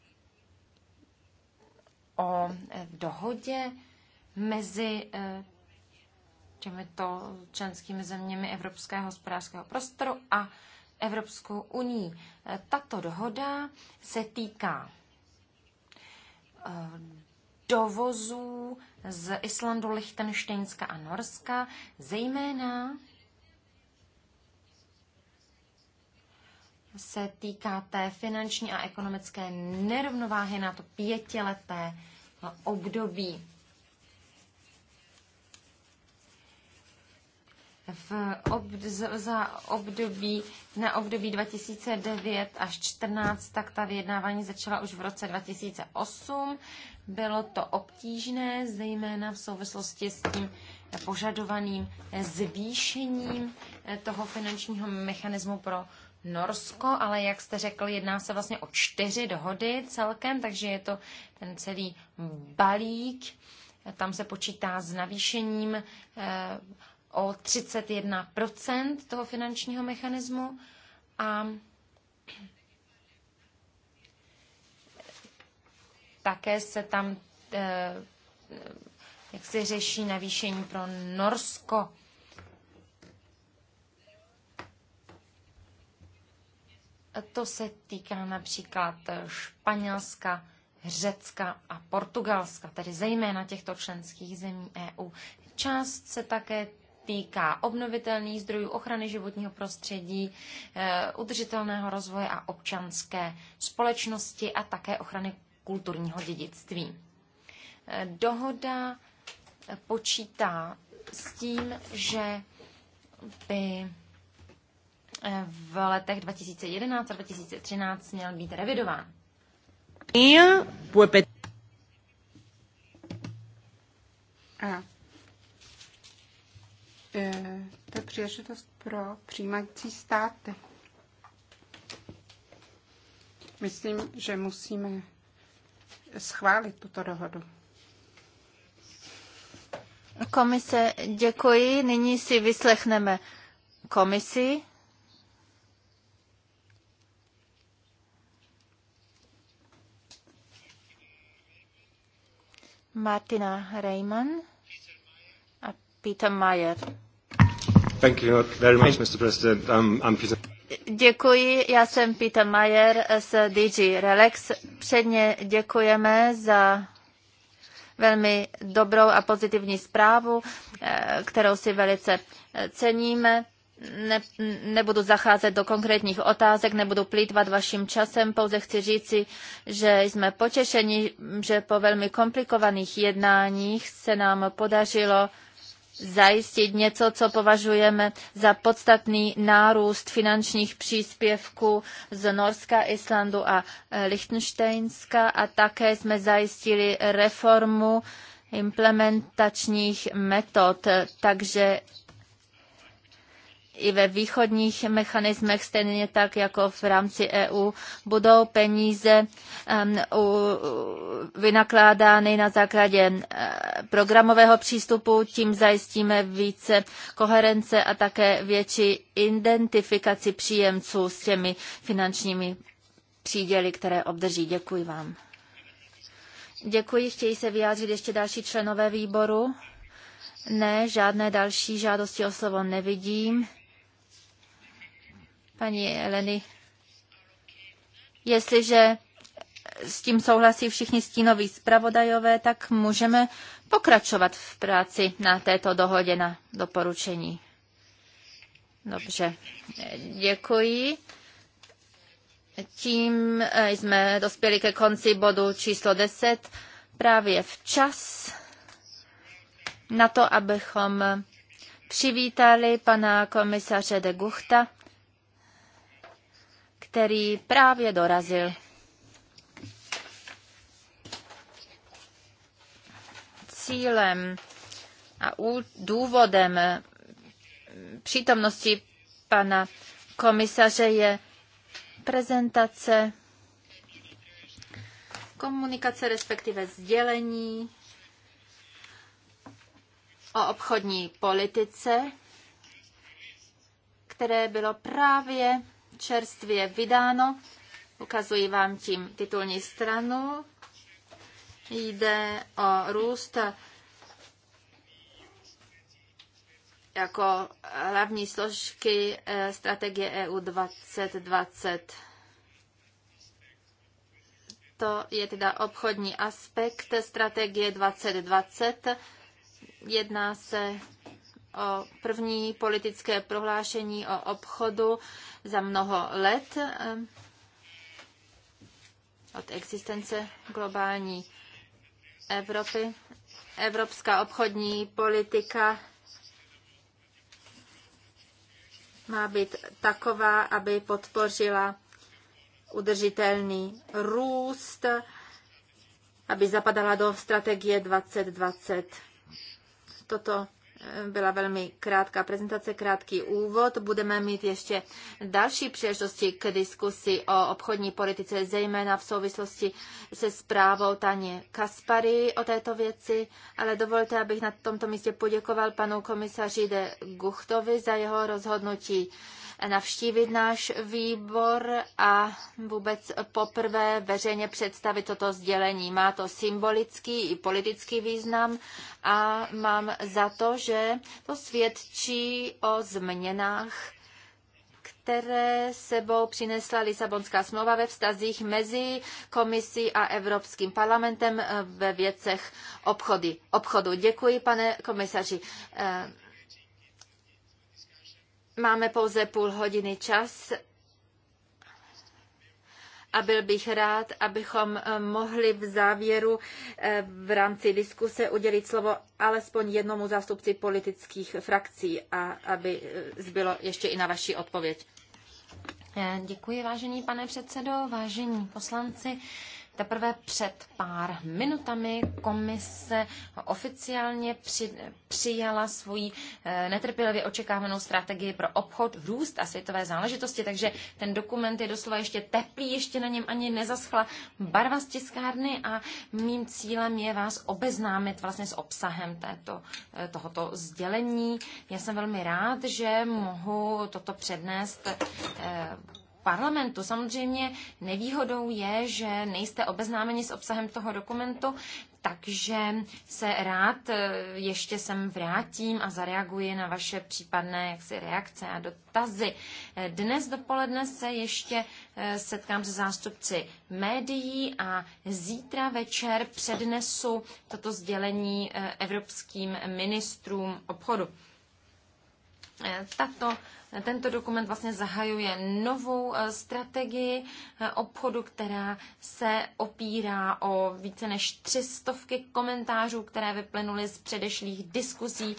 o eh, dohodě mezi eh, těmito členskými zeměmi Evropského hospodářského prostoru a Evropskou unii. Eh, tato dohoda se týká dovozů z Islandu, Lichtenštejnska a Norska, zejména se týká té finanční a ekonomické nerovnováhy na to pětileté období. v ob, za období, na období 2009 až 2014, tak ta vyjednávání začala už v roce 2008. Bylo to obtížné, zejména v souvislosti s tím požadovaným zvýšením eh, toho finančního mechanismu pro Norsko, ale jak jste řekl, jedná se vlastně o čtyři dohody celkem, takže je to ten celý balík. Tam se počítá s navýšením eh, o 31 toho finančního mechanismu a také se tam eh, jak se řeší navýšení pro Norsko. To se týká například Španělska, Řecka a Portugalska, tedy zejména těchto členských zemí EU. Část se také týká obnovitelných zdrojů, ochrany životního prostředí, eh, udržitelného rozvoje a občanské společnosti a také ochrany kulturního dědictví. Eh, dohoda eh, počítá s tím, že by v letech 2011 a 2013 měl být revidován. A
to je příležitost pro přijímající státy. Myslím, že musíme schválit tuto dohodu.
Komise, děkuji. Nyní si vyslechneme komisi. Martina Reimann a Peter Mayer.
Thank you very much, Mr. President. I'm
Děkuji, já jsem Peter Mayer z DG Relax. Předně děkujeme za velmi dobrou a pozitivní zprávu, eh, kterou si velice eh, ceníme. Ne, nebudu zacházet do konkrétních otázek, nebudu plýtvat vaším časem, pouze chci říci, že jsme potěšeni, že po velmi komplikovaných jednáních se nám podařilo zajistit něco, co považujeme za podstatný nárůst finančních příspěvků z Norska, Islandu a eh, Lichtensteinska a také jsme zajistili reformu implementačních metod, takže i ve východních mechanismech, stejně tak jako v rámci EU, budou peníze vynakládány na základě programového přístupu, tím zajistíme více koherence a také větší identifikaci příjemců s těmi finančními příděly, které obdrží. Děkuji vám. Děkuji. Chtějí se vyjádřit ještě další členové výboru? Ne, žádné další žádosti o slovo nevidím paní Eleny. Jestliže s tím souhlasí všichni stínoví zpravodajové, tak můžeme pokračovat v práci na této dohodě na doporučení. Dobře, děkuji. Tím eh, jsme dospěli ke konci bodu číslo 10 právě včas na to, abychom přivítali pana komisaře de Guchta který právě dorazil. Cílem a důvodem přítomnosti pana komisaře je prezentace komunikace, respektive sdělení o obchodní politice, které bylo právě čerstvě vydáno. Ukazuji vám tím titulní stranu. Jde o růst jako hlavní složky eh, strategie EU 2020. To je teda obchodní aspekt strategie 2020. Jedná se o první politické prohlášení o obchodu za mnoho let eh, od existence globální Evropy. Evropská obchodní politika má být taková, aby podpořila udržitelný růst, aby zapadala do strategie 2020. Toto byla velmi krátká prezentace, krátký úvod. Budeme mít ještě další příležitosti k diskusi o obchodní politice, zejména v souvislosti se zprávou Taně Kaspary o této věci, ale dovolte, abych na tomto místě poděkoval panu komisaři de Guchtovi za jeho rozhodnutí navštívit náš výbor a vůbec poprvé veřejně představit toto sdělení. Má to symbolický i politický význam a mám za to, že to svědčí o změnách které sebou přinesla Lisabonská smlouva ve vztazích mezi komisí a Evropským parlamentem eh, ve věcech obchody. obchodu. Děkuji, pane komisaři. Eh, Máme pouze půl hodiny čas a byl bych rád, abychom eh, mohli v závěru eh, v rámci diskuse udělit slovo alespoň jednomu zástupci politických frakcí a aby eh, zbylo ještě i na vaši odpověď.
Děkuji, vážený pane předsedo, vážení poslanci. Teprve před pár minutami komise oficiálně při, přijala svoji eh, netrpělivě očekávanou strategii pro obchod, růst a světové záležitosti, takže ten dokument je doslova ještě teplý, ještě na něm ani nezaschla barva z tiskárny a mým cílem je vás obeznámit vlastně s obsahem této, eh, tohoto sdělení. Já jsem velmi rád, že mohu toto přednést eh, parlamentu. Samozřejmě nevýhodou je, že nejste obeznámeni s obsahem toho dokumentu, takže se rád e, ještě sem vrátím a zareaguji na vaše případné jaksi reakce a dotazy. E, dnes dopoledne se ještě e, setkám se zástupci médií a zítra večer přednesu toto sdělení evropským ministrům obchodu. Eh, tato, tento dokument vlastně zahajuje novou eh, strategii eh, obchodu, která se opírá o více než 300 komentářů, které vyplynuly z předešlých diskusí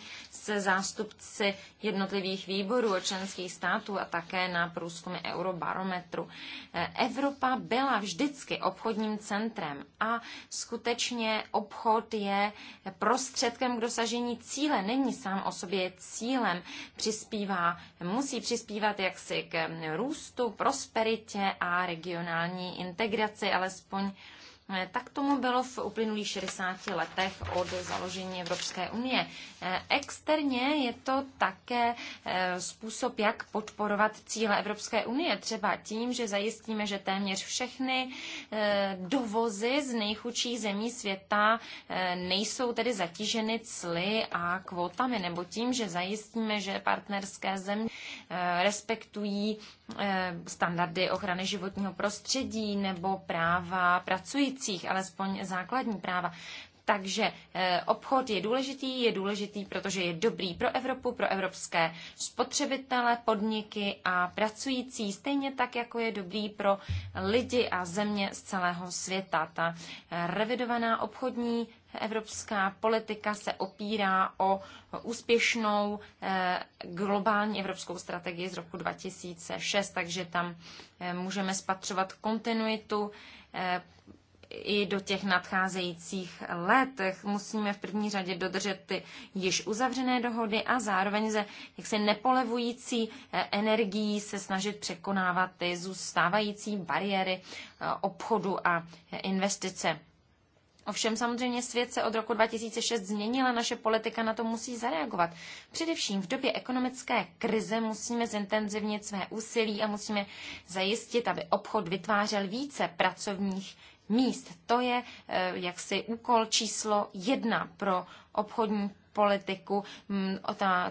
se zástupci jednotlivých výborů od členských států a také na průzkumy Eurobarometru. Eh, Evropa byla vždycky obchodním centrem a skutečně obchod je prostředkem k dosažení cíle, není sám o sobě cílem, přispívá, musí přispívat jaksi k růstu, prosperitě a regionální integraci, alespoň Eh, tak tomu bylo v uplynulých 60 letech od založení Evropské unie. Eh, externě je to také eh, způsob, jak podporovat cíle Evropské unie, třeba tím, že zajistíme, že téměř všechny dovozy z nejchudších zemí světa nejsou tedy zatíženy cly a kvótami, nebo tím, že zajistíme, že partnerské země respektují standardy ochrany životního prostředí nebo práva pracujících pracujících, alespoň základní práva. Takže eh, obchod je důležitý, je důležitý, protože je dobrý pro Evropu, pro evropské spotřebitele, podniky a pracující, stejně tak, jako je dobrý pro lidi a země z celého světa. Ta eh, revidovaná obchodní evropská politika se opírá o úspěšnou eh, globální evropskou strategii z roku 2006, takže tam můžeme spatřovat kontinuitu i do těch nadcházejících letech. Musíme v první řadě dodržet ty již uzavřené dohody a zároveň se jaksi nepolevující eh, energií se snažit překonávat ty zůstávající bariéry eh, obchodu a eh, investice. Ovšem samozřejmě svět se od roku 2006 změnila, naše politika na to musí zareagovat. Především v době ekonomické krize musíme zintenzivnit své úsilí a musíme zajistit, aby obchod vytvářel více pracovních míst. To je eh, jaksi úkol číslo jedna pro obchodní politiku. Mm,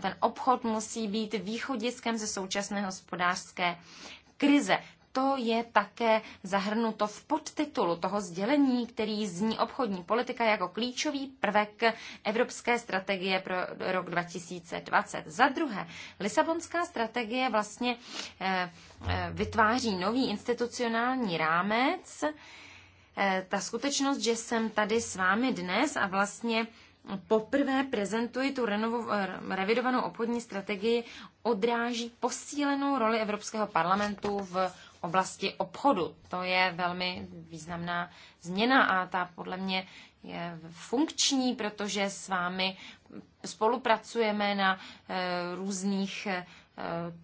ten obchod musí být východiskem ze současné hospodářské krize. To je také zahrnuto v podtitulu toho sdělení, který zní obchodní politika jako klíčový prvek Evropské strategie pro rok 2020. Za druhé, Lisabonská strategie vlastně eh, eh, vytváří nový institucionální rámec, Eh, ta skutečnost, že jsem tady s vámi dnes a vlastně poprvé prezentuji tu renovou, eh, revidovanou obchodní strategii, odráží posílenou roli Evropského parlamentu v oblasti obchodu. To je velmi významná změna a ta podle mě je funkční, protože s vámi spolupracujeme na eh, různých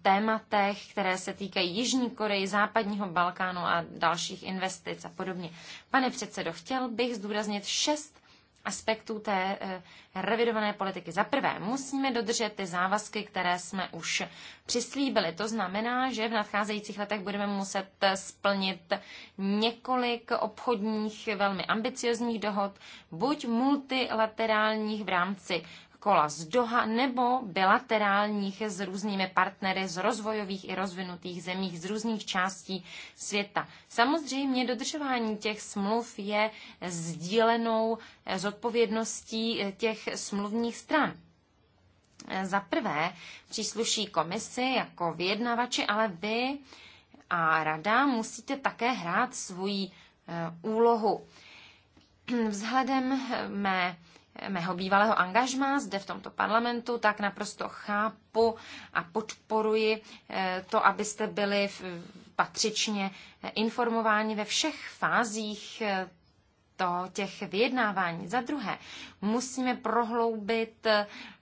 tématech, které se týkají Jižní Koreji, Západního Balkánu a dalších investic a podobně. Pane předsedo, chtěl bych zdůraznit šest aspektů té eh, revidované politiky. Za prvé, musíme dodržet ty závazky, které jsme už přislíbili. To znamená, že v nadcházejících letech budeme muset splnit několik obchodních, velmi ambiciozních dohod, buď multilaterálních v rámci kola z Doha nebo bilaterálních s různými partnery z rozvojových i rozvinutých zemích z různých částí světa. Samozřejmě dodržování těch smluv je sdílenou eh, zodpovědností eh, těch smluvních stran. Eh, za prvé přísluší komisi jako vyjednavači, ale vy a rada musíte také hrát svoji úlohu. Vzhledem mé mého bývalého angažmá zde v tomto parlamentu, tak naprosto chápu a podporuji eh, to, abyste byli patřičně informováni ve všech fázích eh, to těch vyjednávání. Za druhé, musíme prohloubit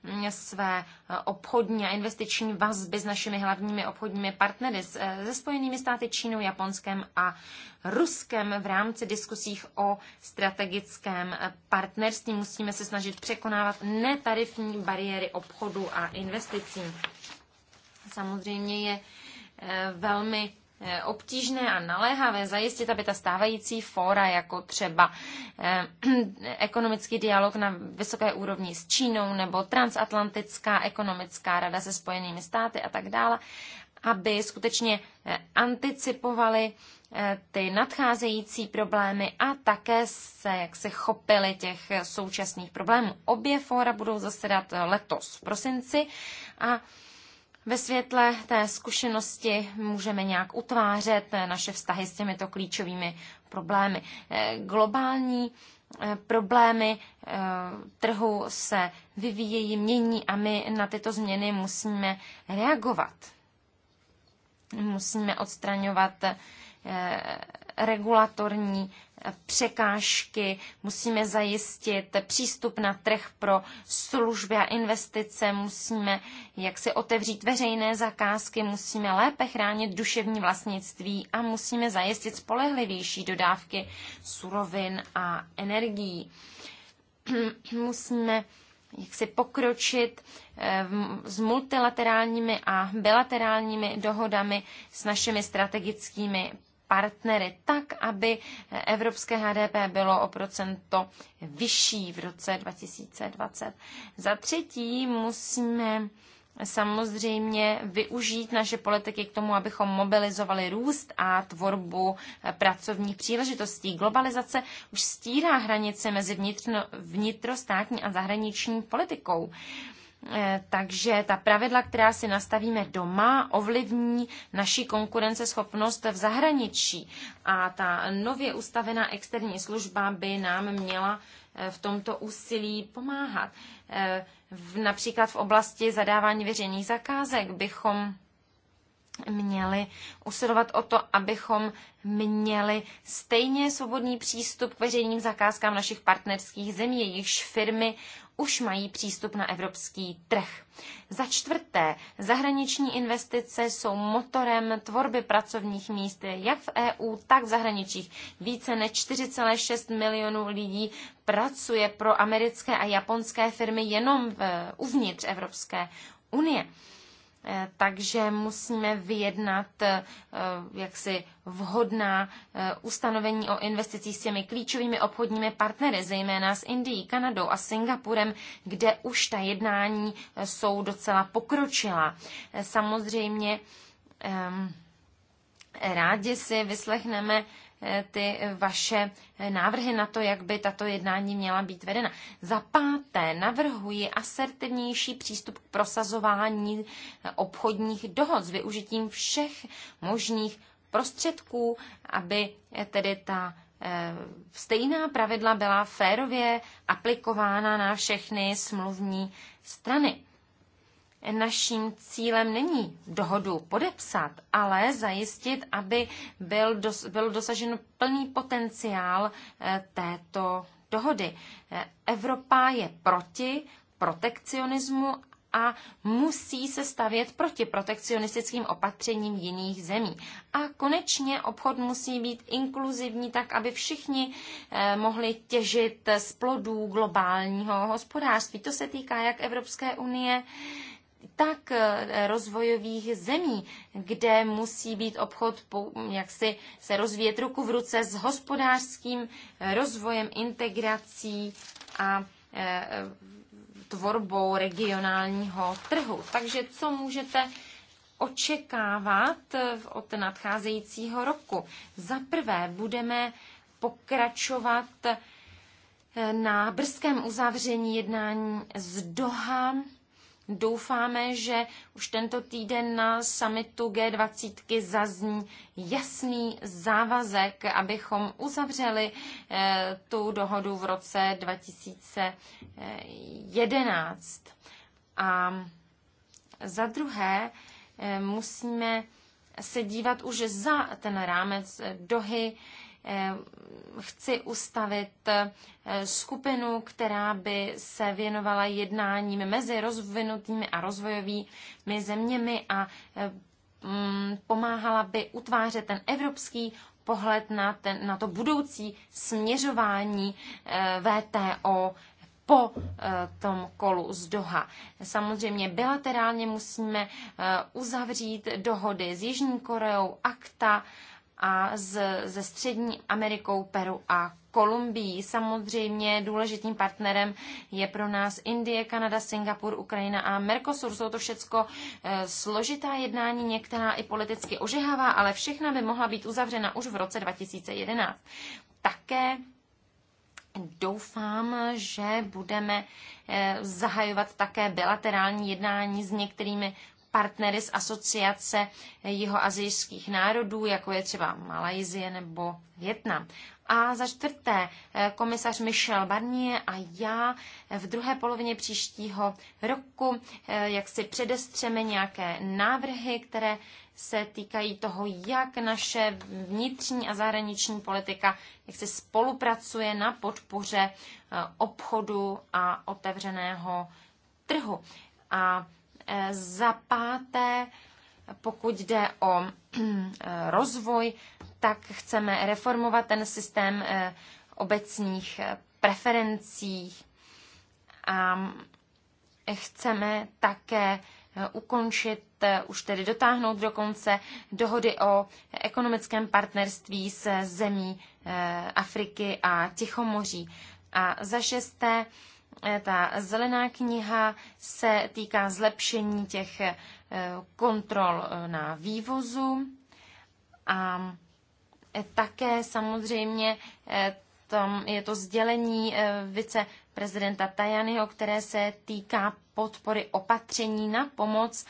mm, své eh, obchodní a investiční vazby s našimi hlavními obchodními partnery, eh, se Spojenými státy Čínou, Japonskem a Ruskem v rámci diskusích o strategickém eh, partnerství. Musíme se snažit překonávat netarifní bariéry obchodu a investicí. Samozřejmě je velmi Eh, obtížné a naléhavé zajistit, aby ta stávající fóra, jako třeba eh, *clears throat* ekonomický dialog na vysoké úrovni s Čínou nebo transatlantická ekonomická rada se Spojenými státy a tak dále, aby skutečně eh, anticipovali ty nadcházející problémy a také se, jak se chopili těch současných problémů. Obě fóra budou zasedat letos v prosinci a ve světle té zkušenosti můžeme nějak utvářet eh, naše vztahy s těmito klíčovými problémy. Eh, globální eh, problémy trhu se vyvíjejí, mění a my na tyto změny musíme reagovat. Musíme odstraňovat regulatorní překážky, musíme zajistit přístup na trh pro služby a investice, musíme jak se otevřít veřejné zakázky, musíme lépe chránit duševní vlastnictví a musíme zajistit spolehlivější dodávky surovin a energií. *clears throat* musíme jak si pokročit eh, s multilaterálními a bilaterálními dohodami s našimi strategickými partnery tak, aby evropské HDP bylo o procento vyšší v roce 2020. Za třetí musíme samozřejmě využít naše politiky k tomu, abychom mobilizovali růst a tvorbu pracovních příležitostí. Globalizace už stírá hranice mezi vnitro, vnitrostátní a zahraniční politikou. Uh, Eh, takže ta pravidla, která si nastavíme doma, ovlivní naši konkurenceschopnost v zahraničí. A ta nově ustavená externí služba by nám měla eh, v tomto úsilí pomáhat. Eh, například v oblasti zadávání veřejných zakázek bychom měli usilovat o to, abychom měli stejně svobodný přístup k veřejným zakázkám našich partnerských zemí, jejichž firmy už mají přístup na evropský trh. Za čtvrté, zahraniční investice jsou motorem tvorby pracovních míst jak v EU, tak v zahraničích. Více než 4,6 milionů lidí pracuje pro americké a japonské firmy jenom v, uvnitř Evropské unie. Eh, takže musíme vyjednat eh, jaksi vhodná eh, ustanovení o investicích s těmi klíčovými obchodními partnery, zejména s Indií, Kanadou a Singapurem, kde už ta jednání jsou docela pokročila. Samozřejmě ehm, rádi si vyslechneme ty vaše návrhy na to, jak by tato jednání měla být vedena. Za páté navrhuji asertivnější přístup k prosazování obchodních dohod s využitím všech možných prostředků, aby tedy ta eh, stejná pravidla byla férově aplikována na všechny smluvní strany. Naším cílem není dohodu podepsat, ale zajistit, aby byl, dos, byl dosažen plný potenciál eh, této dohody. Eh, Evropa je proti protekcionismu a musí se stavět proti protekcionistickým opatřením jiných zemí. A konečně obchod musí být inkluzivní tak, aby všichni eh, mohli těžit z plodů globálního hospodářství. To se týká jak Evropské unie, tak eh, rozvojových zemí, kde musí být obchod jaksi se rozvíjet ruku v ruce s hospodářským eh, rozvojem, integrací a eh, tvorbou regionálního trhu. Takže co můžete očekávat od nadcházejícího roku? Za prvé budeme pokračovat na brzkém uzavření jednání z Doha Doufáme, že už tento týden na samitu G20 zazní jasný závazek, abychom uzavřeli eh, tu dohodu v roce 2011. A za druhé eh, musíme se dívat už za ten rámec dohy Eh, chci ustavit eh, skupinu, která by se věnovala jednáním mezi rozvinutými a rozvojovými zeměmi a eh, mm, pomáhala by utvářet ten evropský pohled na, ten, na to budoucí směřování VTO po tom kolu z Doha. Samozřejmě bilaterálně musíme uzavřít dohody s Jižní Koreou, akta, a z, ze Střední Amerikou, Peru a Kolumbií. Samozřejmě důležitým partnerem je pro nás Indie, Kanada, Singapur, Ukrajina a Mercosur. Jsou to všecko eh, složitá jednání, některá i politicky ožehavá, ale všechna by mohla být uzavřena už v roce 2011. Také Doufám, že budeme eh, zahajovat také bilaterální jednání s některými partnery z asociace jihoazijských národů, jako je třeba Malajzie nebo Větnam. A za čtvrté, eh, komisař Michel Barnier a já v druhé polovině příštího roku, eh, jak si předestřeme nějaké návrhy, které se týkají toho, jak naše vnitřní a zahraniční politika, jak se spolupracuje na podpoře eh, obchodu a otevřeného trhu. A za páté, pokud jde o *clears throat* rozvoj, tak chceme reformovat ten systém eh, obecních eh, preferencí a mm, chceme také eh, ukončit, už tedy dotáhnout do konce dohody o ekonomickém partnerství se zemí Afriky a Tichomoří. A za šesté Eh, ta zelená kniha se týká zlepšení těch eh, kontrol eh, na vývozu a také samozřejmě tam je to sdělení viceprezidenta Tajanyho, které se týká podpory opatření na pomoc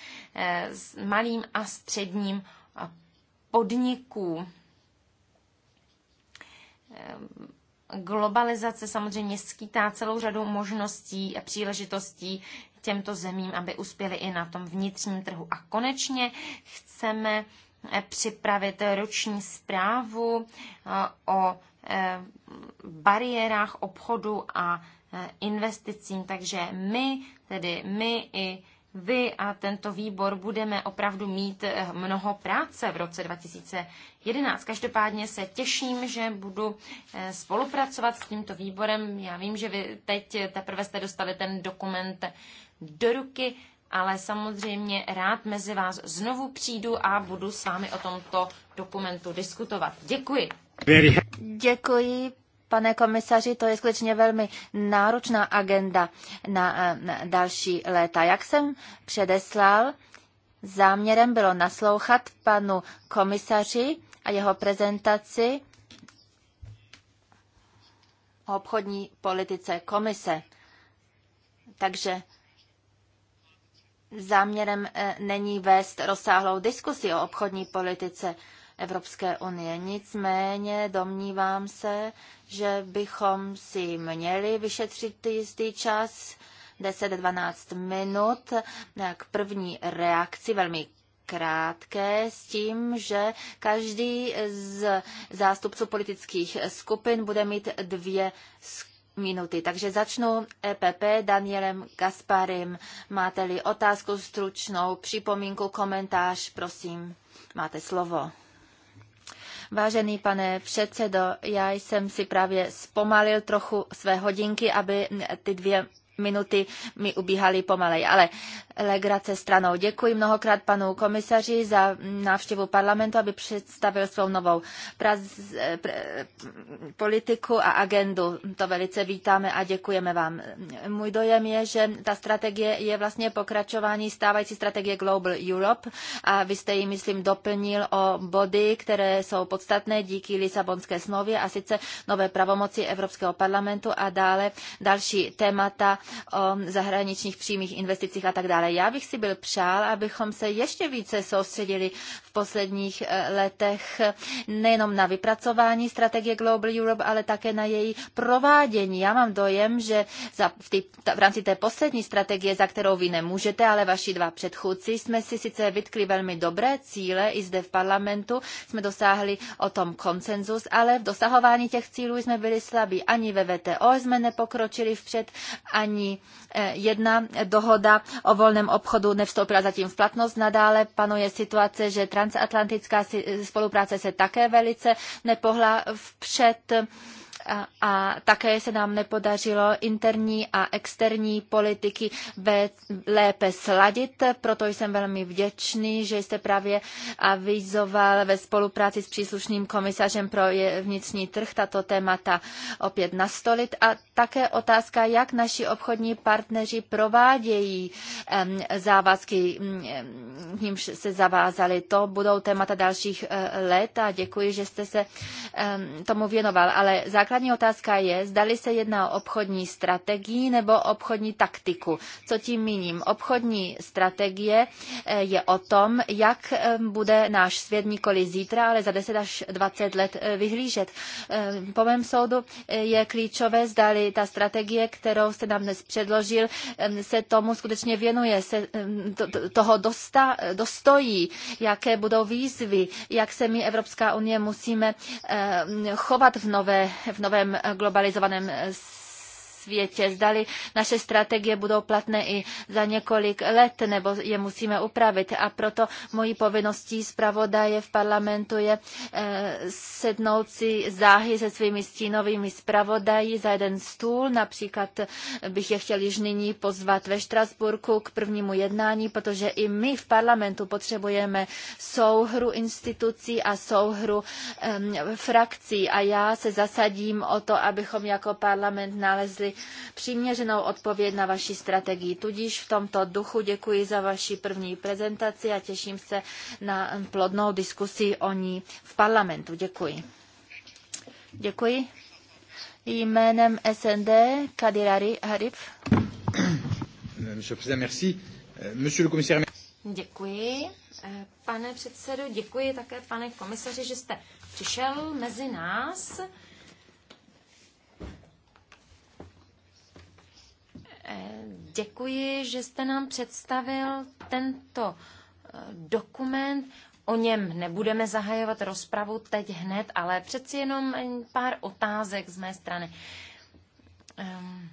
malým a středním podnikům globalizace samozřejmě skýtá celou řadu možností a příležitostí těmto zemím, aby uspěli i na tom vnitřním trhu. A konečně chceme eh, připravit roční zprávu eh, o eh, bariérách obchodu a investicím, takže my, tedy my i vy a tento výbor budeme opravdu mít eh, mnoho práce v roce 2011. Každopádně se těším, že budu eh, spolupracovat s tímto výborem. Já vím, že vy teď teprve jste dostali ten dokument do ruky, ale samozřejmě rád mezi vás znovu přijdu a budu s vámi o tomto dokumentu diskutovat.
Děkuji. Děkuji, Pane komisaři, to je skutečně velmi náročná agenda na, eh, na další léta. Jak jsem předeslal, záměrem bylo naslouchat panu komisaři a jeho prezentaci o obchodní politice komise. Takže záměrem eh, není vést rozsáhlou diskusi o obchodní politice Evropské unie. Nicméně domnívám se, že bychom si měli vyšetřit jistý čas, 10-12 minut k první reakci, velmi krátké s tím, že každý z zástupců politických skupin bude mít dvě minuty. Takže začnu EPP Danielem Gasparim. Máte-li otázku stručnou, připomínku, komentář, prosím, máte slovo. Vážený pane předsedo, já jsem si právě zpomalil trochu své hodinky, aby ty dvě minuty mi ubíhaly pomalej. Ale legrace stranou. Děkuji mnohokrát panu komisaři za návštěvu parlamentu, aby představil svou novou praz, politiku a agendu. To velice vítáme a děkujeme vám. Můj dojem je, že ta strategie je vlastně pokračování stávající strategie Global Europe a vy jste ji, myslím, doplnil o body, které jsou podstatné díky Lisabonské smlouvě a sice nové pravomoci Evropského parlamentu a dále další témata o zahraničních přímých investicích a tak dále. Ale já bych si byl přál, abychom se ještě více soustředili v posledních eh, letech eh, nejenom na vypracování strategie Global Europe, ale také na její provádění. Já mám dojem, že za, v, tý, ta, v rámci té poslední strategie, za kterou vy nemůžete, ale vaši dva předchůdci, jsme si sice vytkli velmi dobré cíle i zde v parlamentu, jsme dosáhli o tom konsenzus, ale v dosahování těch cílů jsme byli slabí. Ani ve VTO jsme nepokročili vpřed, ani eh, jedna dohoda o volném voľném obchodu nevstoupila zatím v platnost. Nadále panuje situace, že transatlantická spolupráce se také velice nepohla vpřed a, také se nám nepodařilo interní a externí politiky lépe sladit, proto jsem velmi vděčný, že jste právě avizoval ve spolupráci s příslušným komisařem pro vnitřní trh tato témata opět nastolit a také otázka, jak naši obchodní partneři provádějí závazky, k nimž se zavázali. To budou témata dalších e, let a děkuji, že jste se tomu věnoval, ale základní Základní otázka je, zdali se jedná o obchodní strategii nebo obchodní taktiku. Co tím míním? Obchodní strategie eh, je o tom, jak eh, bude náš svět nikoli zítra, ale za 10 až 20 let eh, vyhlížet. Po mém soudu je klíčové, zdali ta strategie, kterou jste nám dnes předložil, se tomu skutečně věnuje, se toho dosta, dostojí, jaké budou výzvy, jak se my Evropská unie musíme chovat v nové, v v novém eh, globalizovaném eh, světě. Zdali naše strategie budou platné i za několik let, nebo je musíme upravit. A proto mojí povinností zpravodaje v parlamentu je eh, sednout si záhy se svými stínovými zpravodají za jeden stůl. Například bych je chtěl již nyní pozvat ve Štrasburku k prvnímu jednání, protože i my v parlamentu potřebujeme souhru institucí a souhru eh, frakcí. A já se zasadím o to, abychom jako parlament nalezli přiměřenou odpověď na vaši strategii. Tudíž v tomto duchu děkuji za vaši první prezentaci a těším se na plodnou diskusi o ní v parlamentu. Děkuji. Děkuji. Jménem SND Kadirari Harif.
Děkuji. Pane předsedo, děkuji také pane komisaři, že jste přišel mezi nás. Eh, děkuji, že jste nám představil tento eh, dokument. O něm nebudeme zahajovat rozpravu teď hned, ale přeci jenom pár otázek z mé strany. Ehm,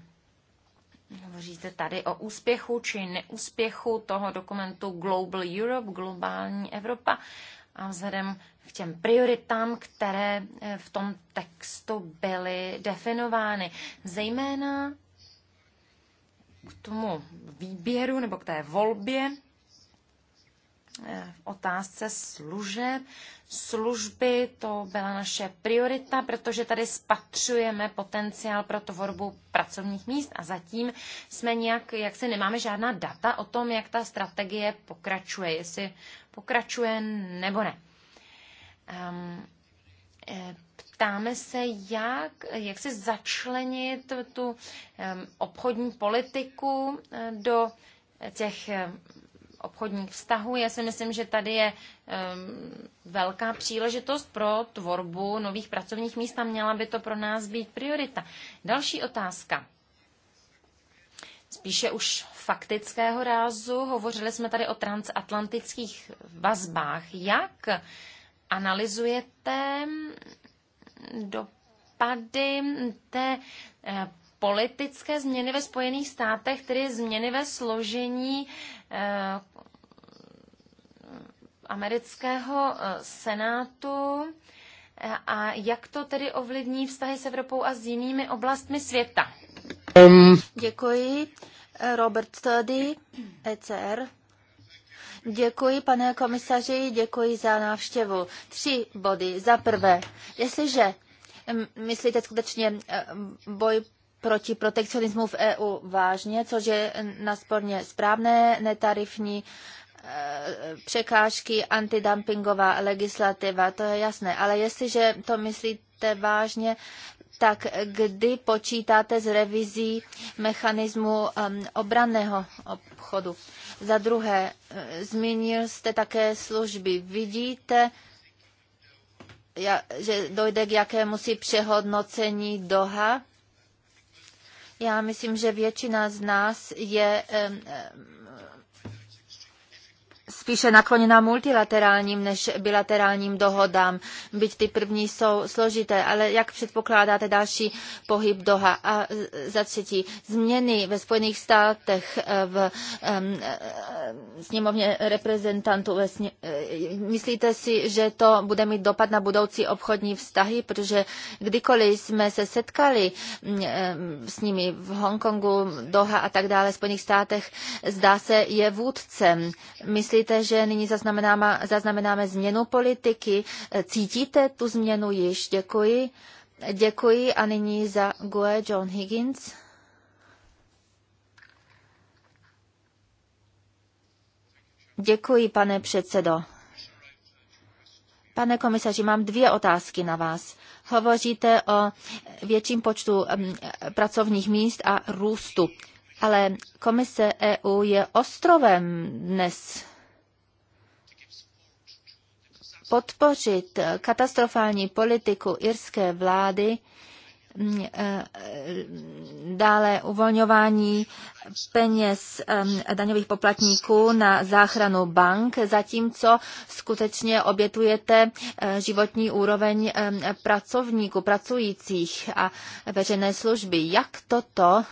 hovoříte tady o úspěchu či neúspěchu toho dokumentu Global Europe, globální Evropa a vzhledem k těm prioritám, které eh, v tom textu byly definovány. Zejména k tomu výběru nebo k té volbě eh, v otázce služeb. Služby to byla naše priorita, protože tady spatřujeme potenciál pro tvorbu pracovních míst a zatím jsme nějak, jak se nemáme žádná data o tom, jak ta strategie pokračuje, jestli pokračuje nebo ne. Um, ptáme se, jak, jak se začlenit tu obchodní politiku eh, do těch obchodních vztahů. Já si myslím, že tady je velká příležitost pro tvorbu nových pracovních míst a měla by to pro nás být priorita. Další otázka spíše už faktického rázu. Hovořili jsme tady o transatlantických vazbách. Jak analyzujete dopady té eh, politické změny ve Spojených státech, tedy změny ve složení eh, amerického eh, senátu a jak to tedy ovlivní vztahy s Evropou a s jinými oblastmi světa?
Um.
Děkuji. Robert Study, ECR. Děkuji, pane komisaři, děkuji za návštěvu. Tři body. Za prvé, jestliže mm, myslíte skutečně eh, boj proti protekcionismu v EU vážně, což je nasporně správné, netarifní eh, překážky, antidumpingová legislativa, to je jasné. Ale jestliže to myslíte vážně, tak kdy počítáte s revizí mechanismu eh, obranného obchodu? Za druhé, e, zmínil jste také služby. Vidíte, že dojde k jakému si přehodnocení Doha? Já myslím, že většina z nás je spíše nakloněna multilaterálním než bilaterálním dohodám, byť ty první jsou složité, ale jak předpokládáte další pohyb Doha? A za třetí, změny ve Spojených státech eh, v um, sněmovně reprezentantů. Ve sně... Eh, myslíte si, že to bude mít dopad na budoucí obchodní vztahy, protože kdykoliv jsme se setkali um, s nimi v Hongkongu, Doha a tak dále, v Spojených státech, zdá se, je vůdcem. Myslíte Myslíte, že nyní zaznamenáme, zaznamenáme změnu politiky? Cítíte tu změnu již? Děkuji. Děkuji a nyní za GUE John Higgins. Děkuji, pane předsedo. Pane komisaři, mám dvě otázky na vás. Hovoříte o větším počtu pracovních míst a růstu, ale komise EU je ostrovem dnes podpořit katastrofální politiku irské vlády, mm, eh, dále uvolňování peněz daňových poplatníků na záchranu bank, zatímco skutečně obětujete eh, životní úroveň pracovníků, pracujících a veřejné služby. Jak toto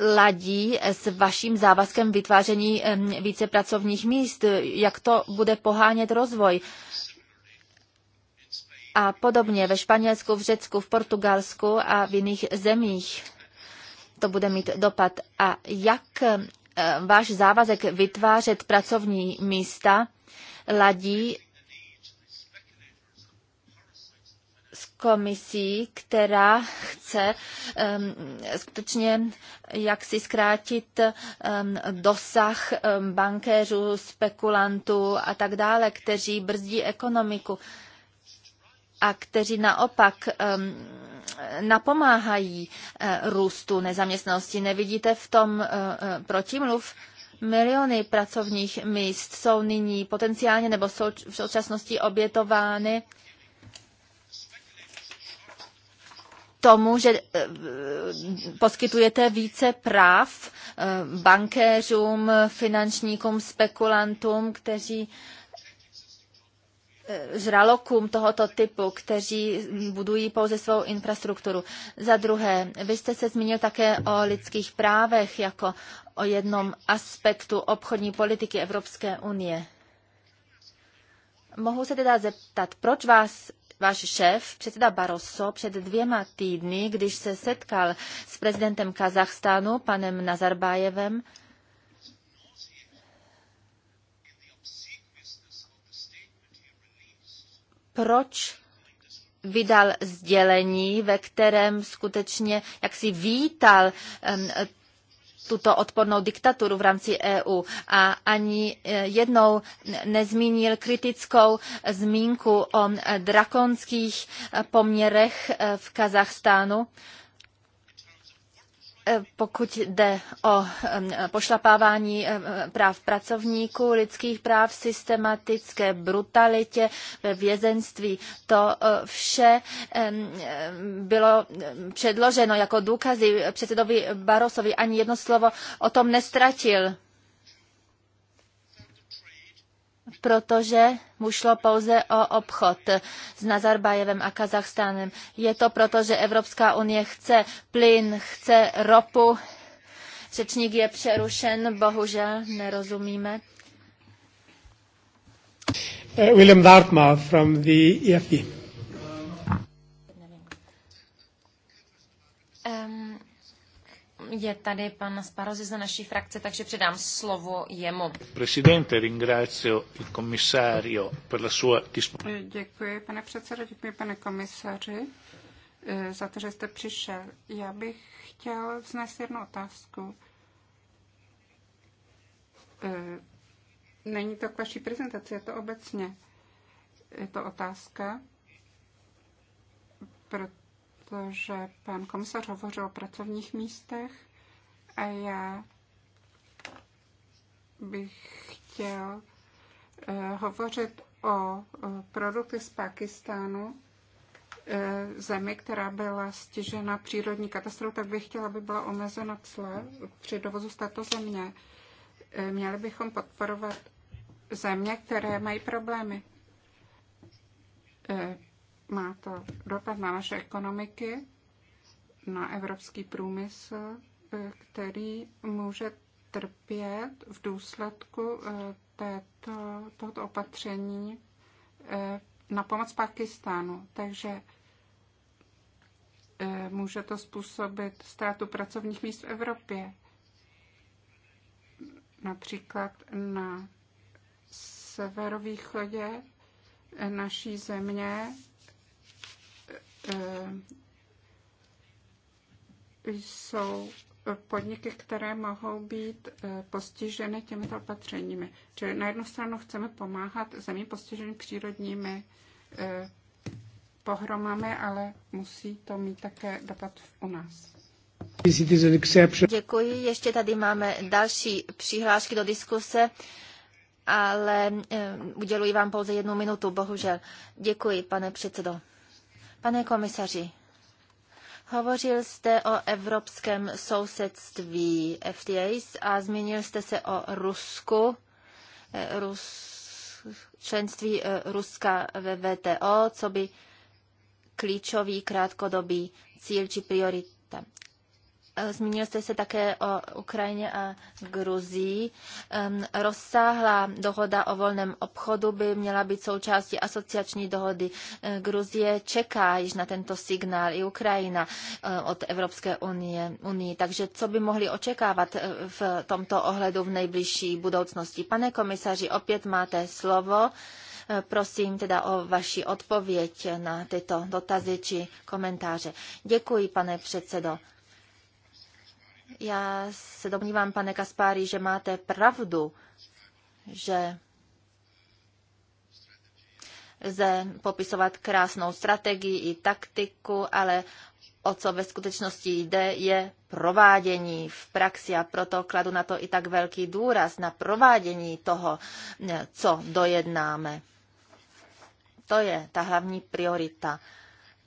ladí s vaším závazkem vytváření více pracovních míst? Jak to bude pohánět rozvoj? A podobně ve Španělsku, v Řecku, v Portugalsku a v jiných zemích to bude mít dopad. A jak váš závazek vytvářet pracovní místa ladí s komisí, která chce um, skutečně jak si zkrátit um, dosah um, bankéřů, spekulantů a tak dále, kteří brzdí ekonomiku a kteří naopak um, napomáhají uh, růstu nezaměstnanosti. Nevidíte v tom uh, protimluv? Miliony pracovních míst jsou nyní potenciálně nebo v současnosti obětovány uh, tomu, že eh, poskytujete více práv eh, bankéřům, finančníkům, spekulantům, kteří eh, žralokům tohoto typu, kteří budují pouze svou infrastrukturu. Za druhé, vy jste se zmínil také o lidských právech jako o jednom aspektu obchodní politiky Evropské unie. Mohu se teda zeptat, proč vás váš šéf, předseda Barroso, před dvěma týdny, když se setkal s prezidentem Kazachstánu, panem Nazarbájevem, proč vydal sdělení, ve kterém skutečně jak si vítal tuto odpornou diktaturu v rámci EU a ani e, jednou nezmínil kritickou zmínku o e, drakonských e, poměrech v Kazachstánu Eh, pokud jde o pošlapávání eh, práv pracovníků, lidských práv, systematické brutalitě ve vězenství. To eh, vše bylo předloženo jako důkazy předsedovi Barosovi. Ani jedno slovo o tom nestratil protože mu šlo pouze o obchod s Nazarbajevem a Kazachstánem. Je to proto, že Evropská unie chce plyn, chce ropu. Řečník je přerušen, bohužel nerozumíme.
Uh, William Dartmouth from the EFE.
Um,
je tady pan Sparozy za naší frakce, takže předám slovo jemu.
Presidente, ringrazio il commissario per la sua
Děkuji,
pane předsedo, děkuji, pane komisaři, eh, za to, že jste přišel. Já bych chtěl vznést jednu otázku. Eh, není to k vaší prezentaci, je to obecně. Je to otázka, proto protože pan komisař hovořil o pracovních místech a já bych chtěl eh, hovořit o produkty z Pakistánu, eh, zemi, která byla stižena přírodní katastrofou, tak bych chtěla, aby byla omezena cle při dovozu z této země. Eh, měli bychom podporovat země, které mají problémy má to dopad na naše ekonomiky, na evropský průmysl, eh, který může trpět v důsledku eh, této, tohoto opatření eh, na pomoc Pakistánu. Takže může to způsobit ztrátu pracovních míst v Evropě. Například na severovýchodě naší země Eh, jsou podniky, které mohou být eh, postiženy těmito opatřeními. Čili na jednu stranu chceme pomáhat zemím postiženým přírodními eh, pohromami, ale musí to mít také dopad u nás.
Děkuji. Ještě tady máme další přihlášky do diskuse, ale uděluji vám pouze jednu minutu, bohužel. Děkuji, pane předsedo. Pane komisaři, hovořil jste o evropském sousedství FTAs a zmínil jste se o Rusku, eh, Rus, členství eh, Ruska ve VTO, co by klíčový krátkodobý cíl či priorita. Eh, Zmínil jste se také o Ukrajině a Gruzii. Rozsáhlá dohoda o volném obchodu by měla být součástí asociační dohody. Eh, Gruzie čeká již na tento signál i Ukrajina eh, od Evropské unie. unie. Takže co by mohli očekávat v tomto ohledu v nejbližší budoucnosti? Pane komisaři, opět máte slovo. Prosím teda o vaši odpověď na tyto dotazy či komentáře. Děkuji, pane předsedo. Já se domnívám, pane Kaspári, že máte pravdu, že lze popisovat krásnou strategii i taktiku, ale o co ve skutečnosti jde, je provádění v praxi a proto kladu na to i tak velký důraz na provádění toho, co dojednáme. To je ta hlavní priorita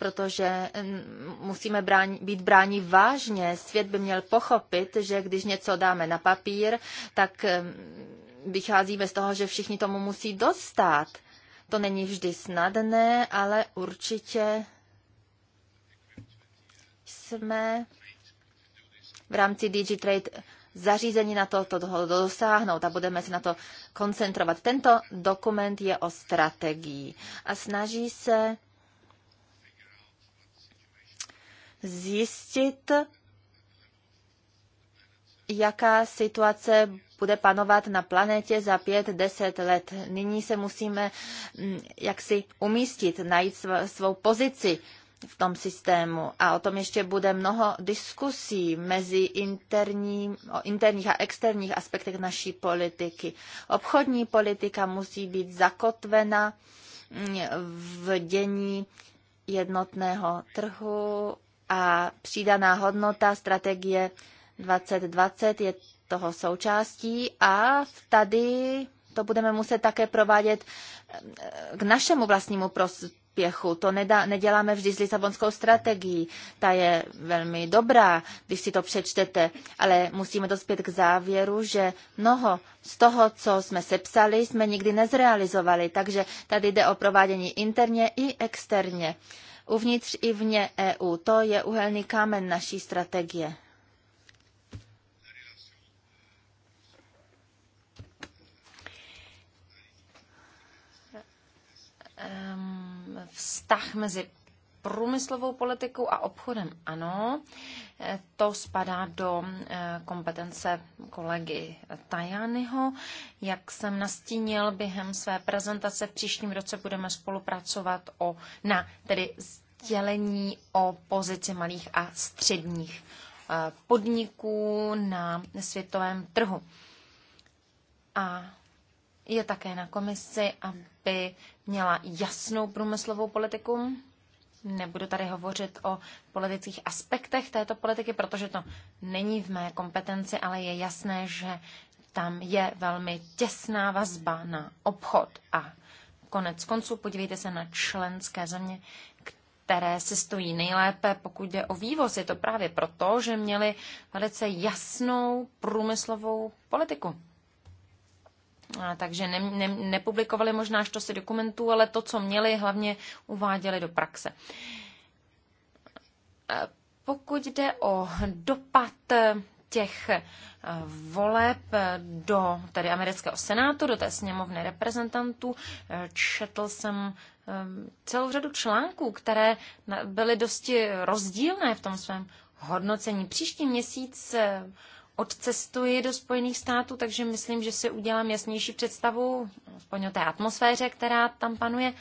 protože mm, musíme bráni, být bráni vážně. Svět by měl pochopit, že když něco dáme na papír, tak mm, vycházíme z toho, že všichni tomu musí dostat. To není vždy snadné, ale určitě jsme v rámci DigiTrade zařízení na to, to dosáhnout a budeme se na to koncentrovat. Tento dokument je o strategii a snaží se zjistit, jaká situace bude panovat na planetě za pět, deset let. Nyní se musíme mm, jaksi umístit, najít svou pozici v tom systému. A o tom ještě bude mnoho diskusí mezi interní, o interních a externích aspektech naší politiky. Obchodní politika musí být zakotvena mm, v dění jednotného trhu a přidaná hodnota strategie 2020 je toho součástí a tady to budeme muset také provádět eh, k našemu vlastnímu prospěchu. To nedá, neděláme vždy s Lisabonskou strategií. Ta je velmi dobrá, když si to přečtete, ale musíme dospět k závěru, že mnoho z toho, co jsme sepsali, jsme nikdy nezrealizovali. Takže tady jde o provádění interně i externě uvnitř i vně EU. To je uhelný kámen naší strategie.
Ehm, vztah mezi průmyslovou politikou a obchodem ano. E, to spadá do e, kompetence kolegy Tajányho. Jak jsem nastínil během své prezentace, v příštím roce budeme spolupracovat o, na tedy sdělení o pozici malých a středních e, podniků na světovém trhu. A je také na komisi, aby měla jasnou průmyslovou politiku Nebudu tady hovořit o politických aspektech této politiky, protože to není v mé kompetenci, ale je jasné, že tam je velmi těsná vazba na obchod a konec konců podívejte se na členské země, které si stojí nejlépe, pokud jde o vývoz. Je to právě proto, že měli velice jasnou průmyslovou politiku takže ne, ne, nepublikovali možná si dokumentů, ale to, co měli, hlavně uváděli do praxe. Pokud jde o dopad těch e, voleb do tedy amerického senátu, do té sněmovny reprezentantů, e, četl jsem e, celou řadu článků, které byly dosti rozdílné v tom svém hodnocení. Příští měsíc odcestuji do Spojených států, takže myslím, že si udělám jasnější představu, aspoň o té atmosféře, která tam panuje.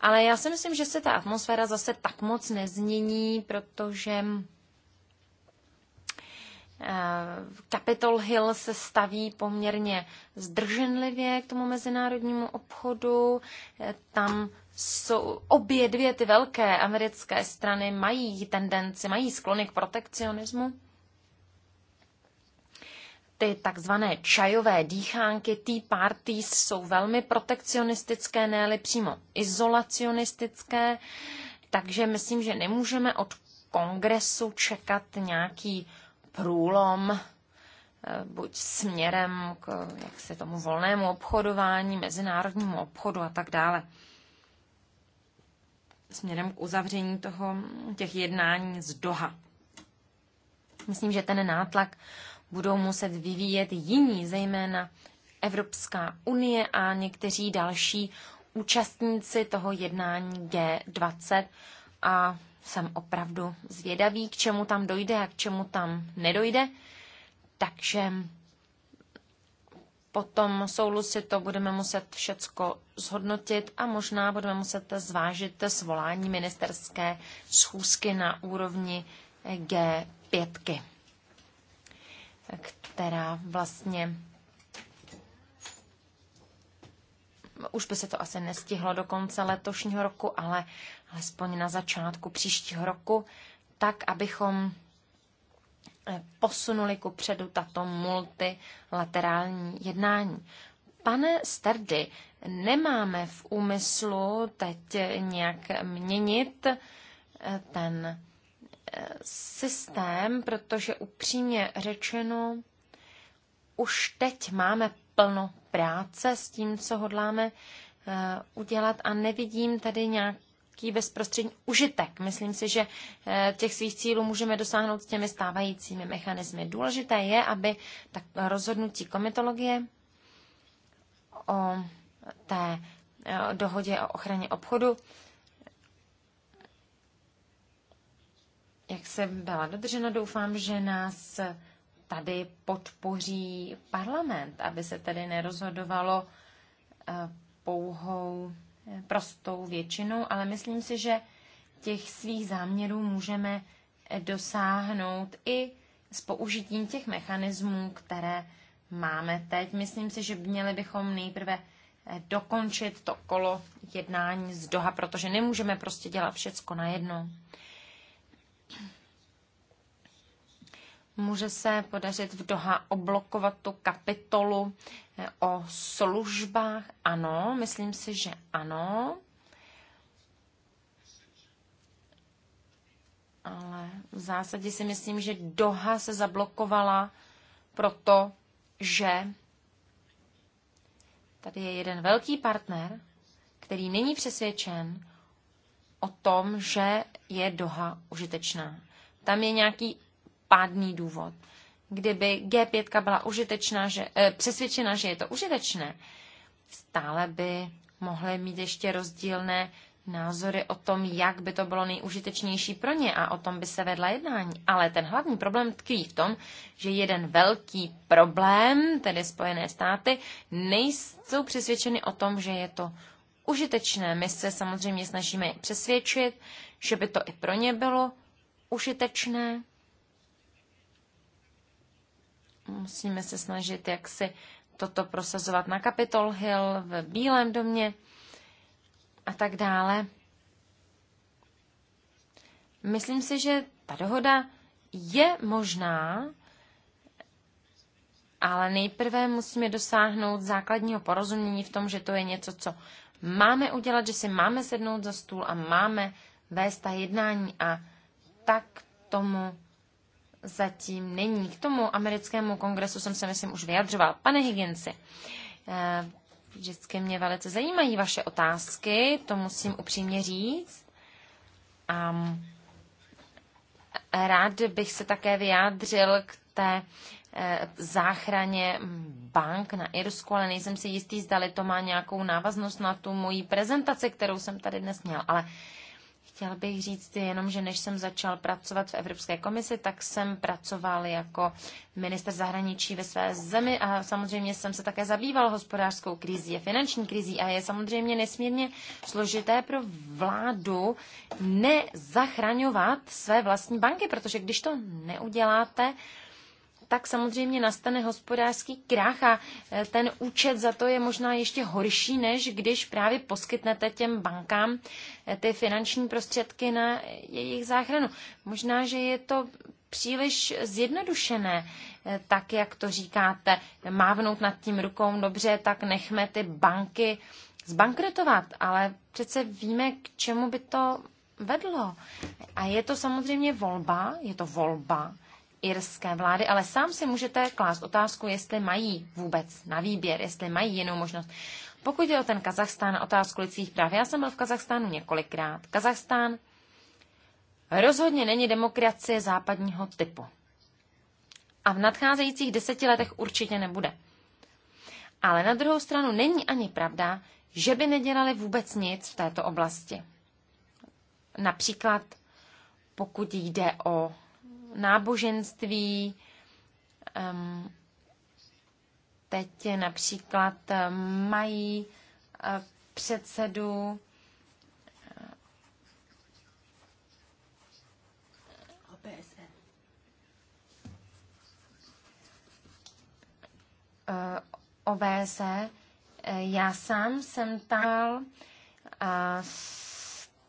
Ale já si myslím, že se ta atmosféra zase tak moc nezmění, protože eh, Capitol Hill se staví poměrně zdrženlivě k tomu mezinárodnímu obchodu. Eh, tam jsou obě dvě ty velké americké strany mají tendenci, mají sklony k protekcionismu ty takzvané čajové dýchánky, tea parties, jsou velmi protekcionistické, ne přímo izolacionistické, takže myslím, že nemůžeme od kongresu čekat nějaký průlom, eh, buď směrem k jak se tomu volnému obchodování, mezinárodnímu obchodu a tak dále. Směrem k uzavření toho, těch jednání z Doha. Myslím, že ten nátlak budou muset vyvíjet jiní, zejména Evropská unie a někteří další účastníci toho jednání G20 a jsem opravdu zvědavý, k čemu tam dojde a k čemu tam nedojde. Takže potom soulu si to budeme muset všecko zhodnotit a možná budeme muset zvážit svolání ministerské schůzky na úrovni G5 která vlastně už by se to asi nestihlo do konce letošního roku, ale alespoň na začátku příštího roku, tak, abychom eh, posunuli ku předu tato multilaterální jednání. Pane Sterdy, nemáme v úmyslu teď nějak měnit eh, ten systém, protože upřímně řečeno, už teď máme plno práce s tím, co hodláme eh, udělat a nevidím tady nějaký bezprostřední užitek. Myslím si, že eh, těch svých cílů můžeme dosáhnout s těmi stávajícími mechanismy. Důležité je, aby tak rozhodnutí komitologie o té eh, dohodě o ochraně obchodu jak jsem byla dodržena, doufám, že nás tady podpoří parlament, aby se tady nerozhodovalo eh, pouhou eh, prostou většinou, ale myslím si, že těch svých záměrů můžeme eh, dosáhnout i s použitím těch mechanismů, které máme teď. Myslím si, že měli bychom nejprve dokončit to kolo jednání z Doha, protože nemůžeme prostě dělat všecko najednou. Může se podařit v Doha oblokovat tu kapitolu eh, o službách? Ano, myslím si, že ano. Ale v zásadě si myslím, že Doha se zablokovala proto, že tady je jeden velký partner, který není přesvědčen, o tom, že je Doha užitečná. Tam je nějaký pádný důvod. Kdyby G5 byla užitečná, že, eh, přesvědčena, že je to užitečné, stále by mohly mít ještě rozdílné názory o tom, jak by to bylo nejužitečnější pro ně a o tom by se vedla jednání. Ale ten hlavní problém tkví v tom, že jeden velký problém, tedy Spojené státy, nejsou přesvědčeny o tom, že je to užitečné. My se samozřejmě snažíme přesvědčit, že by to i pro ně bylo užitečné. Musíme se snažit, jak si toto prosazovat na Capitol Hill, v Bílém domě a tak dále. Myslím si, že ta dohoda je možná, ale nejprve musíme dosáhnout základního porozumění v tom, že to je něco, co máme udělat, že si máme sednout za stůl a máme vést ta jednání a tak tomu zatím není. K tomu americkému kongresu jsem se, myslím, už vyjadřoval. Pane Higginsi, eh, vždycky mě velice zajímají vaše otázky, to musím upřímně říct. A rád bych se také vyjádřil k té Eh, záchraně bank na Irsku, ale nejsem si jistý, zdali to má nějakou návaznost na tu moji prezentaci, kterou jsem tady dnes měl. Ale chtěl bych říct jenom, že než jsem začal pracovat v Evropské komisi, tak jsem pracoval jako minister zahraničí ve své zemi a samozřejmě jsem se také zabýval hospodářskou krizí a finanční krizí a je samozřejmě nesmírně složité pro vládu nezachraňovat své vlastní banky, protože když to neuděláte, tak samozřejmě nastane hospodářský krach a eh, ten účet za to je možná ještě horší, než když právě poskytnete těm bankám eh, ty finanční prostředky na eh, jejich záchranu. Možná, že je to příliš zjednodušené, tak jak to říkáte, mávnout nad tím rukou, dobře, tak nechme ty banky zbankrotovat, ale přece víme, k čemu by to vedlo. A je to samozřejmě volba, je to volba, irské vlády, ale sám si můžete klást otázku, jestli mají vůbec na výběr, jestli mají jinou možnost. Pokud je o ten Kazachstán a otázku lidských práv, já jsem byl v Kazachstánu několikrát. Kazachstán rozhodně není demokracie západního typu. A v nadcházejících deseti letech určitě nebude. Ale na druhou stranu není ani pravda, že by nedělali vůbec nic v této oblasti. Například pokud jde o náboženství. Teď například mají e, předsedu e, OBS. E. Já sám jsem tam, a,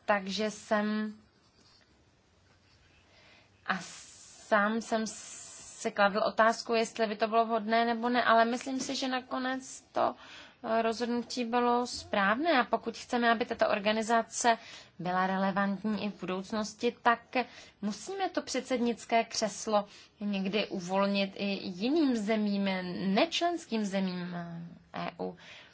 takže jsem asi sám jsem se kladl otázku, jestli by to bylo vhodné nebo ne, ale myslím si, že nakonec to eh, rozhodnutí bylo správné a pokud chceme, aby tato organizace byla relevantní i v budoucnosti, tak musíme to předsednické křeslo někdy uvolnit i jiným zemím, nečlenským zemím EU. Eh, e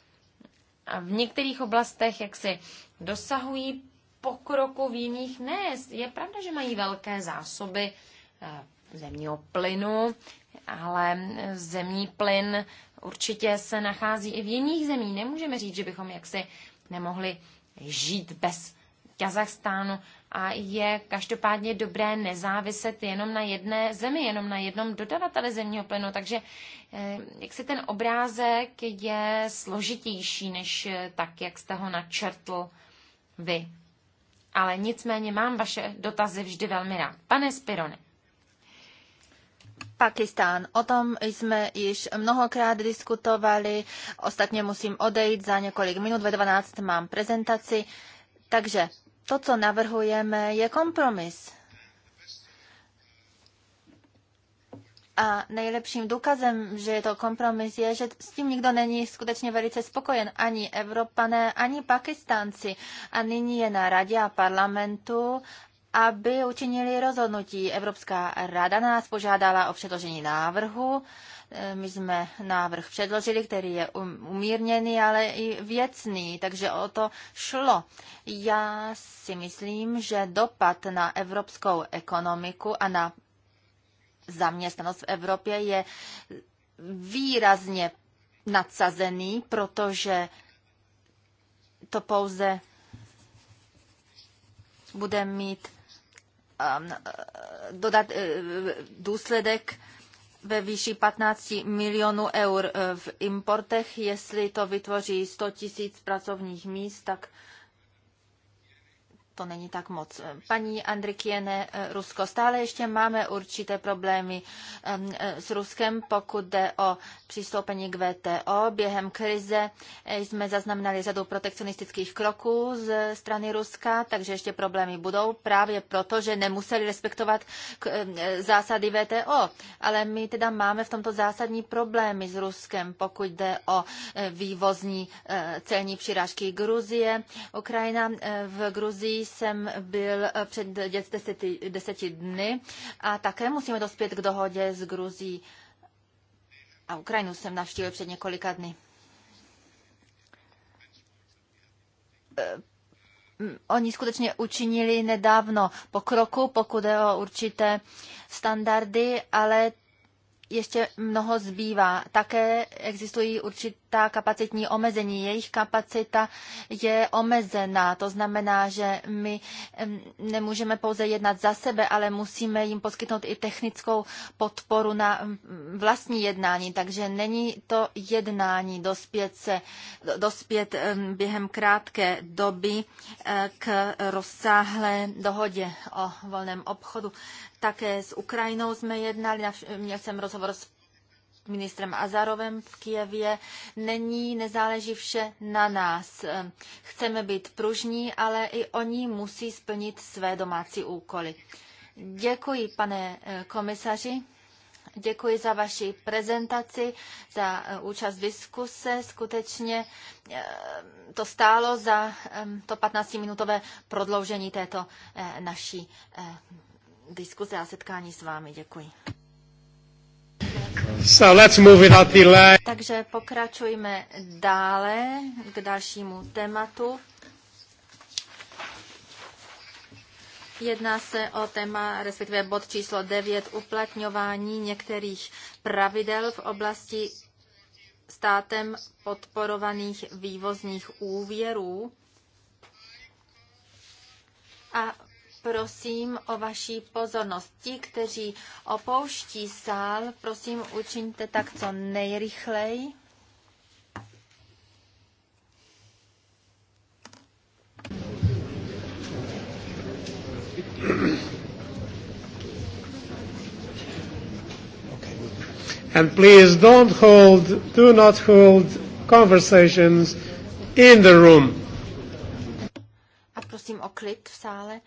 a v některých oblastech, jak si dosahují pokroku, v jiných ne. Je pravda, že mají velké zásoby Eh, zemního plynu, ale zemní plyn určitě se nachází i v jiných zemích. Nemůžeme říct, že bychom jaksi nemohli žít bez Kazachstánu a je každopádně dobré nezáviset jenom na jedné zemi, jenom na jednom dodavateli zemního plynu. Takže eh, jak si ten obrázek je složitější než eh, tak, jak jste ho načrtl vy. Ale nicméně mám vaše dotazy vždy velmi rád. Pane Spirone,
Pakistán. O tom jsme již mnohokrát diskutovali. Ostatně musím odejít za několik minut. Ve 12 mám prezentaci. Takže to, co navrhujeme, je kompromis. A nejlepším důkazem, že je to kompromis, je, že s tím nikdo není skutečně velice spokojen. Ani Evropané, ani Pakistánci. A nyní je na radě a parlamentu, aby učinili rozhodnutí. Evropská rada nás požádala o předložení návrhu. E, my jsme návrh předložili, který je um, umírněný, ale i věcný, takže o to šlo. Já si myslím, že dopad na evropskou ekonomiku a na zaměstnanost v Evropě je výrazně nadsazený, protože to pouze bude mít Um, dodat eh, důsledek ve výši 15 milionů eur v importech. Jestli to vytvoří 100 tisíc pracovních míst, tak to není tak moc. Paní Andrikiene, eh, Rusko, stále ještě máme určité problémy ehm, eh, s Ruskem, pokud jde o přistoupení k VTO. Během krize eh, jsme zaznamenali řadu protekcionistických kroků z strany Ruska, takže ještě problémy budou právě proto, že nemuseli respektovat ehm, zásady VTO. Ale my teda máme v tomto zásadní problémy s Ruskem, pokud jde o vývozní celní přirážky Gruzie. Ukrajina v Gruzii jsem byl eh, před deseti, deseti dny a také musíme dospět k dohodě s Gruzí a Ukrajinu jsem navštívil před několika dny. Eh, oni skutečně učinili nedávno pokroku, pokud je o určité standardy, ale ještě mnoho zbývá. Také existují určitá kapacitní omezení. Jejich kapacita je omezená. To znamená, že my nemůžeme pouze jednat za sebe, ale musíme jim poskytnout i technickou podporu na vlastní jednání. Takže není to jednání dospět, se, dospět během krátké doby eh, k rozsáhlé dohodě o volném obchodu. Také s Ukrajinou jsme jednali, měl jsem rozhovor s ministrem Azarovem v Kijevě. Není, nezáleží vše na nás. Ehm, chceme být pružní, ale i oni musí splnit své domácí úkoly. Děkuji, pane eh, komisaři. Děkuji za vaši prezentaci, za eh, účast v diskuse. Skutečně eh, to stálo za ehm, to 15-minutové prodloužení této naší diskuze a setkání s vámi. Děkuji.
So let's move it
Takže pokračujme dále k dalšímu tématu. Jedná se o téma, respektive bod číslo 9, uplatňování některých pravidel v oblasti státem podporovaných vývozních úvěrů. A prosím o vaší pozornost. Ti, kteří opouští sál, prosím, učiňte tak co nejrychleji.
And please don't hold, do not hold conversations in the room o klid v sále.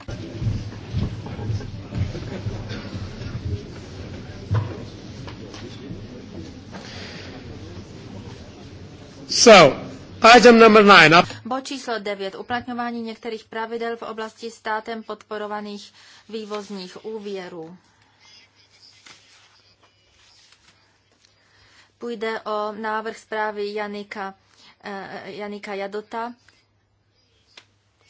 So, item number nine.
Bod číslo 9. Uplatňování některých pravidel v oblasti státem podporovaných vývozních úvěrů. Půjde o návrh zprávy Janika, eh, Janika Jadota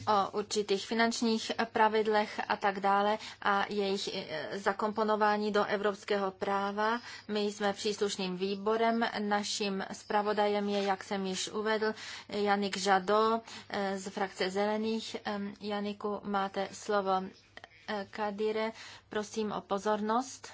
o určitých finančních pravidlech a tak dále a jejich e, zakomponování do evropského práva. My jsme příslušným výborem. Naším zpravodajem je, jak jsem již uvedl, Janik Žado e, z frakce Zelených. E, Janiku, máte slovo. Kadire, prosím o pozornost.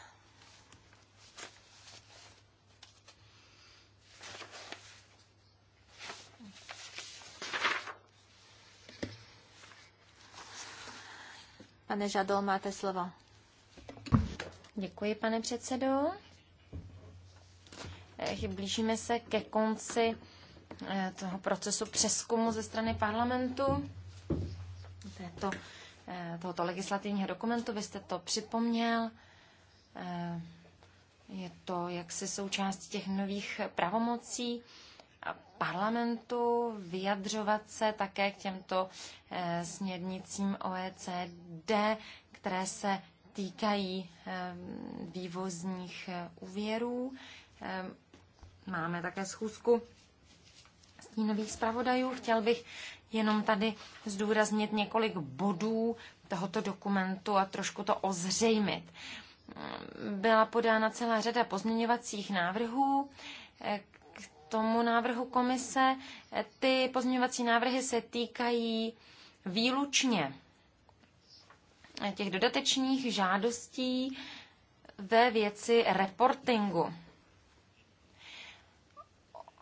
Pane Žadol, máte slovo. Děkuji, pane předsedo. Eh, blížíme se ke konci
eh, toho procesu přeskumu ze strany parlamentu této, eh, tohoto legislativního dokumentu. Vy jste to připomněl. Je to jaksi součástí těch nových pravomocí parlamentu vyjadřovat se také k těmto eh, směrnicím OECD, které se týkají eh, vývozních eh, úvěrů. Máme také schůzku stínových zpravodajů. Chtěl bych jenom tady zdůraznit několik bodů tohoto dokumentu a trošku to ozřejmit. Byla podána celá řada pozměňovacích návrhů, tomu návrhu komise. E, ty pozměňovací návrhy se týkají výlučně e, těch dodatečných žádostí ve věci reportingu.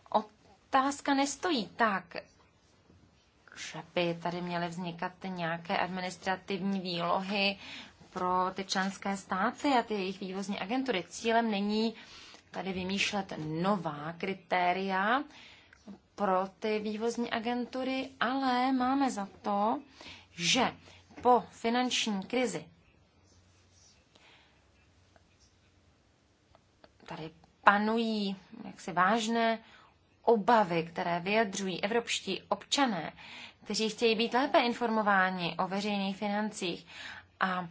Otázka nestojí tak, že by tady měly vznikat nějaké administrativní výlohy pro ty členské státy a ty jejich vývozní agentury. Cílem není uh, tady vymýšlet nová kritéria pro ty vývozní agentury, ale máme za to, že po finanční krizi tady panují jaksi vážné obavy, které vyjadřují evropští občané, kteří chtějí být lépe informováni o veřejných financích. A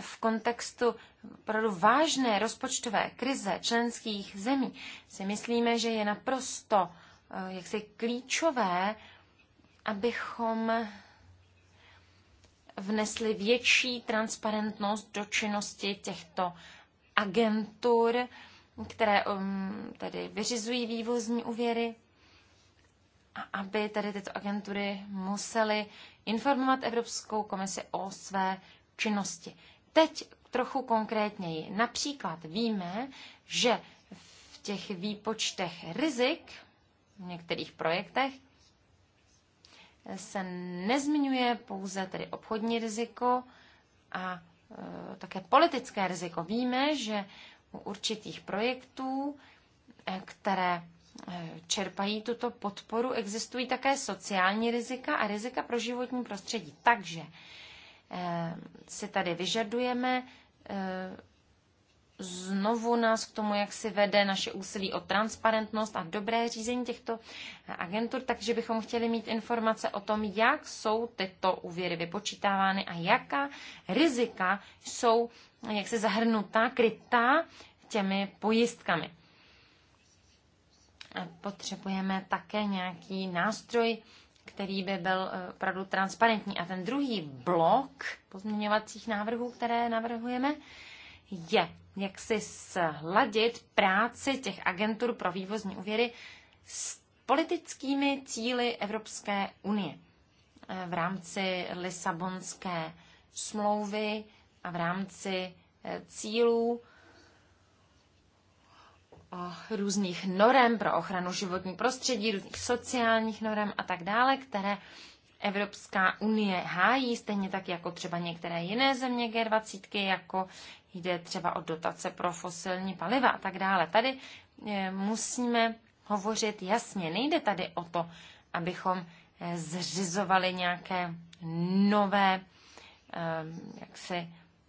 v kontextu opravdu vážné rozpočtové krize členských zemí si myslíme, že je naprosto eh, jaksi klíčové, abychom vnesli větší transparentnost do činnosti těchto agentur, které um, tedy vyřizují vývozní úvěry a aby tedy tyto agentury musely informovat Evropskou komisi o své činnosti. Teď trochu konkrétněji. Například víme, že v těch výpočtech rizik v některých projektech se nezmiňuje pouze tedy obchodní riziko a e, také politické riziko. Víme, že u určitých projektů, e, které e, čerpají tuto podporu, existují také sociální rizika a rizika pro životní prostředí. Takže Eh, si tady vyžadujeme. Eh, znovu nás k tomu, jak si vede naše úsilí o transparentnost a dobré řízení těchto agentur, takže bychom chtěli mít informace o tom, jak jsou tyto úvěry vypočítávány a jaká rizika jsou jak se zahrnutá, krytá těmi pojistkami. Eh, potřebujeme také nějaký nástroj, který by byl eh, opravdu transparentní. A ten druhý blok pozměňovacích návrhů, které navrhujeme, je, jak si sladit práci těch agentur pro vývozní úvěry s politickými cíly Evropské unie eh, v rámci Lisabonské smlouvy a v rámci eh, cílů různých norem pro ochranu životní prostředí, různých sociálních norem a tak dále, které Evropská unie hájí, stejně tak jako třeba některé jiné země G20, jako jde třeba o dotace pro fosilní paliva a tak dále. Tady eh, musíme hovořit jasně. Nejde tady o to, abychom eh, zřizovali nějaké nové ehm, jaksi,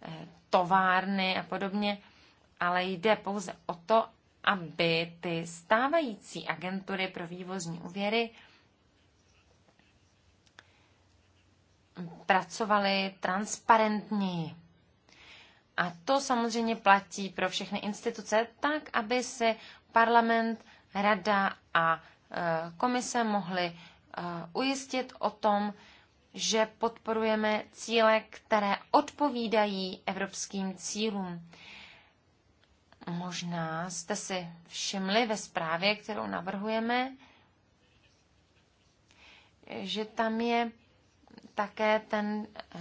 eh, továrny a podobně, ale jde pouze o to, aby ty stávající agentury pro vývozní úvěry pracovaly transparentně A to samozřejmě platí pro všechny instituce, tak aby se parlament, rada a e, komise mohly e, ujistit o tom, že podporujeme cíle, které odpovídají evropským cílům. Možná jste si všimli ve zprávě, kterou navrhujeme, že tam je také ten eh,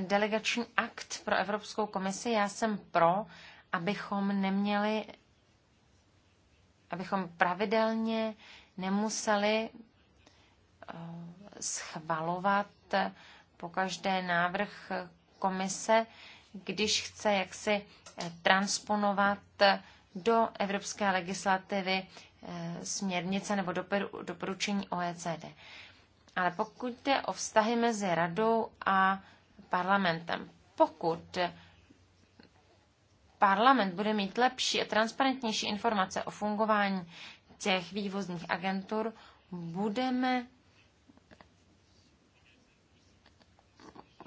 delegační akt pro Evropskou komisi. Já jsem pro, abychom neměli, abychom pravidelně nemuseli eh, schvalovat pokaždé návrh komise, když chce jaksi transponovat do evropské legislativy eh, směrnice nebo doporučení OECD. Ale pokud jde o vztahy mezi radou a parlamentem, pokud parlament bude mít lepší a transparentnější informace o fungování těch vývozních agentur, budeme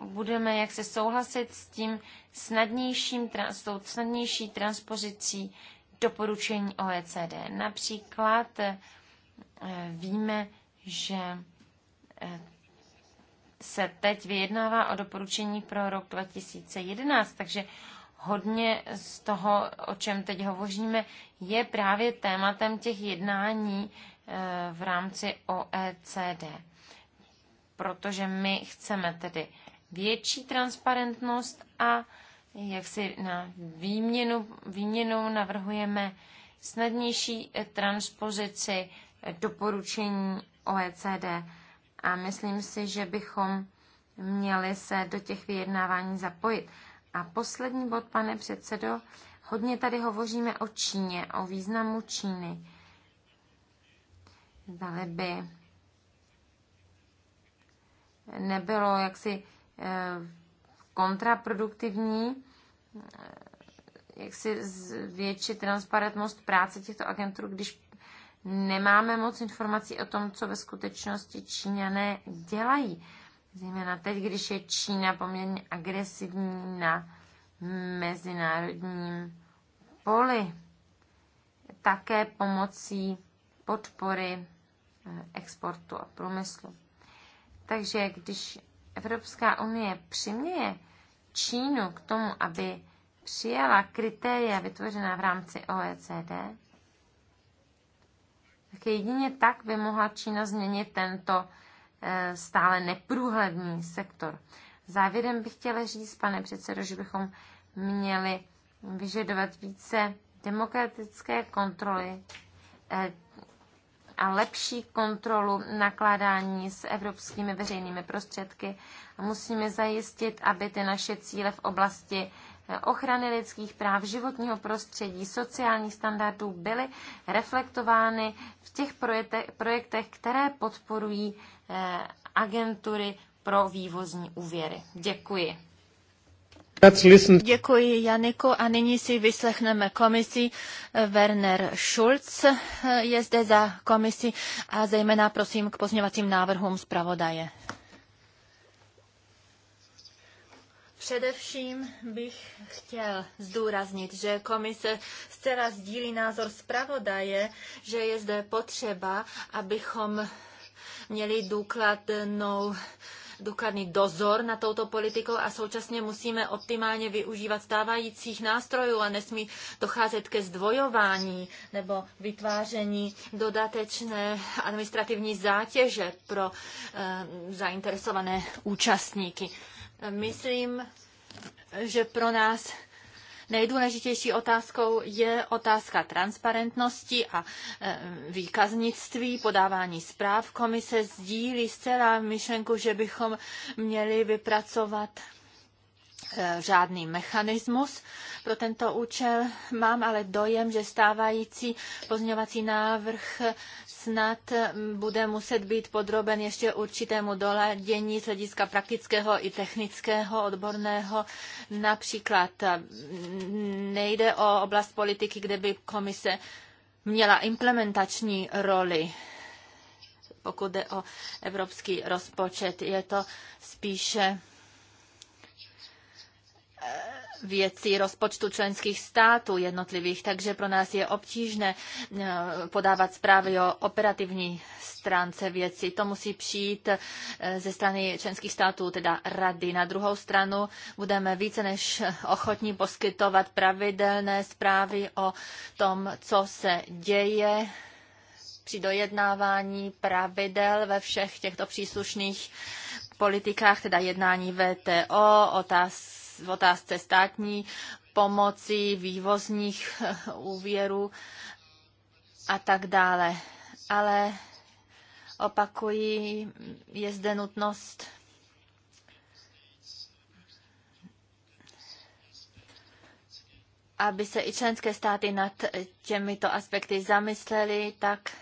budeme jak se souhlasit s tím snadnějším, s tou snadnější transpozicí doporučení OECD. Například eh, víme, že eh, se teď vyjednává o doporučení pro rok 2011, takže hodně z toho, o čem teď hovoříme, je právě tématem těch jednání eh, v rámci OECD. Protože my chceme tedy větší transparentnost a jak si na výměnu, výměnu navrhujeme snadnější transpozici doporučení OECD. A myslím si, že bychom měli se do těch vyjednávání zapojit. A poslední bod, pane předsedo, hodně tady hovoříme o Číně, o významu Číny. Zdali by nebylo jaksi Eh, kontraproduktivní, eh, jak si zvětšit transparentnost práce těchto agentur, když nemáme moc informací o tom, co ve skutečnosti Číňané dělají. Zejména teď, když je Čína poměrně agresivní na mezinárodním poli. Také pomocí podpory eh, exportu a průmyslu. Takže když Evropská unie přiměje Čínu k tomu, aby přijala kritéria vytvořená v rámci OECD, tak jedině tak by mohla Čína změnit tento eh, stále neprůhledný sektor. Závěrem bych chtěla říct, pane předsedo, že bychom měli vyžadovat více demokratické kontroly eh, a lepší kontrolu nakládání s evropskými veřejnými prostředky. Musíme zajistit, aby ty naše cíle v oblasti eh, ochrany lidských práv, životního prostředí, sociálních standardů byly reflektovány v těch projektech, které podporují eh, agentury pro vývozní
úvěry. Děkuji. Děkuji, Janiku. A nyní si vyslechneme komisi. Werner Schulz je zde za komisi a zejména prosím k pozměvacím návrhům zpravodaje. Především bych chtěl zdůraznit, že komise zcela sdílí názor zpravodaje, že je zde potřeba, abychom měli důkladnou důkladný dozor na touto politikou a současně musíme optimálně využívat stávajících nástrojů a nesmí docházet ke zdvojování nebo vytváření dodatečné administrativní zátěže pro e, zainteresované účastníky. Myslím, že pro nás Nejdůležitější otázkou je otázka transparentnosti a eh, výkaznictví, podávání zpráv. Komise sdílí zcela myšlenku, že bychom měli vypracovat žádný e, mechanismus pro tento účel. Mám ale dojem, že stávající pozměňovací návrh snad bude muset být podroben ještě určitému doladění z hlediska praktického i technického, odborného. Například e, nejde o oblast politiky, kde by komise měla implementační roli pokud jde o evropský rozpočet. Je to spíše věcí rozpočtu členských států jednotlivých, takže pro nás je obtížné eh, podávat zprávy o operativní stránce věci. To musí přijít eh, ze strany členských států, teda rady. Na druhou stranu budeme více než ochotní poskytovat pravidelné zprávy o tom, co se děje při dojednávání pravidel ve všech těchto příslušných politikách, teda jednání VTO, otázky v otázce státní pomoci, vývozních *laughs* úvěrů a tak dále. Ale opakuji, je zde nutnost aby se i členské státy nad těmito aspekty zamyslely tak,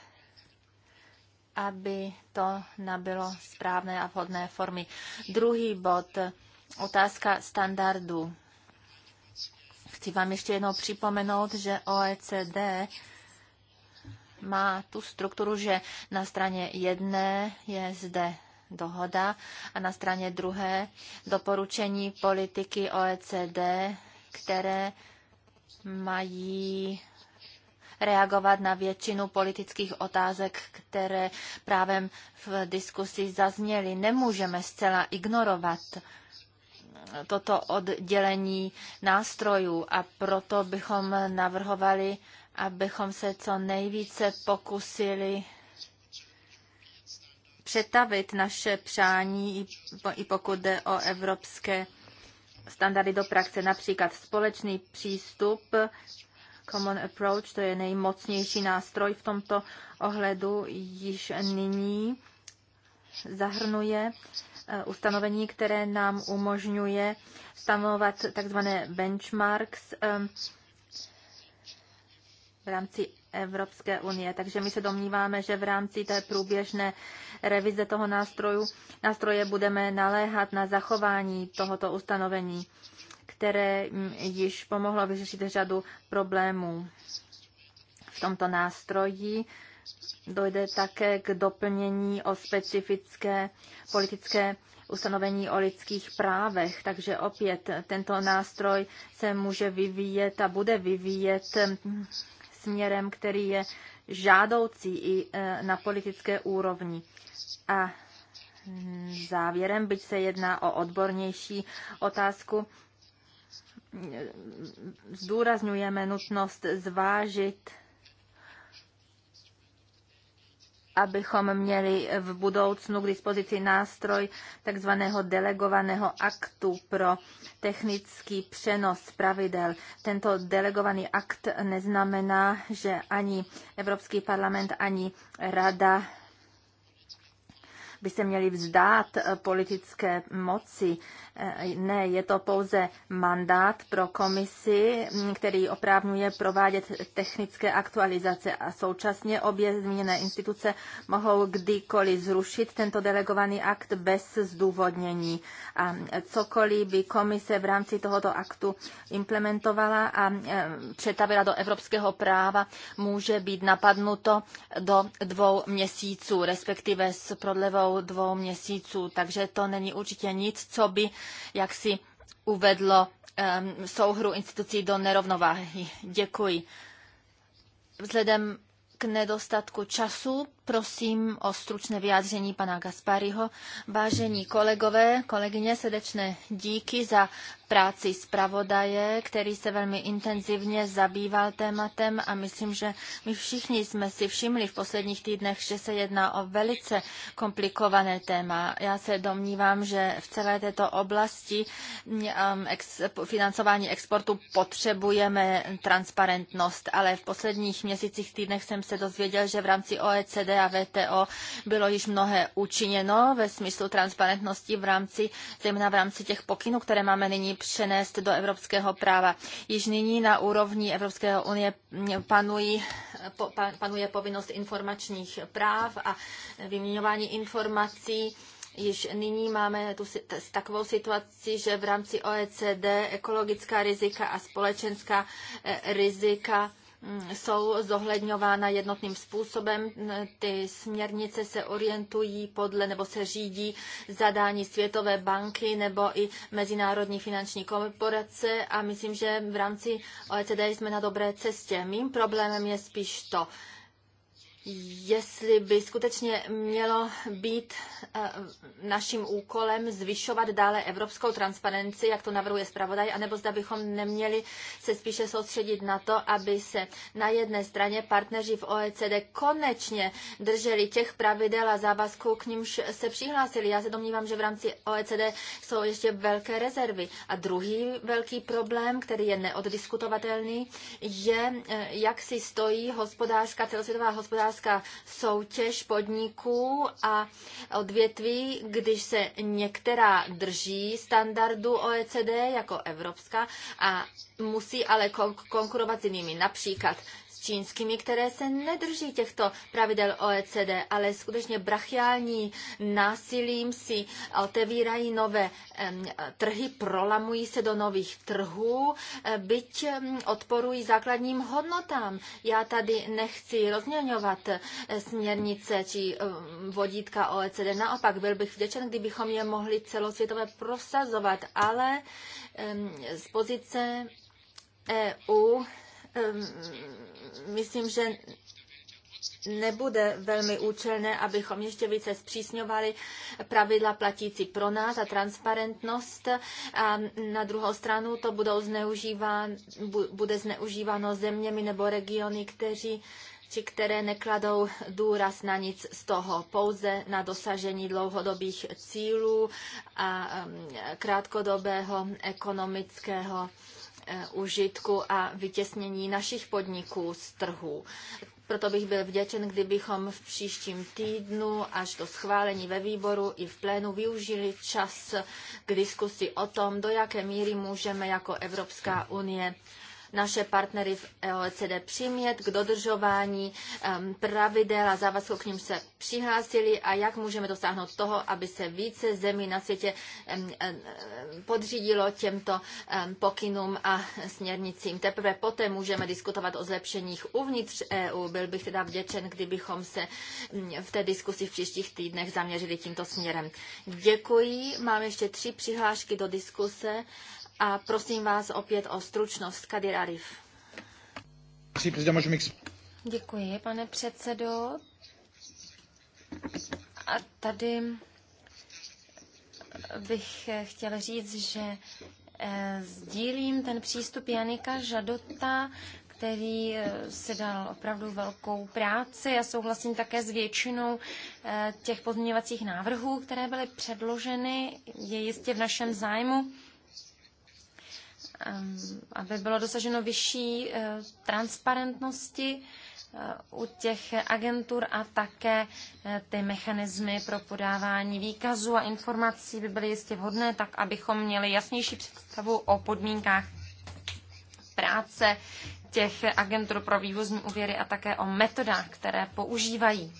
aby to nabylo správné a vhodné formy. Druhý bod otázka standardů. Chci vám ještě jednou připomenout, že OECD má tu strukturu, že na straně jedné je zde dohoda a na straně druhé doporučení politiky OECD, které mají reagovat na většinu politických otázek, které právě v diskusi zazněly. Nemůžeme zcela ignorovat toto oddělení nástrojů a proto bychom navrhovali, abychom se co nejvíce pokusili přetavit naše přání, i pokud jde o evropské standardy do praxe, například společný přístup, Common Approach, to je nejmocnější nástroj v tomto ohledu, již nyní zahrnuje Eh, ustanovení, které nám umožňuje stanovat takzvané benchmarks v rámci Evropské unie. Takže my se domníváme, že v rámci té průběžné revize toho nástroju, nástroje budeme naléhat na zachování tohoto ustanovení, které mm, již pomohlo vyřešit řadu problémů v tomto nástroji dojde také k doplnění o specifické politické ustanovení o lidských právech. Takže opět tento nástroj se může vyvíjet a bude vyvíjet směrem, který je žádoucí i e, na politické úrovni. A závěrem, byť se jedná o odbornější otázku, e, zdůrazňujeme nutnost zvážit abychom měli v budoucnu k dispozici nástroj takzvaného delegovaného aktu pro technický přenos pravidel. Tento delegovaný akt neznamená, že ani Evropský parlament, ani Rada by se měli vzdát eh, politické moci. Eh, ne, je to pouze mandát pro komisi, mm, který oprávňuje provádět technické aktualizace a současně obě zmíněné instituce mohou kdykoliv zrušit tento delegovaný akt bez zdůvodnění. A eh, cokoliv by komise v rámci tohoto aktu implementovala a přetavila do evropského práva, může být napadnuto do dvou měsíců, respektive s prodlevou dobu dvou měsíců, takže to není určitě nic, co by jaksi uvedlo um, souhru institucí do nerovnováhy. Děkuji. Vzhledem k nedostatku času Prosím o stručné vyjádření pana Gaspariho. Vážení kolegové, kolegyně, srdečné díky za práci zpravodaje, který se velmi intenzivně zabýval tématem a myslím, že my všichni jsme si všimli v posledních týdnech, že se jedná o velice komplikované téma. Já se domnívám, že v celé této oblasti mm, um, financování exportu potřebujeme transparentnost, ale v posledních měsících týdnech jsem se dozvěděl, že v rámci OECD a VTO bylo již mnohé učiněno ve smyslu transparentnosti v rámci, zejména v rámci těch pokynů, které máme nyní přenést do evropského práva. Již nyní na úrovni Evropské unie panují, panuje povinnost informačních práv a vyměňování informací. Již nyní máme tu takovou situaci, že v rámci OECD ekologická rizika a společenská e, rizika jsou zohledňována jednotným způsobem. Ty směrnice se orientují podle nebo se řídí zadání Světové banky nebo i Mezinárodní finanční korporace a myslím, že v rámci OECD jsme na dobré cestě. Mým problémem je spíš to, jestli by skutečně mělo být eh, naším úkolem zvyšovat dále evropskou transparenci, jak to navrhuje zpravodaj, anebo zda bychom neměli se spíše soustředit na to, aby se na jedné straně partneři v OECD konečně drželi těch pravidel a závazků, k nímž se přihlásili. Já se domnívám, že v rámci OECD jsou ještě velké rezervy. A druhý velký problém, který je neoddiskutovatelný, je, eh, jak si stojí hospodářská, celosvětová hospodářská hospodářská soutěž podniků a odvětví, když se některá drží standardu OECD jako evropská a musí ale konkurovat s jinými. Například čínskými, které se nedrží těchto pravidel OECD, ale skutečně brachiální násilím si otevírají nové trhy, prolamují se do nových trhů, byť odporují základním hodnotám. Já tady nechci rozměňovat eh, směrnice či vodítka OECD. Naopak byl bych vděčen, kdybychom je mohli celosvětové prosazovat, ale z pozice EU myslím, že nebude velmi účelné, abychom ještě více zpřísňovali pravidla platící pro nás a transparentnost. A na druhou stranu to budou zneužíván, bude zneužíváno zeměmi nebo regiony, kteří či které nekladou důraz na nic z toho, pouze na dosažení dlouhodobých cílů a krátkodobého ekonomického Eh, užitku a vytěsnění našich podniků z trhu. Proto bych byl vděčen, kdybychom v příštím týdnu až do schválení ve výboru i v plénu využili čas k diskusi o tom, do jaké míry můžeme jako Evropská unie naše partnery v e OECD přimět k dodržování pravidel a závazků, k ním se přihlásili a jak můžeme dosáhnout toho, aby se více zemí na světě podřídilo těmto pokynům a směrnicím. Teprve poté můžeme diskutovat o zlepšeních uvnitř EU. Byl bych teda vděčen, kdybychom se v té diskusi v příštích týdnech zaměřili tímto směrem. Děkuji. Mám ještě tři přihlášky do diskuse a prosím vás opět o stručnost. Kadir Arif. Děkuji, pane předsedo.
A tady bych chtěla říct, že eh, sdílím ten přístup Janika Žadota, který eh, si dal opravdu velkou práci a souhlasím také s většinou eh, těch pozměňovacích návrhů, které byly předloženy. Je jistě v našem zájmu aby bylo dosaženo vyšší eh, transparentnosti eh, u těch agentur a také eh, ty mechanismy pro podávání výkazů a informací by byly jistě vhodné, tak abychom měli jasnější představu o podmínkách práce těch agentur pro vývozní úvěry a také o metodách, které používají.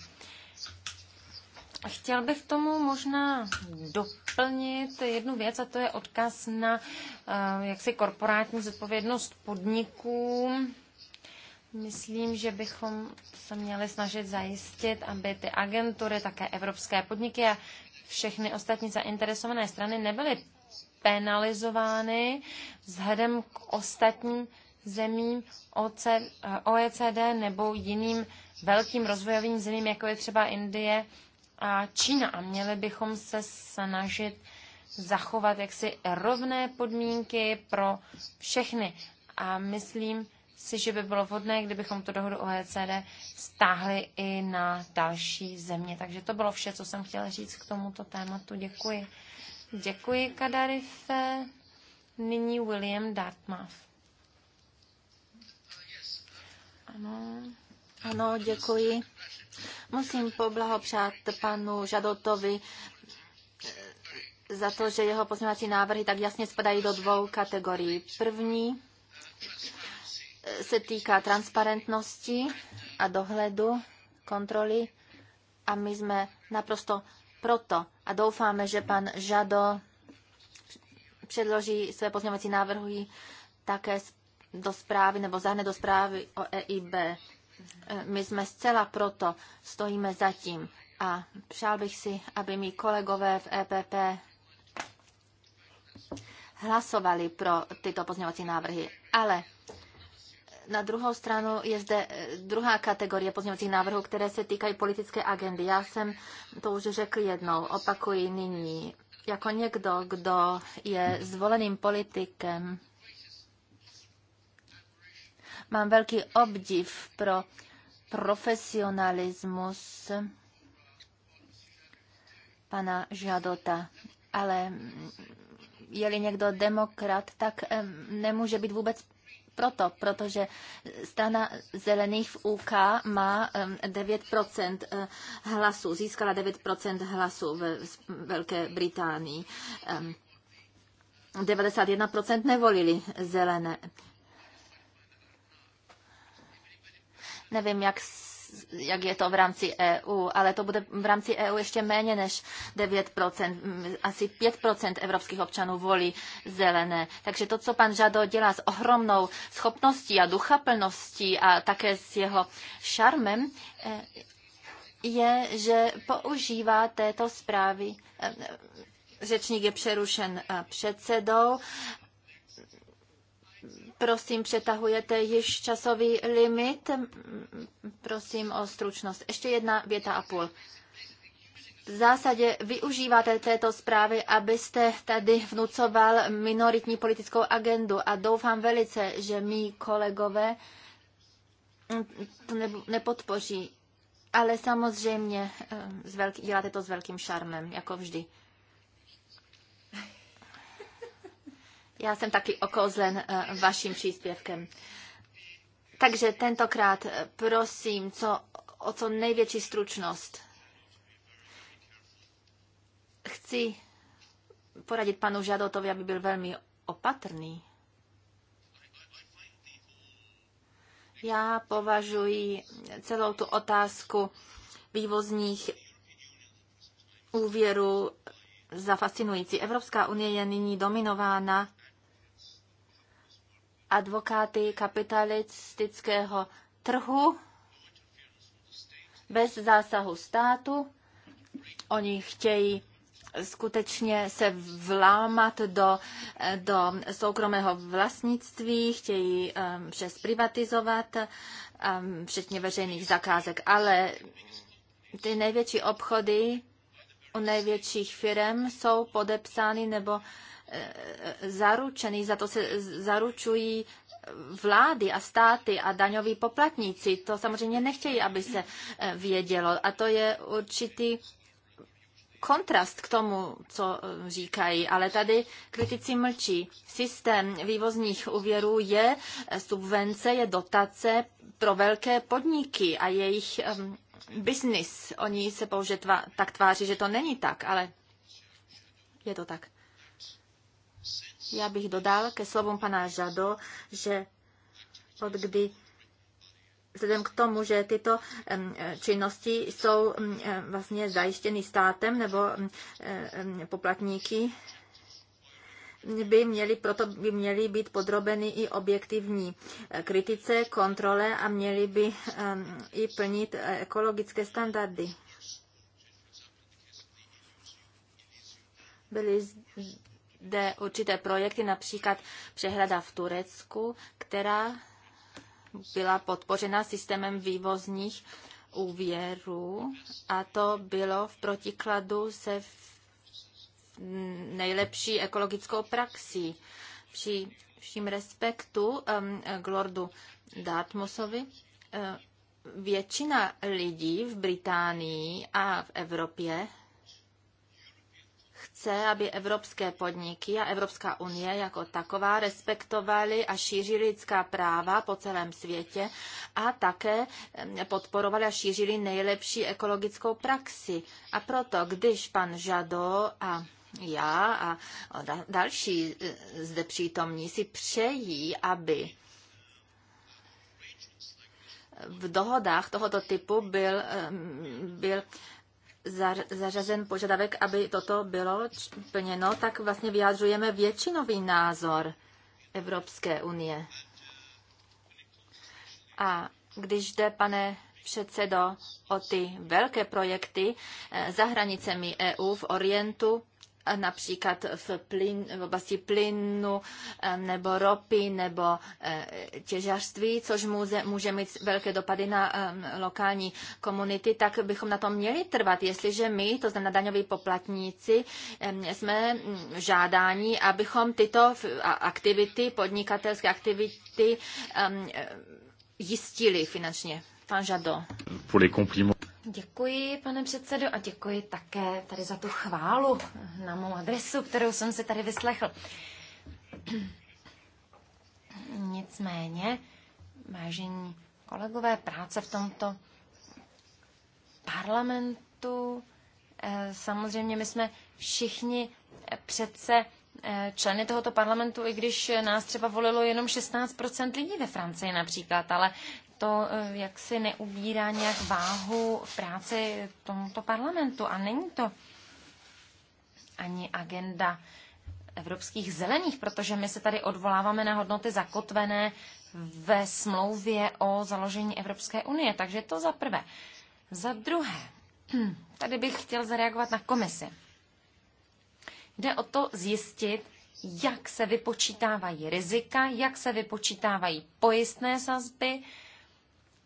Chtěl bych k tomu možná doplnit jednu věc, a to je odkaz na eh, jaksi korporátní zodpovědnost podniků. Myslím, že bychom se měli snažit zajistit, aby ty agentury, také evropské podniky a všechny ostatní zainteresované strany nebyly penalizovány vzhledem k ostatním zemím eh, OECD nebo jiným velkým rozvojovým zemím, jako je třeba Indie a Čína a měli bychom se snažit zachovat jaksi rovné podmínky pro všechny. A myslím si, že by bylo vhodné, kdybychom tu dohodu o OECD stáhli i na další země. Takže to bylo vše, co jsem chtěla říct k tomuto tématu. Děkuji. Děkuji, Kadarife. Nyní William Dartmouth.
Ano, ano, děkuji. Musím poblahopřát panu Žadotovi eh, za to, že jeho pozměňovací návrhy tak jasně spadají do dvou kategorií. První eh, se týká transparentnosti a dohledu, kontroly a my jsme naprosto proto a doufáme, že pan Žado předloží své pozměňovací návrhy také do zprávy nebo zahne do zprávy o EIB. Eh, my jsme zcela proto, stojíme za tím a přál bych si, aby mi kolegové v EPP hlasovali pro tyto pozměňovací návrhy. Ale na druhou stranu je zde eh, druhá kategorie pozměňovacích návrhů, které se týkají politické agendy. Já jsem to už řekl jednou, opakuji nyní. Jako někdo, kdo je zvoleným politikem, Mám velký obdiv pro profesionalismus pana Žadota, ale je-li někdo demokrat, tak nemůže být vůbec proto, protože strana zelených v UK má 9% eh, hlasů, získala 9% hlasů ve Velké Británii. 91% nevolili zelené. Nevím, jak, jak je to v rámci EU, ale to bude v rámci EU ještě méně než 9%. Asi 5% evropských občanů volí zelené. Takže to, co pan Žado dělá s ohromnou schopností a duchaplností a také s jeho šarmem, eh, je, že používá této zprávy eh, eh, řečník je přerušen předsedou. Prosím, přetahujete již časový limit. Prosím o stručnost. Ještě jedna věta a půl. V zásadě využíváte této zprávy, abyste tady vnucoval minoritní politickou agendu a doufám velice, že mý kolegové to nepodpoří. Ale samozřejmě eh, děláte to s velkým šarmem, jako vždy. Já jsem taky okouzlen eh, vaším příspěvkem. Takže tentokrát eh, prosím co, o co největší stručnost. Chci poradit panu Žadotovi, aby byl velmi opatrný. Já považuji celou tu otázku vývozních úvěrů za fascinující. Evropská unie je nyní dominována advokáty kapitalistického trhu bez zásahu státu. Oni chtějí skutečně se vlámat do, do soukromého vlastnictví, chtějí um, vše zprivatizovat, um, včetně veřejných zakázek. Ale ty největší obchody u největších firm jsou podepsány nebo zaručený, za to se zaručují vlády a státy a daňoví poplatníci. To samozřejmě nechtějí, aby se eh, vědělo. A to je určitý kontrast k tomu, co eh, říkají, ale tady kritici mlčí. Systém vývozních úvěrů je eh, subvence, je dotace pro velké podniky a jejich biznis. Oni se pouze tak tváří, že to není tak, ale je to tak. Já bych dodal ke slovům pana Žado, že od kdy vzhledem k tomu, že tyto činnosti jsou vlastně zajištěny státem nebo poplatníky, by měly, proto by měly být podrobeny i objektivní eh, kritice, kontrole a měly by i plnit eh, ekologické standardy. Byly zde určité projekty, například přehrada v Turecku, která byla podpořena systémem vývozních úvěrů a to bylo v protikladu se nejlepší ekologickou praxí. Při vším respektu um, k lordu Dartmusovi uh, většina lidí v Británii a v Evropě chce, aby evropské podniky a Evropská unie jako taková respektovaly a šířily lidská práva po celém světě a také podporovali a šířili nejlepší ekologickou praxi. A proto, když pan Žado a já a další e, zde přítomní si přejí, aby v dohodách tohoto typu byl, byl zařazen požadavek, aby toto bylo plněno, tak vlastně vyjádřujeme většinový názor Evropské unie. A když jde, pane předsedo, o ty velké projekty eh, za hranicemi EU v Orientu, například v, plyn, v oblasti plynu nebo ropy nebo e, těžařství, což může, může mít velké dopady na lokální komunity, tak bychom na tom měli trvat, jestliže my, to znamená daňoví poplatníci, jsme mm, žádáni, abychom tyto aktivity, podnikatelské aktivity e, jistili finančně. Pan Žado. Děkuji, pane předsedo,
a děkuji také tady za tu chválu na mou adresu, kterou jsem si tady vyslechl. Nicméně, vážení kolegové, práce v tomto parlamentu, eh, samozřejmě my jsme všichni přece eh, členy tohoto parlamentu, i když nás třeba volilo jenom 16% lidí ve Francii například, ale to eh, jak si neubírá nějak váhu v práci tomuto parlamentu. A není to ani agenda evropských zelených, protože my se tady odvoláváme na hodnoty zakotvené ve smlouvě o založení Evropské unie. Takže to za prvé. Za druhé, *clears throat* tady bych chtěl zareagovat na komisi. Jde o to zjistit, jak se vypočítávají rizika, jak se vypočítávají pojistné sazby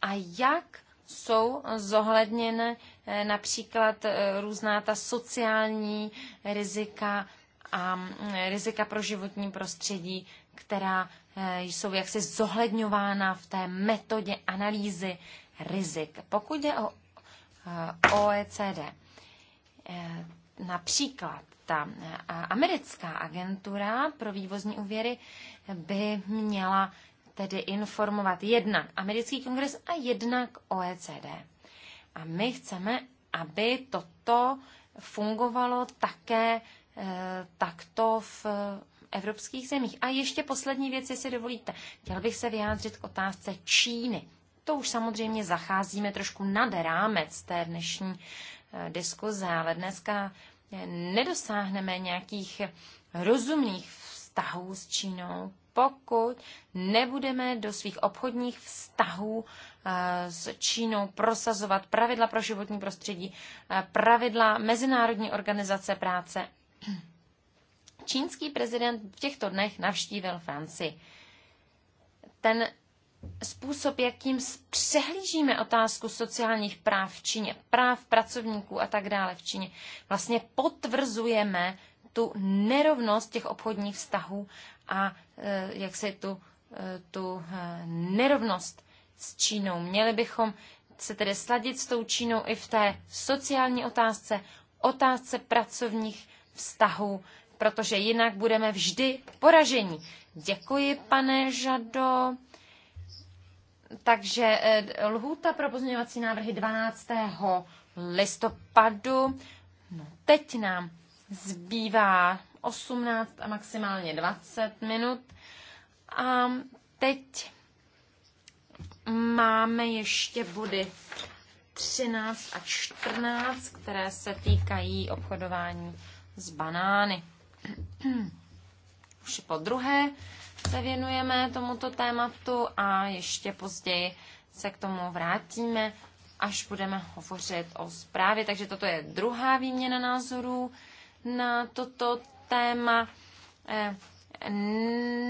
a jak jsou zohledněny eh, například eh, různá ta sociální rizika a mm, rizika pro životní prostředí, která eh, jsou jaksi zohledňována v té metodě analýzy rizik. Pokud je o OECD, například ta americká agentura pro vývozní úvěry by měla tedy informovat jednak americký kongres a jednak OECD. A my chceme, aby toto fungovalo také eh, takto v eh, evropských zemích. A ještě poslední věc, jestli dovolíte. Chtěl bych se vyjádřit k otázce Číny. To už samozřejmě zacházíme trošku nad rámec té dnešní eh, diskuze, ale dneska nedosáhneme nějakých rozumných vztahů s Čínou, pokud nebudeme do svých obchodních vztahů eh, s Čínou prosazovat pravidla pro životní prostředí, eh, pravidla Mezinárodní organizace práce. *clears throat* Čínský prezident v těchto dnech navštívil Francii. Ten způsob, jakým přehlížíme otázku sociálních práv v Číně, práv pracovníků a tak dále v Číně, vlastně potvrzujeme tu nerovnost těch obchodních vztahů a e, jak se tu, e, tu e, nerovnost s Čínou. Měli bychom se tedy sladit s tou Čínou i v té sociální otázce, otázce pracovních vztahů, protože jinak budeme vždy poraženi. Děkuji, pane Žado. Takže lhůta pro pozměňovací návrhy 12. listopadu. No, teď nám zbývá 18 a maximálně 20 minut. A teď máme ještě body 13 a 14, které se týkají obchodování s banány. Už po druhé se věnujeme tomuto tématu a ještě později se k tomu vrátíme, až budeme hovořit o zprávě. Takže toto je druhá výměna názorů na toto téma eh,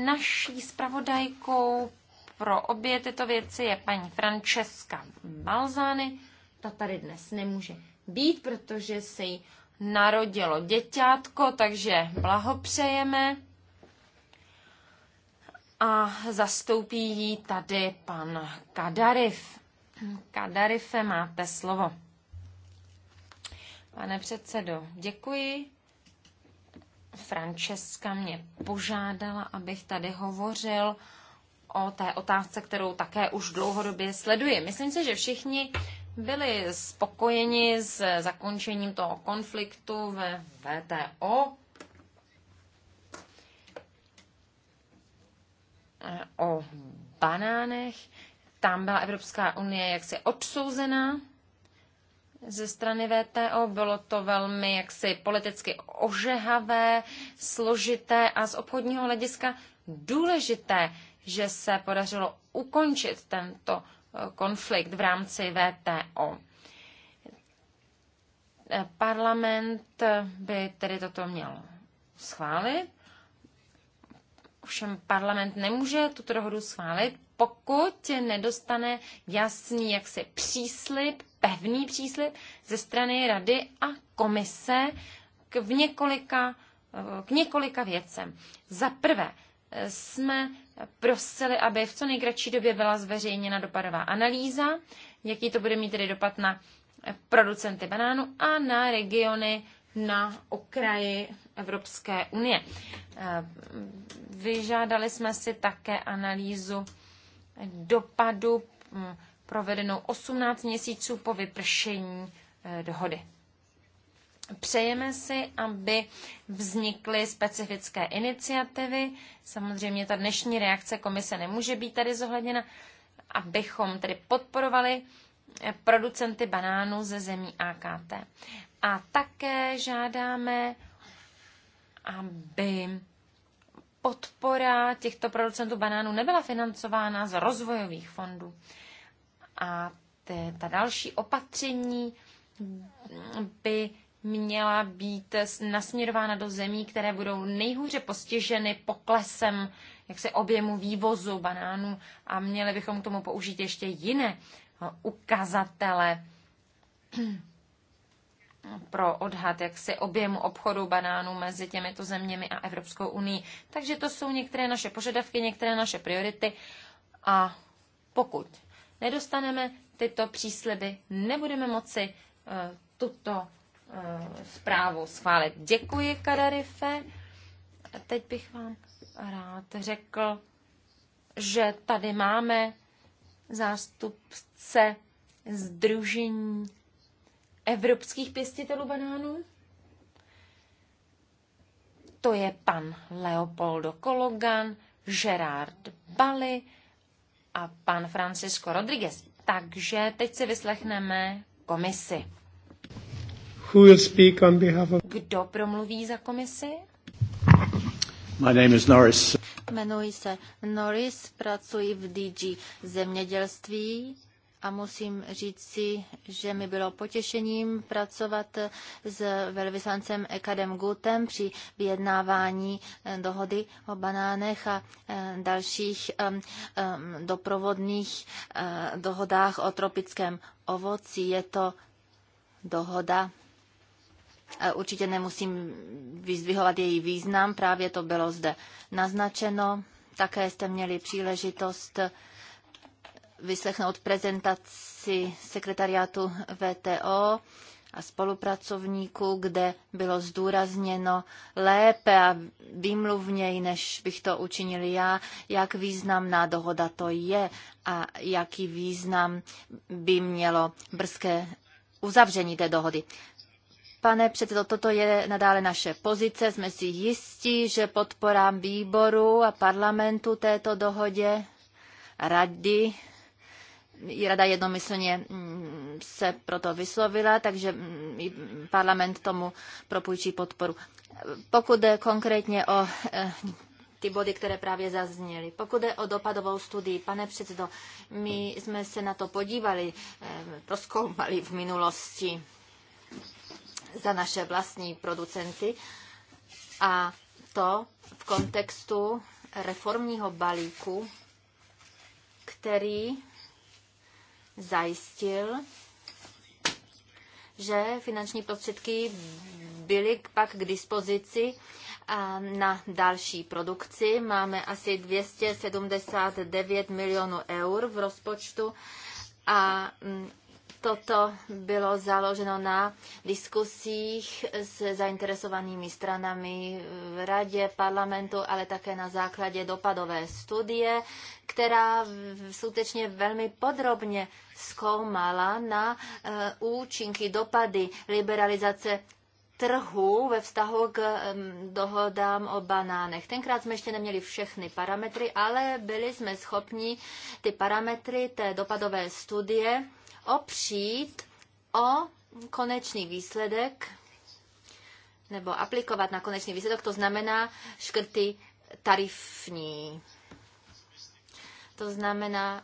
naší spravodajkou pro obě tyto věci je paní Francesca Balzány. Ta tady dnes nemůže být, protože se jí narodilo děťátko, takže blahopřejeme. A zastoupí ji tady pan Kadarif. Kadarife, máte slovo. Pane předsedo, děkuji. Francesca mě požádala, abych tady hovořil o té otázce, kterou také už dlouhodobě sleduji. Myslím si, že všichni byli spokojeni s zakončením toho konfliktu ve VTO. O banánech. Tam byla Evropská unie jaksi odsouzená ze strany VTO. Bylo to velmi jaksi politicky ožehavé, složité a z obchodního hlediska důležité, že se podařilo ukončit tento eh, konflikt v rámci VTO. Eh, parlament by tedy toto měl schválit. Ovšem parlament nemůže tuto dohodu schválit, pokud nedostane jasný jaksi příslip pevný příslip ze strany rady a komise k, v několika, eh, k několika věcem. Za prvé eh, jsme prosili, aby v co nejkratší době byla zveřejněna dopadová analýza, jaký to bude mít tedy dopad na producenty banánu a na regiony na okraji Evropské unie. Eh, vyžádali jsme si také analýzu dopadu hm, provedenou 18 měsíců po vypršení eh, dohody. Přejeme si, aby vznikly specifické iniciativy. Samozřejmě ta dnešní reakce komise nemůže být tady zohledněna, abychom tedy podporovali eh, producenty banánů ze zemí AKT. A také žádáme, aby podpora těchto producentů banánů nebyla financována z rozvojových fondů. A ty, ta další opatření by měla být nasměrována do zemí, které budou nejhůře postiženy poklesem jak se objemu vývozu banánů a měli bychom k tomu použít ještě jiné no, ukazatele *clears throat* pro odhad jak se objemu obchodu banánů mezi těmito zeměmi a Evropskou unii. Takže to jsou některé naše požadavky, některé naše priority a pokud nedostaneme tyto přísliby, nebudeme moci eh, tuto eh, zprávu schválit. Děkuji, Kadarife. Teď bych vám rád řekl, že tady máme zástupce Združení evropských pěstitelů banánů. To je pan Leopoldo Kologan, Gerard Bali, a pan Francisco Rodriguez. Takže teď si vyslechneme komisi.
Who will speak on behalf of...
Kdo promluví za komisi?
My name is Norris.
Jmenuji se Norris, pracuji v DG zemědělství a musím říct si, že mi bylo potěšením pracovat s velvyslancem Ekadem Gutem při vyjednávání eh, dohody o banánech a eh, dalších eh, doprovodných dohodách o tropickém ovoci. Je to dohoda Určitě nemusím vyzdvihovat její význam, právě to bylo zde naznačeno. Také jste měli příležitost vyslechnout prezentaci sekretariátu VTO a spolupracovníků, kde bylo zdůrazněno lépe a výmluvněji, než bych to učinil já, jak významná dohoda to je a jaký význam by mělo brzké uzavření té dohody. Pane předsedo, toto je nadále naše pozice. Jsme si jistí, že podpora výboru a parlamentu této dohodě rady Rada jednomyslně mm, se proto vyslovila, takže mm, parlament tomu propůjčí podporu. Pokud jde konkrétně o eh, ty body, které právě zazněly. Pokud jde o dopadovou studii, pane předsedo, my jsme se na to podívali, eh, proskoumali v minulosti za naše vlastní producenty a to v kontextu reformního balíku, který zajistil, že finanční prostředky byly pak k dispozici na další produkci. Máme asi 279 milionů eur v rozpočtu a mm, Toto bylo založeno na diskusích s zainteresovanými stranami v radě, parlamentu, ale také na základě dopadové studie, která skutečně velmi podrobně zkoumala na eh, účinky, dopady liberalizace trhu ve vztahu k dohodám o banánech. Tenkrát jsme ještě neměli všechny parametry, ale byli jsme schopni ty parametry té dopadové studie opřít o konečný výsledek nebo aplikovat na konečný výsledek, to znamená škrty tarifní. To znamená,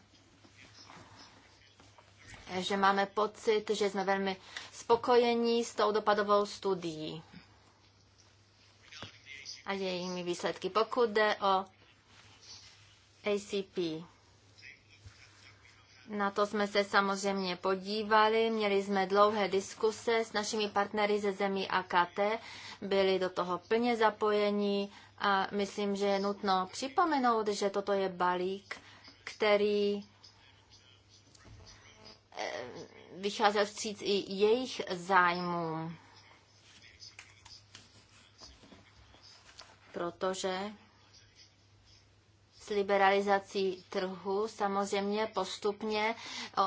že máme pocit, že jsme velmi spokojení s tou dopadovou studií a jejími výsledky. Pokud jde o ACP, na to jsme se samozřejmě podívali, měli jsme dlouhé diskuse s našimi partnery ze zemí AKT, byli do toho plně zapojeni a myslím, že je nutno připomenout, že toto je balík, který eh, vycházel vstříc i jejich zájmům, protože s liberalizací trhu samozřejmě postupně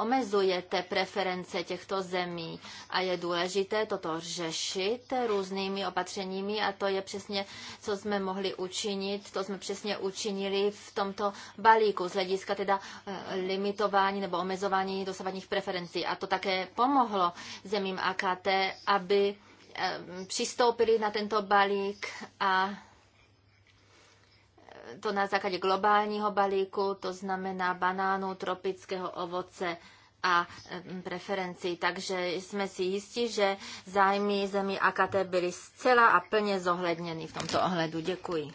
omezujete preference těchto zemí a je důležité toto řešit různými opatřeními a to je přesně, co jsme mohli učinit, to jsme přesně učinili v tomto balíku z hlediska teda eh, limitování nebo omezování dosavadních preferencí a to také pomohlo zemím AKT, aby eh, přistoupili na tento balík a to na základě globálního balíku, to znamená banánů, tropického ovoce a mm, preferencí. Takže jsme si jistí, že zájmy zemí AKT byly zcela a plně zohledněny v tomto ohledu. Děkuji.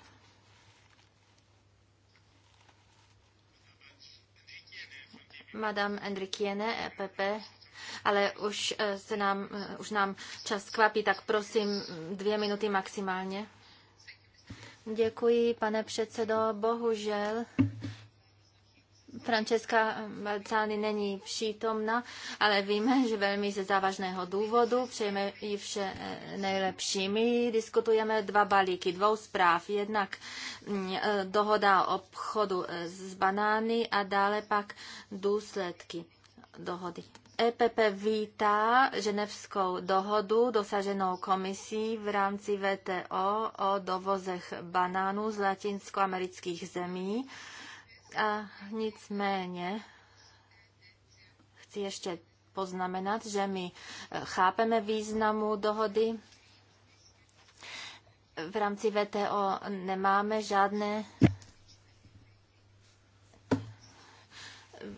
Madame Enrikiene, EPP, ale už eh, se nám, eh, už nám čas kvapí, tak prosím dvě minuty maximálně. Děkuji, pane předsedo. Bohužel Francesca Balcány není přítomna, ale víme, že velmi ze závažného důvodu přejeme ji vše eh, nejlepší. My diskutujeme dva balíky, dvou zpráv. Jednak mm, eh, dohoda o obchodu eh, s banány a dále pak důsledky dohody. EPP vítá ženevskou dohodu dosaženou komisí v rámci VTO o dovozech banánů z latinskoamerických zemí. A nicméně chci ještě poznamenat, že my e, chápeme významu dohody. V rámci VTO nemáme žádné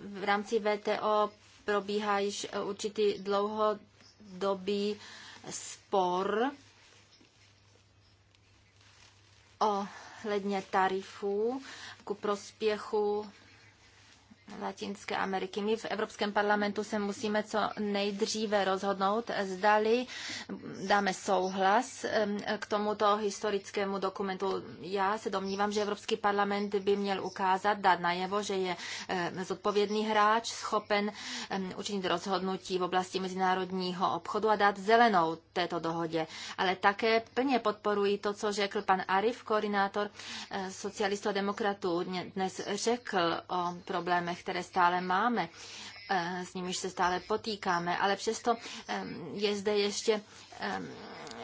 v rámci VTO probíhá již eh, určitý dlouhodobý spor ohledně tarifů ku prospěchu Latinské Ameriky. My v Evropském parlamentu se musíme co nejdříve rozhodnout, zdali dáme souhlas k tomuto historickému dokumentu. Já se domnívám, že Evropský parlament by měl ukázat, dát najevo, že je zodpovědný hráč, schopen učinit rozhodnutí v oblasti mezinárodního obchodu a dát zelenou této dohodě. Ale také plně podporuji to, co řekl pan Arif, koordinátor eh, socialistů a demokratů, dnes řekl o problémech problémech, které stále máme, eh, s nimiž se stále potýkáme, ale přesto je zde ještě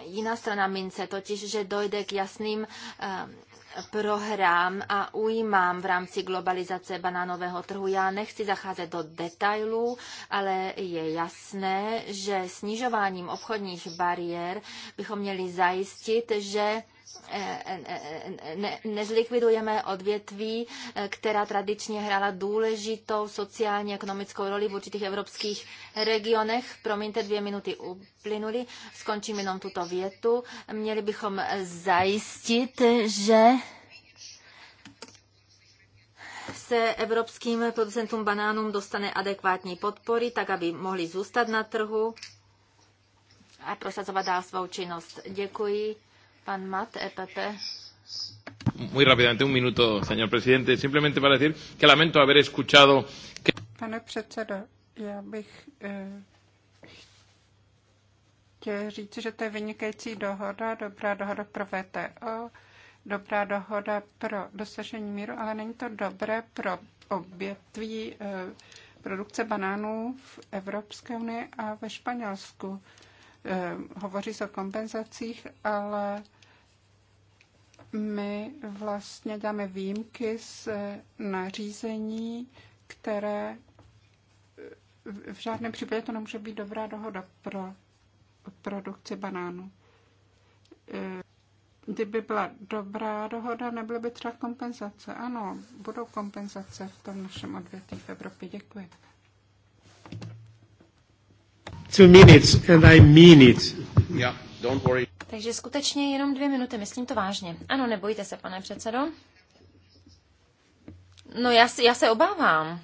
jiná strana mince, totiž, že dojde k jasným prohrám a ujímám v rámci globalizace banánového trhu. Já nechci zacházet do detailů, ale je jasné, že snižováním obchodních bariér bychom měli zajistit, že Eh, eh, eh, ne, nezlikvidujeme odvětví, která tradičně hrála důležitou sociálně ekonomickou roli v určitých evropských regionech. Promiňte, dvě minuty uplynuly, skončím jenom tuto větu. Měli bychom zajistit, že se evropským producentům banánům dostane adekvátní podpory, tak aby mohli zůstat na trhu a prosazovat dál svou činnost. Děkuji. Pan Mat, EPP.
Muy rápidamente, un minuto, señor presidente. Simplemente para decir que lamento haber escuchado que...
Pane předsedo,
já bych eh, chtěl říct, že to je vynikající dohoda, dobrá dohoda pro VTO, dobrá dohoda pro dosažení míru, ale není to dobré pro obětví eh, produkce banánů v Evropské unii a ve Španělsku. Eh, hovoří se o kompenzacích, ale eh, my vlastně dáme výjimky z eh, nařízení, které eh, v žádném případě to nemůže být dobrá dohoda pro produkci banánů. Eh, kdyby byla dobrá dohoda, nebyly by třeba kompenzace. Ano, budou kompenzace v tom našem odvětví v Evropě. Děkuji.
Two minutes and I mean it. Yeah. Don't worry.
Takže skutečně jenom dvě minuty, myslím to vážně. Ano, nebojte se, pane předsedo. No já, já se obávám.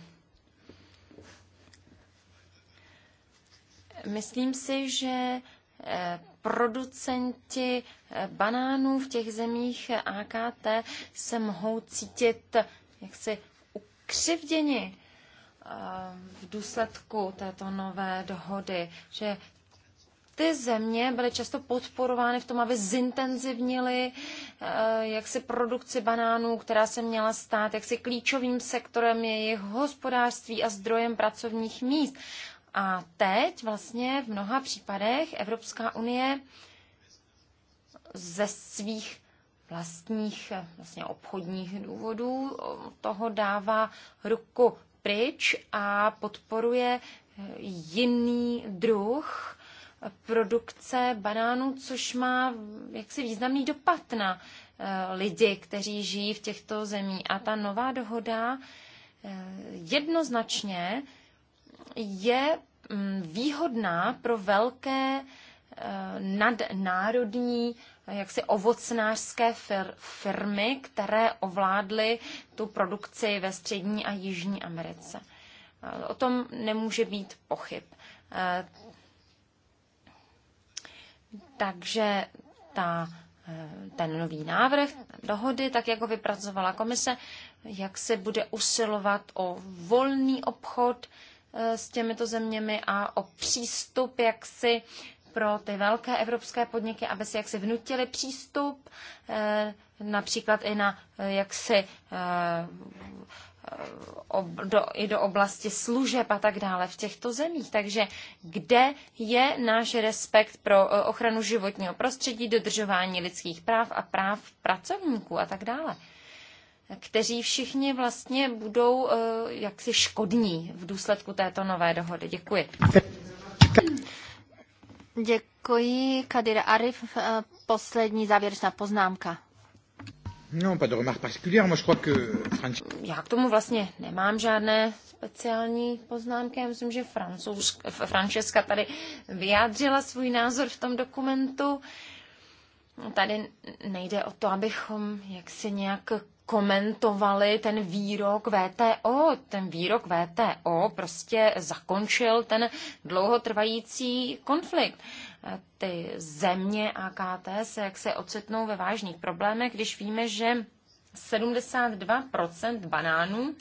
Myslím si, že eh, producenti eh, banánů v těch zemích eh, AKT se mohou cítit jaksi ukřivděni v důsledku této nové dohody, že ty země byly často podporovány v tom, aby zintenzivnili eh, jaksi produkci banánů, která se měla stát jaksi klíčovým sektorem jejich hospodářství a zdrojem pracovních míst. A teď vlastně v mnoha případech Evropská unie ze svých vlastních eh, vlastně obchodních důvodů eh, toho dává ruku pryč a podporuje jiný druh produkce banánů, což má jaksi významný dopad na eh, lidi, kteří žijí v těchto zemí. A ta nová dohoda eh, jednoznačně je mm, výhodná pro velké eh, nadnárodní jaksi ovocnářské fir- firmy, které ovládly tu produkci ve střední a jižní Americe. O tom nemůže být pochyb. Takže ta, eh, ten nový návrh dohody, tak jak ho vypracovala komise, jak se bude usilovat o volný obchod eh, s těmito zeměmi a o přístup jak si pro ty velké evropské podniky, aby si jaksi vnutili přístup eh, například i na jaksi do, i do oblasti služeb a tak dále v těchto zemích. Takže kde je náš respekt pro eh, ochranu životního prostředí, dodržování lidských práv a práv pracovníků a tak dále? kteří všichni vlastně budou eh, jaksi škodní v důsledku této
nové dohody. Děkuji. Děkuji, Kadir Arif. Eh, poslední závěrečná poznámka.
No, pas de remarque particulière. Moi, je crois que Franč... Já
k tomu vlastně nemám žádné speciální poznámky.
Já myslím, že Francouz... Francesca tady vyjádřila svůj názor v tom dokumentu. Tady nejde o to, abychom jaksi nějak komentovali ten výrok VTO. Ten výrok VTO prostě zakončil ten dlouhotrvající konflikt ty země AKT se jak se ocitnou ve vážných problémech, když víme, že 72% banánů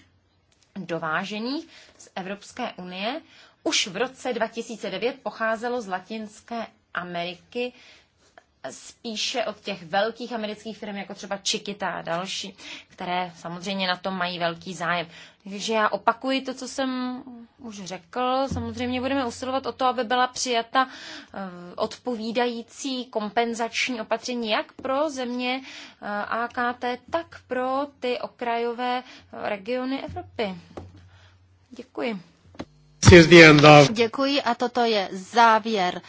dovážených z Evropské unie už v roce 2009 pocházelo z Latinské Ameriky spíše od těch velkých amerických firm, jako třeba Chiquita a další, které samozřejmě na tom mají velký zájem. Takže já opakuji to, co jsem už řekl. Samozřejmě budeme usilovat o to, aby byla přijata eh, odpovídající kompenzační opatření jak pro země eh, AKT, tak pro
ty okrajové eh, regiony Evropy. Děkuji. Děkuji a toto je závěr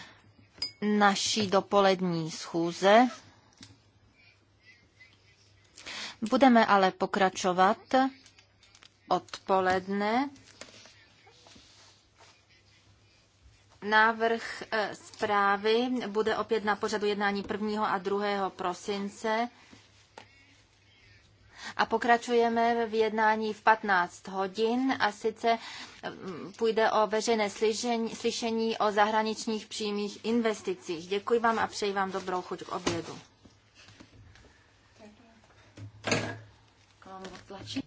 naší dopolední schůze. Budeme ale pokračovat odpoledne. Návrh eh, zprávy bude opět na pořadu jednání 1. a 2. prosince a pokračujeme v jednání v 15 hodin a sice mm, půjde o veřejné slyšení, slyšení o zahraničních přímých investicích. Děkuji vám a přeji vám dobrou chuť k obědu.
Thank you.